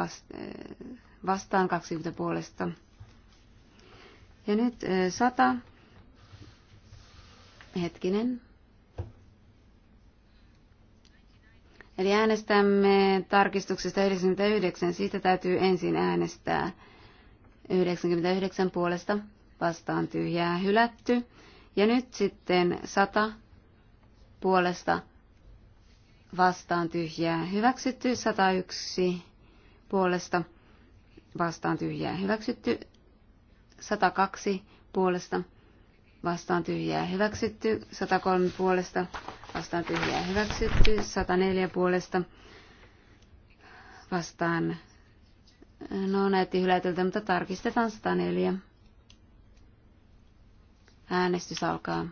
vastaan, 20 puolesta. Ja nyt 100. Äh, Hetkinen. Eli äänestämme tarkistuksesta 99. Siitä täytyy ensin äänestää 99 puolesta vastaan tyhjää hylätty. Ja nyt sitten 100 puolesta vastaan tyhjää hyväksytty, 101 puolesta vastaan tyhjää hyväksytty, 102 puolesta vastaan tyhjää hyväksytty, 103 puolesta vastaan tyhjää hyväksytty, 104 puolesta vastaan, no näytti hylätyltä, mutta tarkistetaan 104. Äänestys alkaa.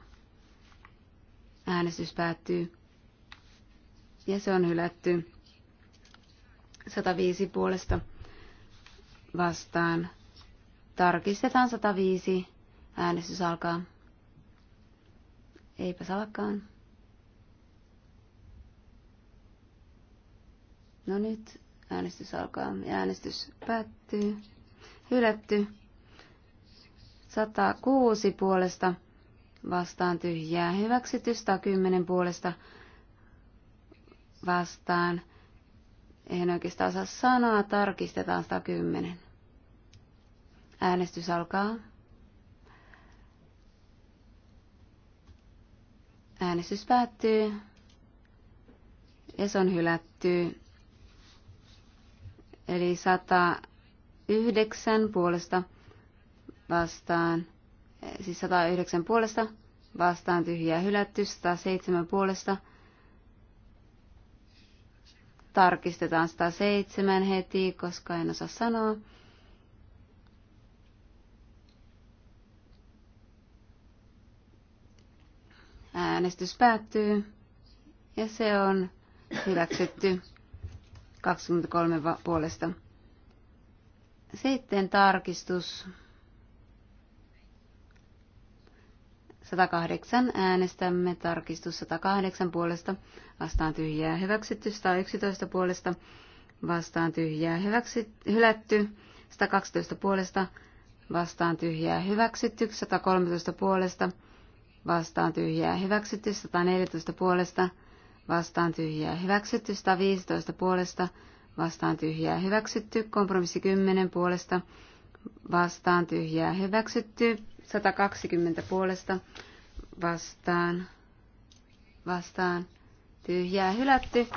Äänestys päättyy. Ja se on hylätty. 105 puolesta vastaan. Tarkistetaan 105. Äänestys alkaa. Eipä salakaan. No nyt äänestys alkaa ja äänestys päättyy. Hylätty. 106 puolesta vastaan tyhjää hyväksytty, 110 puolesta vastaan. En oikeastaan osaa sanaa, tarkistetaan 110. Äänestys alkaa. Äänestys päättyy. Ja se on hylätty. Eli 109 puolesta vastaan, siis 109 puolesta vastaan tyhjää hylätty, 107 puolesta tarkistetaan 107 heti, koska en osaa sanoa. Äänestys päättyy ja se on hyväksytty 23 puolesta. Sitten tarkistus 108. Äänestämme tarkistus 108 puolesta. Vastaan tyhjää hyväksytty. 111 puolesta. Vastaan tyhjää hyväksytty, hylätty. 112 puolesta. Vastaan tyhjää hyväksytty. 113 puolesta. Vastaan tyhjää hyväksytty. 114 puolesta. Vastaan tyhjää hyväksytty. 115 puolesta. Vastaan tyhjää hyväksytty. Kompromissi 10 puolesta. Vastaan tyhjää hyväksytty. 120 puolesta vastaan, vastaan, tyhjää hylätty.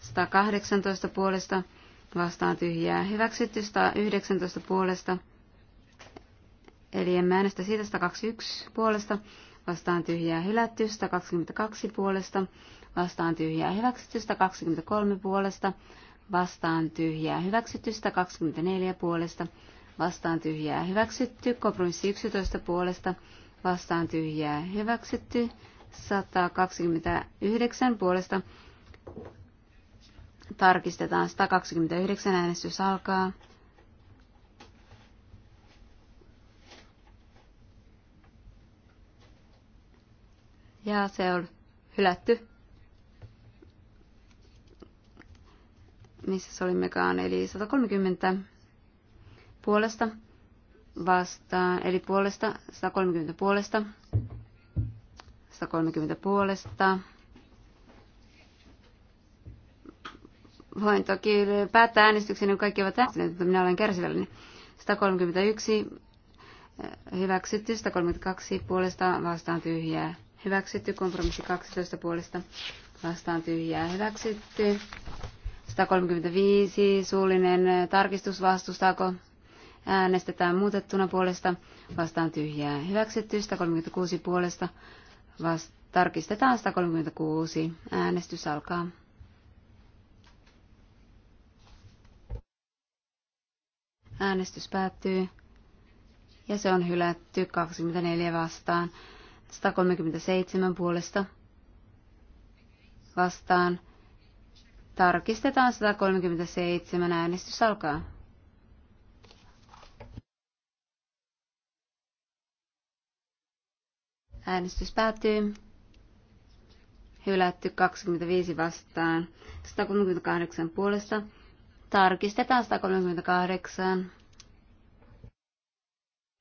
118 puolesta vastaan tyhjää hyväksytty. 119 puolesta, eli emme äänestä siitä 121 puolesta vastaan tyhjää hylätty. 122 puolesta vastaan tyhjää hyväksytty. 123 puolesta vastaan tyhjää hyväksytty. 124 puolesta vastaan tyhjää hyväksytty. Kompromissi 11 puolesta vastaan tyhjää hyväksytty. 129 puolesta tarkistetaan. 129 äänestys alkaa. Ja se on hylätty. Missä se olimmekaan? Eli 130 puolesta vastaan, eli puolesta 130 puolesta, 130 puolesta. Voin toki päättää äänestyksen, kun kaikki ovat äänestyneet, mutta minä olen kärsivällinen. 131 eh, hyväksytty, 132 puolesta vastaan tyhjää hyväksytty, kompromissi 12 puolesta vastaan tyhjää hyväksytty. 135 suullinen eh, tarkistus vastustaako äänestetään muutettuna puolesta vastaan tyhjää hyväksytty, 136 puolesta vast- tarkistetaan 136. Äänestys alkaa. Äänestys päättyy ja se on hylätty 24 vastaan, 137 puolesta vastaan. Tarkistetaan 137. Äänestys alkaa. Äänestys päättyy. Hylätty 25 vastaan. 138 puolesta. Tarkistetaan 138.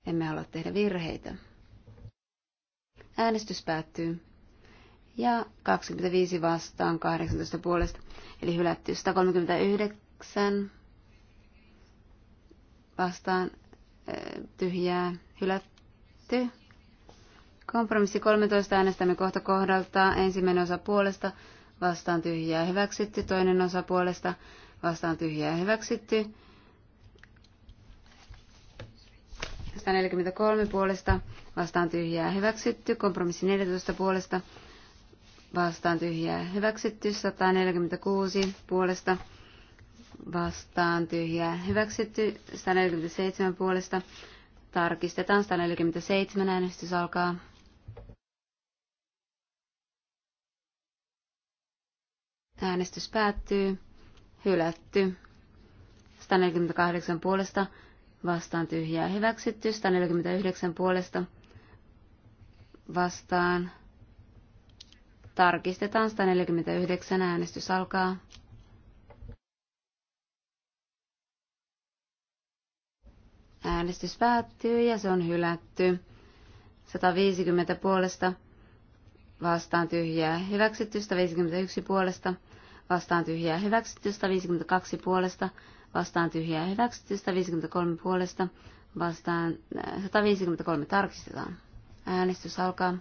Emme halua tehdä virheitä. Äänestys päättyy. Ja 25 vastaan 18 puolesta, eli hylätty 139 vastaan tyhjää hylätty. Kompromissi 13 äänestämme kohta kohdalta. Ensimmäinen osa puolesta vastaan tyhjää hyväksytty. Toinen osa puolesta vastaan tyhjää hyväksytty. 143 puolesta vastaan tyhjää hyväksytty. Kompromissi 14 puolesta vastaan tyhjää hyväksytty. 146 puolesta vastaan tyhjää hyväksytty. 147 puolesta tarkistetaan. 147 äänestys alkaa. Äänestys päättyy. Hylätty. 148 puolesta vastaan tyhjää hyväksytty. 149 puolesta vastaan. Tarkistetaan 149. Äänestys alkaa. Äänestys päättyy ja se on hylätty. 150 puolesta vastaan tyhjää hyväksytty, 151 puolesta vastaan tyhjää hyväksytystä 52 puolesta, vastaan tyhjää hyväksytystä 53 puolesta, vastaan 153 äh, tarkistetaan. Äänestys alkaa.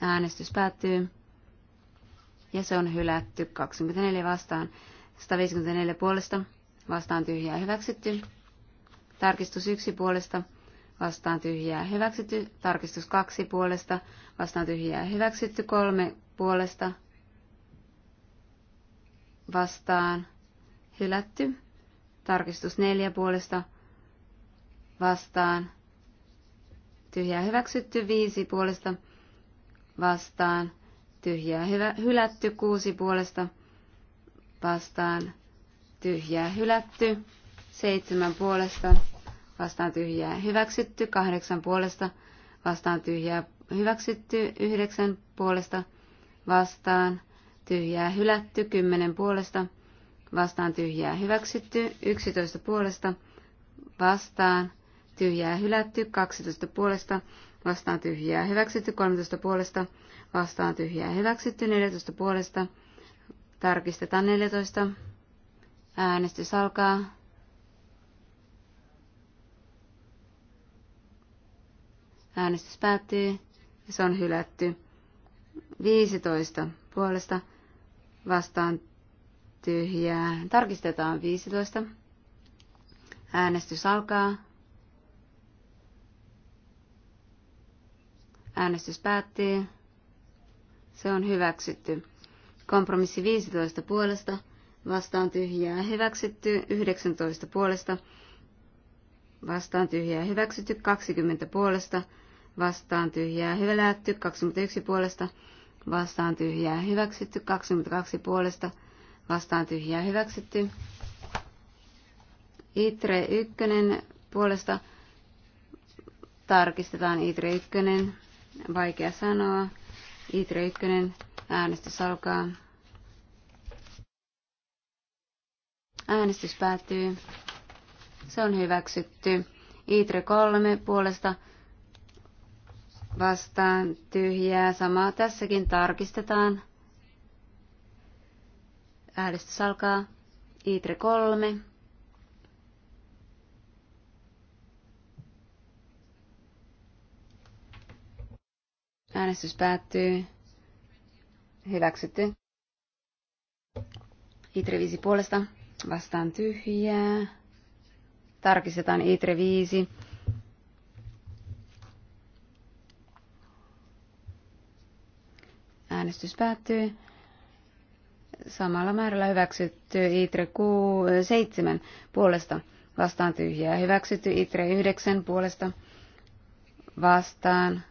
Äänestys päättyy. Ja se on hylätty 24 vastaan 154 puolesta, vastaan tyhjää hyväksytty. Tarkistus 1 puolesta, vastaan tyhjää hyväksytty, tarkistus kaksi puolesta, vastaan tyhjää hyväksytty, kolme puolesta, vastaan hylätty, tarkistus neljä puolesta, vastaan tyhjää hyväksytty, viisi puolesta, vastaan tyhjää hyvä, hylätty, kuusi puolesta, vastaan tyhjää hylätty, seitsemän puolesta, vastaan tyhjää hyväksytty, kahdeksan puolesta vastaan tyhjää hyväksytty, yhdeksän puolesta vastaan tyhjää hylätty, kymmenen puolesta vastaan tyhjää hyväksytty, yksitoista puolesta vastaan tyhjää hylätty, kaksitoista puolesta vastaan tyhjää hyväksytty, kolmetoista puolesta vastaan tyhjää hyväksytty, neljätoista puolesta tarkistetaan neljätoista Äänestys alkaa. Äänestys päättyy. Se on hylätty. 15 puolesta vastaan tyhjää. Tarkistetaan 15. Äänestys alkaa. Äänestys päättyy. Se on hyväksytty. Kompromissi 15 puolesta. Vastaan tyhjää hyväksytty. 19 puolesta. Vastaan tyhjää hyväksytty. 20 puolesta vastaan tyhjää hylätty, 21 puolesta vastaan tyhjää hyväksytty, 22 puolesta vastaan tyhjää hyväksytty. Itre 1 puolesta tarkistetaan Itre 1, vaikea sanoa. Itre 1, äänestys alkaa. Äänestys päättyy. Se on hyväksytty. Itre 3 puolesta vastaan tyhjää. Samaa tässäkin tarkistetaan. Äänestys alkaa. Itre 3. Äänestys päättyy. Hyväksytty. Itre 5 puolesta. Vastaan tyhjää. Tarkistetaan Itre 5. Äänestys päättyy. Samalla määrällä hyväksytty ITRE 7 eh, puolesta vastaan tyhjää. Hyväksytty ITRE 9 puolesta vastaan.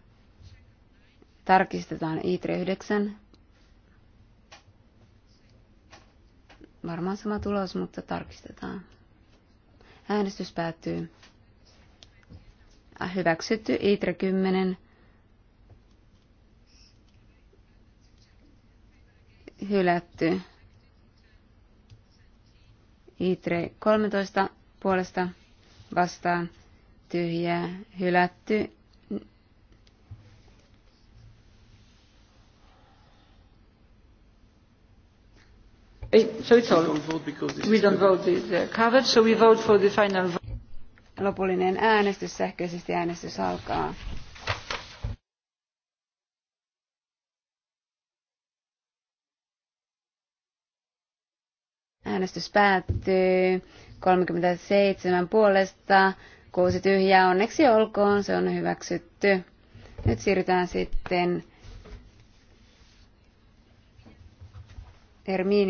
Tarkistetaan ITRE 9. Varmaan sama tulos, mutta tarkistetaan. Äänestys päättyy. Äh, hyväksytty ITRE 10 hylätty. Itre 13 puolesta vastaan tyhjää hylätty. So it's all. We don't vote this uh, covered, so we vote for the final vote. Lopullinen äänestys, sähköisesti äänestys alkaa. Äänestys päättyy. 37 puolesta, kuusi tyhjää. Onneksi olkoon, se on hyväksytty. Nyt siirrytään sitten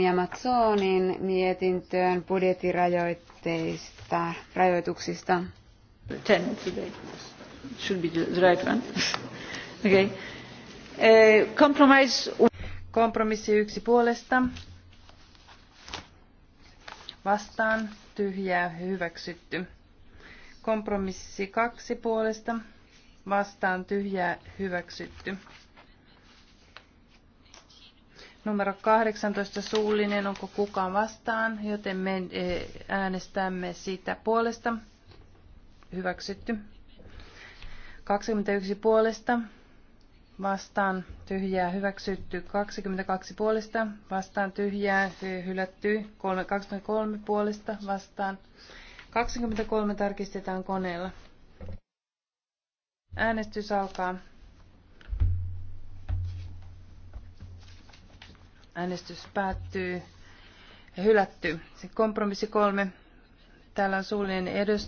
ja Mazzonin mietintöön budjettirajoitteista, rajoituksista. Ten today. Should be the right one. okay. Eh, compromise. Kompromissi yksi puolesta vastaan tyhjää hyväksytty. Kompromissi kaksi puolesta vastaan tyhjää hyväksytty. Numero 18 suullinen, onko kukaan vastaan, joten me eh, äänestämme siitä puolesta. Hyväksytty. 21 puolesta vastaan tyhjää hyväksytty 22 puolesta, vastaan tyhjää hylätty 23 puolesta, vastaan 23 tarkistetaan koneella. Äänestys alkaa. Äänestys päättyy. Hylätty. Se kompromissi kolme. Täällä on suullinen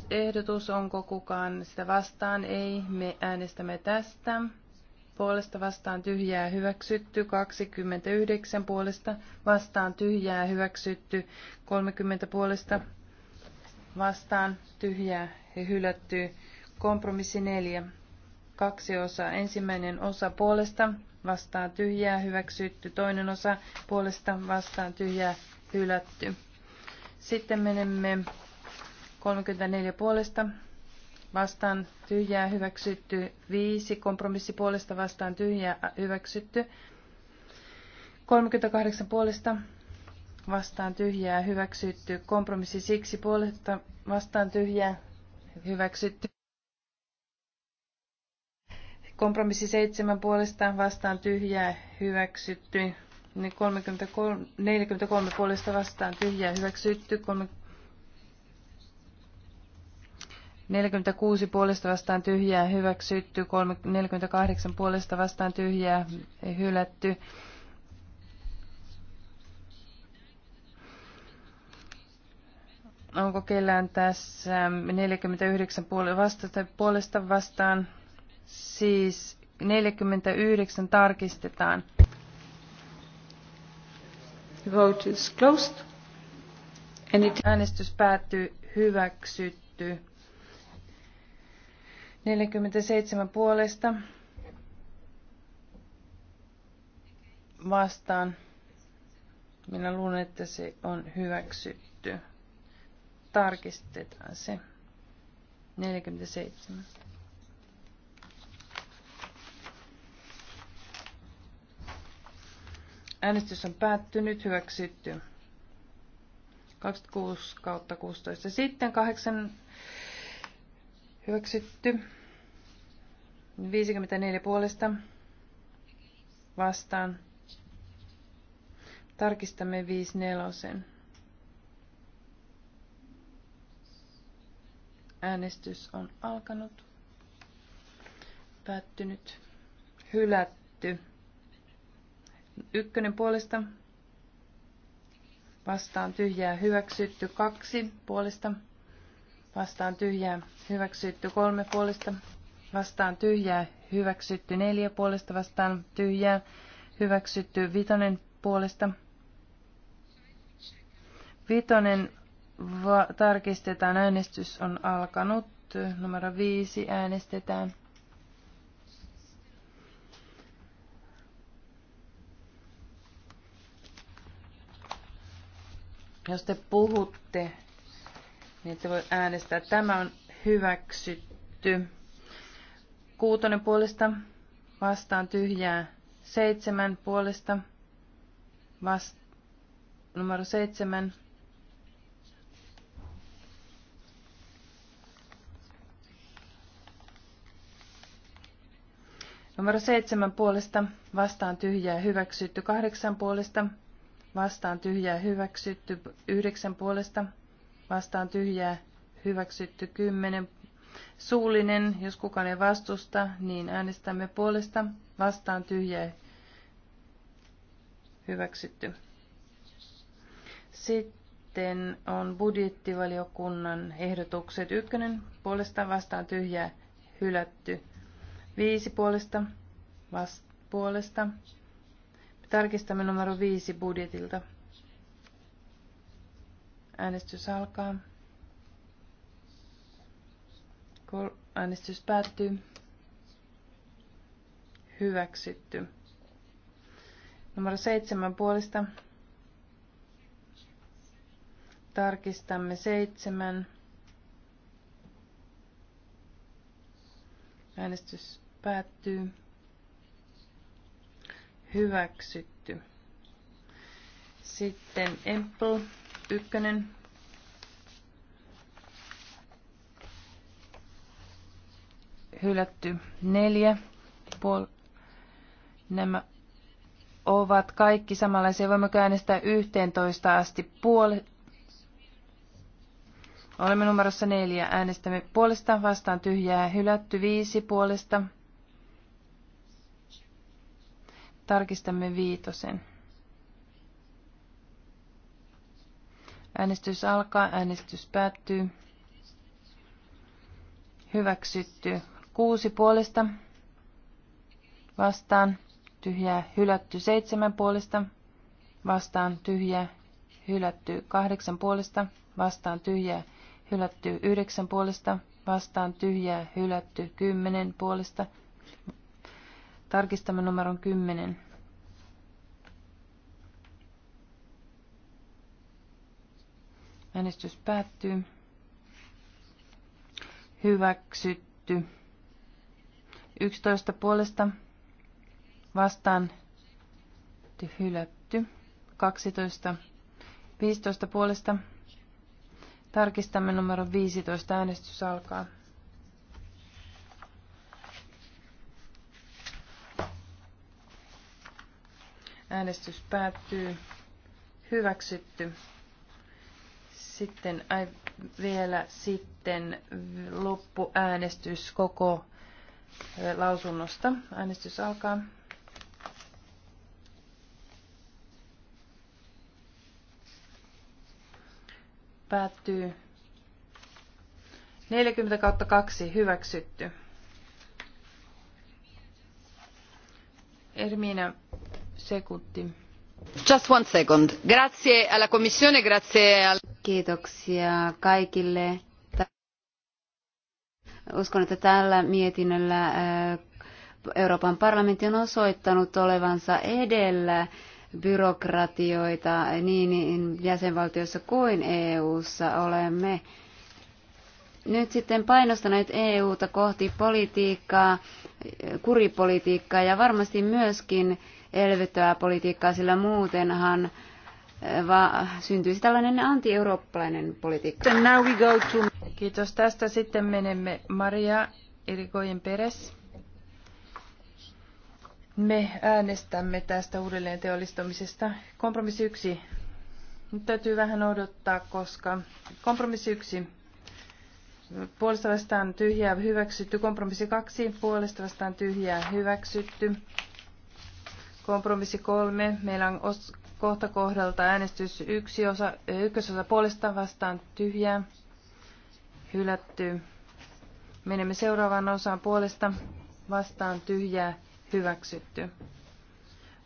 ehdotus. Onko kukaan sitä vastaan? Ei. Me äänestämme tästä puolesta vastaan tyhjää hyväksytty, 29 puolesta vastaan tyhjää hyväksytty, 30 puolesta vastaan tyhjää ja hylätty, kompromissi 4, kaksi osaa, ensimmäinen osa puolesta vastaan tyhjää hyväksytty, toinen osa puolesta vastaan tyhjää hylätty. Sitten menemme 34 puolesta vastaan tyhjää hyväksytty, viisi kompromissi puolesta vastaan tyhjää hyväksytty, 38 puolesta vastaan tyhjää hyväksytty, kompromissi siksi puolesta vastaan tyhjää hyväksytty. Kompromissi seitsemän puolesta vastaan tyhjää hyväksytty. 43, 43 puolesta vastaan tyhjää hyväksytty. 46 puolesta vastaan tyhjää hyväksytty, 48 puolesta vastaan tyhjää hylätty. Onko kellään tässä 49 puolesta, puolesta vastaan? Siis 49 tarkistetaan. vote is closed. Äänestys päättyy hyväksytty. 47 puolesta vastaan. Minä luulen, että se on hyväksytty. Tarkistetaan se. 47. Äänestys on päättynyt, hyväksytty. 26 kautta 16. Sitten 8, Hyväksytty. 54 puolesta vastaan. Tarkistamme 54. Äänestys on alkanut. Päättynyt. Hylätty. Ykkönen puolesta. Vastaan tyhjää hyväksytty. Kaksi puolesta vastaan tyhjää hyväksytty kolme puolesta, vastaan tyhjää hyväksytty neljä puolesta, vastaan tyhjää hyväksytty vitonen puolesta. Vitonen va- tarkistetaan, äänestys on alkanut, numero viisi äänestetään. Jos te puhutte niin että voi äänestää. Tämä on hyväksytty. Kuutonen puolesta vastaan tyhjää. Seitsemän puolesta vast, numero seitsemän. Numero seitsemän puolesta vastaan tyhjää hyväksytty. Kahdeksan puolesta vastaan tyhjää hyväksytty. Yhdeksän puolesta vastaan tyhjää hyväksytty kymmenen Suullinen, jos kukaan ei vastusta, niin äänestämme puolesta vastaan tyhjää hyväksytty. Sitten on budjettivaliokunnan ehdotukset. Ykkönen puolesta vastaan tyhjää hylätty. Viisi puolesta, vast, puolesta. Tarkistamme numero viisi budjetilta. Äänestys alkaa. Äänestys päättyy. Hyväksytty. Numero seitsemän puolesta. Tarkistamme seitsemän. Äänestys päättyy. Hyväksytty. Sitten Empel ykkönen. Hylätty neljä. Puol- Nämä ovat kaikki samanlaisia. Voimmeko äänestää 11 asti puoli? Olemme numerossa neljä. Äänestämme puolesta, vastaan tyhjää, hylätty viisi puolesta. Tarkistamme viitosen. Äänestys alkaa, äänestys päättyy. Hyväksytty. Kuusi puolesta. Vastaan. Tyhjää. Hylätty. Seitsemän puolesta. Vastaan. Tyhjää. Hylätty. Kahdeksan puolesta. Vastaan. Tyhjää. Hylätty. Yhdeksän puolesta. Vastaan. Tyhjää. Hylätty. Kymmenen puolesta. Tarkistamme numeron kymmenen. Äänestys päättyy. Hyväksytty. 11 puolesta vastaan hylätty. 12. 15 puolesta tarkistamme numero 15. Äänestys alkaa. Äänestys päättyy. Hyväksytty. Sitten ai, vielä sitten loppuäänestys koko lausunnosta. Äänestys alkaa. Päättyy 40 kautta 2 hyväksytty. Ermina, Sekutti. Just one second. Grazie alla Commissione, grazie al... Kiitoksia kaikille. Uskon, että tällä mietinnöllä äh, Euroopan parlamentti on osoittanut olevansa edellä byrokratioita niin jäsenvaltioissa kuin EU:ssa olemme nyt sitten painostaneet EU-ta kohti politiikkaa, kuripolitiikkaa ja varmasti myöskin elvyttävää politiikkaa, sillä muutenhan va, syntyisi tällainen anti-eurooppalainen politiikka. To... Kiitos tästä. Sitten menemme Maria Erikojen Peres. Me äänestämme tästä uudelleen teollistumisesta Kompromissi yksi. Nyt täytyy vähän odottaa, koska kompromissi yksi puolesta vastaan tyhjää hyväksytty. Kompromissi kaksi puolesta vastaan tyhjää hyväksytty. Kompromissi kolme. Meillä on os- kohta kohdalta äänestys yksi osa, ykkösosa puolesta vastaan tyhjää, hylätty. Menemme seuraavaan osaan puolesta vastaan tyhjää, hyväksytty.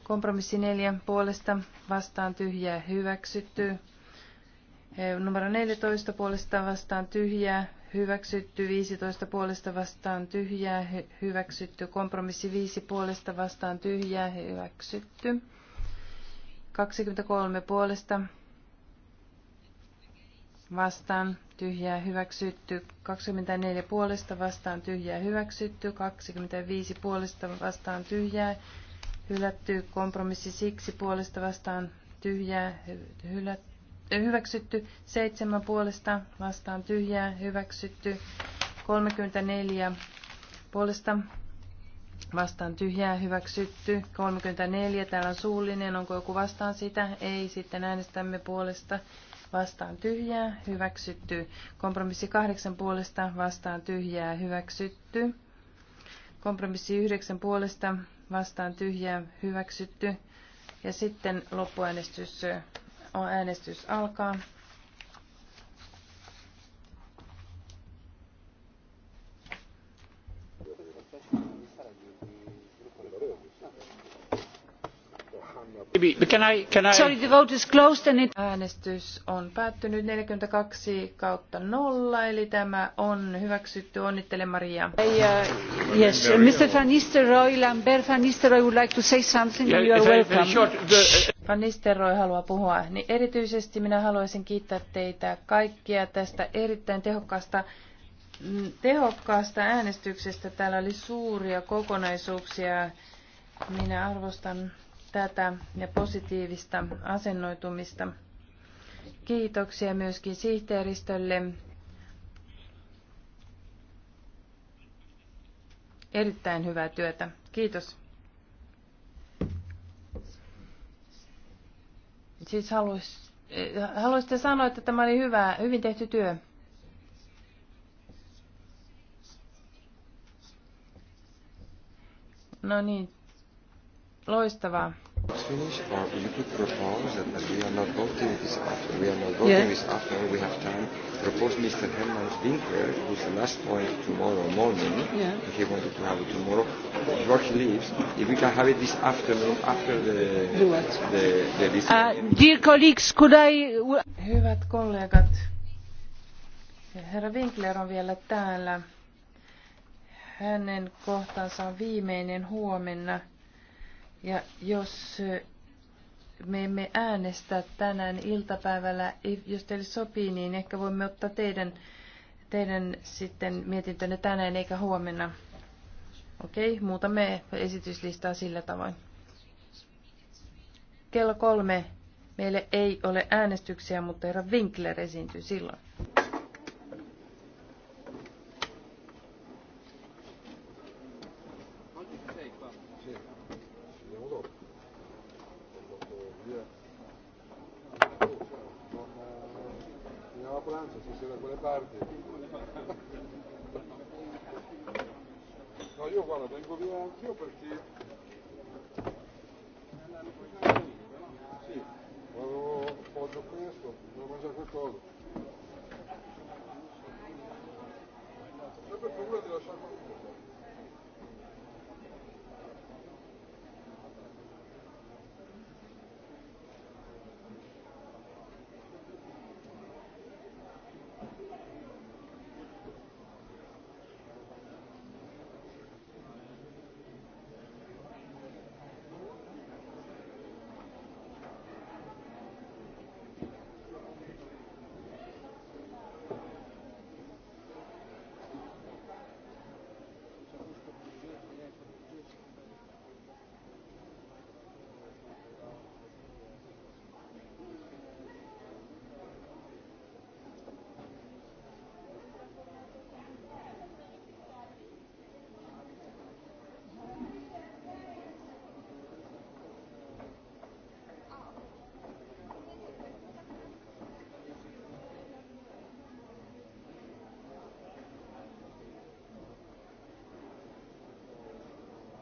Kompromissi neljä puolesta vastaan tyhjää, hyväksytty. Numero 14 puolesta vastaan tyhjää, hyväksytty 15 puolesta vastaan tyhjää, hyväksytty kompromissi 5 puolesta vastaan tyhjää, hyväksytty. 23 puolesta vastaan tyhjää hyväksytty, 24 puolesta vastaan tyhjää hyväksytty, 25 puolesta vastaan tyhjää hylätty, kompromissi siksi puolesta vastaan tyhjää hylätty, eh, hyväksytty, 7 puolesta vastaan tyhjää hyväksytty, 34 puolesta Vastaan tyhjää hyväksytty. 34. Täällä on suullinen. Onko joku vastaan sitä? Ei. Sitten äänestämme puolesta. Vastaan tyhjää hyväksytty. Kompromissi 8 puolesta. Vastaan tyhjää hyväksytty. Kompromissi 9 puolesta. Vastaan tyhjää hyväksytty. Ja sitten loppuäänestys äänestys alkaa. Sorry, the vote is closed and it... Äänestys on päättynyt 42 kautta nolla, eli tämä on hyväksytty. Onnittele Maria. I, uh, yes, Mr. Van Nistelrooy, Lambert Van Nistelrooy would like to say something yeah, you are welcome. Short, the... Van Nistelrooy haluaa puhua. Niin erityisesti minä haluaisin kiittää teitä kaikkia tästä erittäin tehokkaasta mm, tehokkaasta äänestyksestä. Täällä oli suuria kokonaisuuksia. Minä arvostan tätä ja positiivista asennoitumista. Kiitoksia myöskin sihteeristölle erittäin hyvää työtä. Kiitos. Siis haluais, eh, haluaisitte sanoa, että tämä oli hyvä, hyvin tehty työ. No niin, loistavaa finish, or you could propose that we are not voting this after. We are not voting yeah. this after. We have time. Propose Mr. Herman Winkler, who's the last point tomorrow morning. Yeah. He wanted to have it tomorrow. he if we can have it this afternoon after the Do what? the, the uh, Dear colleagues, could I? Hyvät kollegat, herra Winkler on vielä täällä. Hänen kohtansa on viimeinen huomenna. Ja jos me emme äänestä tänään iltapäivällä, jos teille sopii, niin ehkä voimme ottaa teidän, teidän sitten mietintönne tänään eikä huomenna. Okei, okay, muutamme esityslistaa sillä tavoin. Kello kolme meille ei ole äänestyksiä, mutta herra Winkler esiintyy silloin. tardi. No io guarda, vengo via anch'io perché... Sì, vado, poggio questo, devo mangiare qualcosa.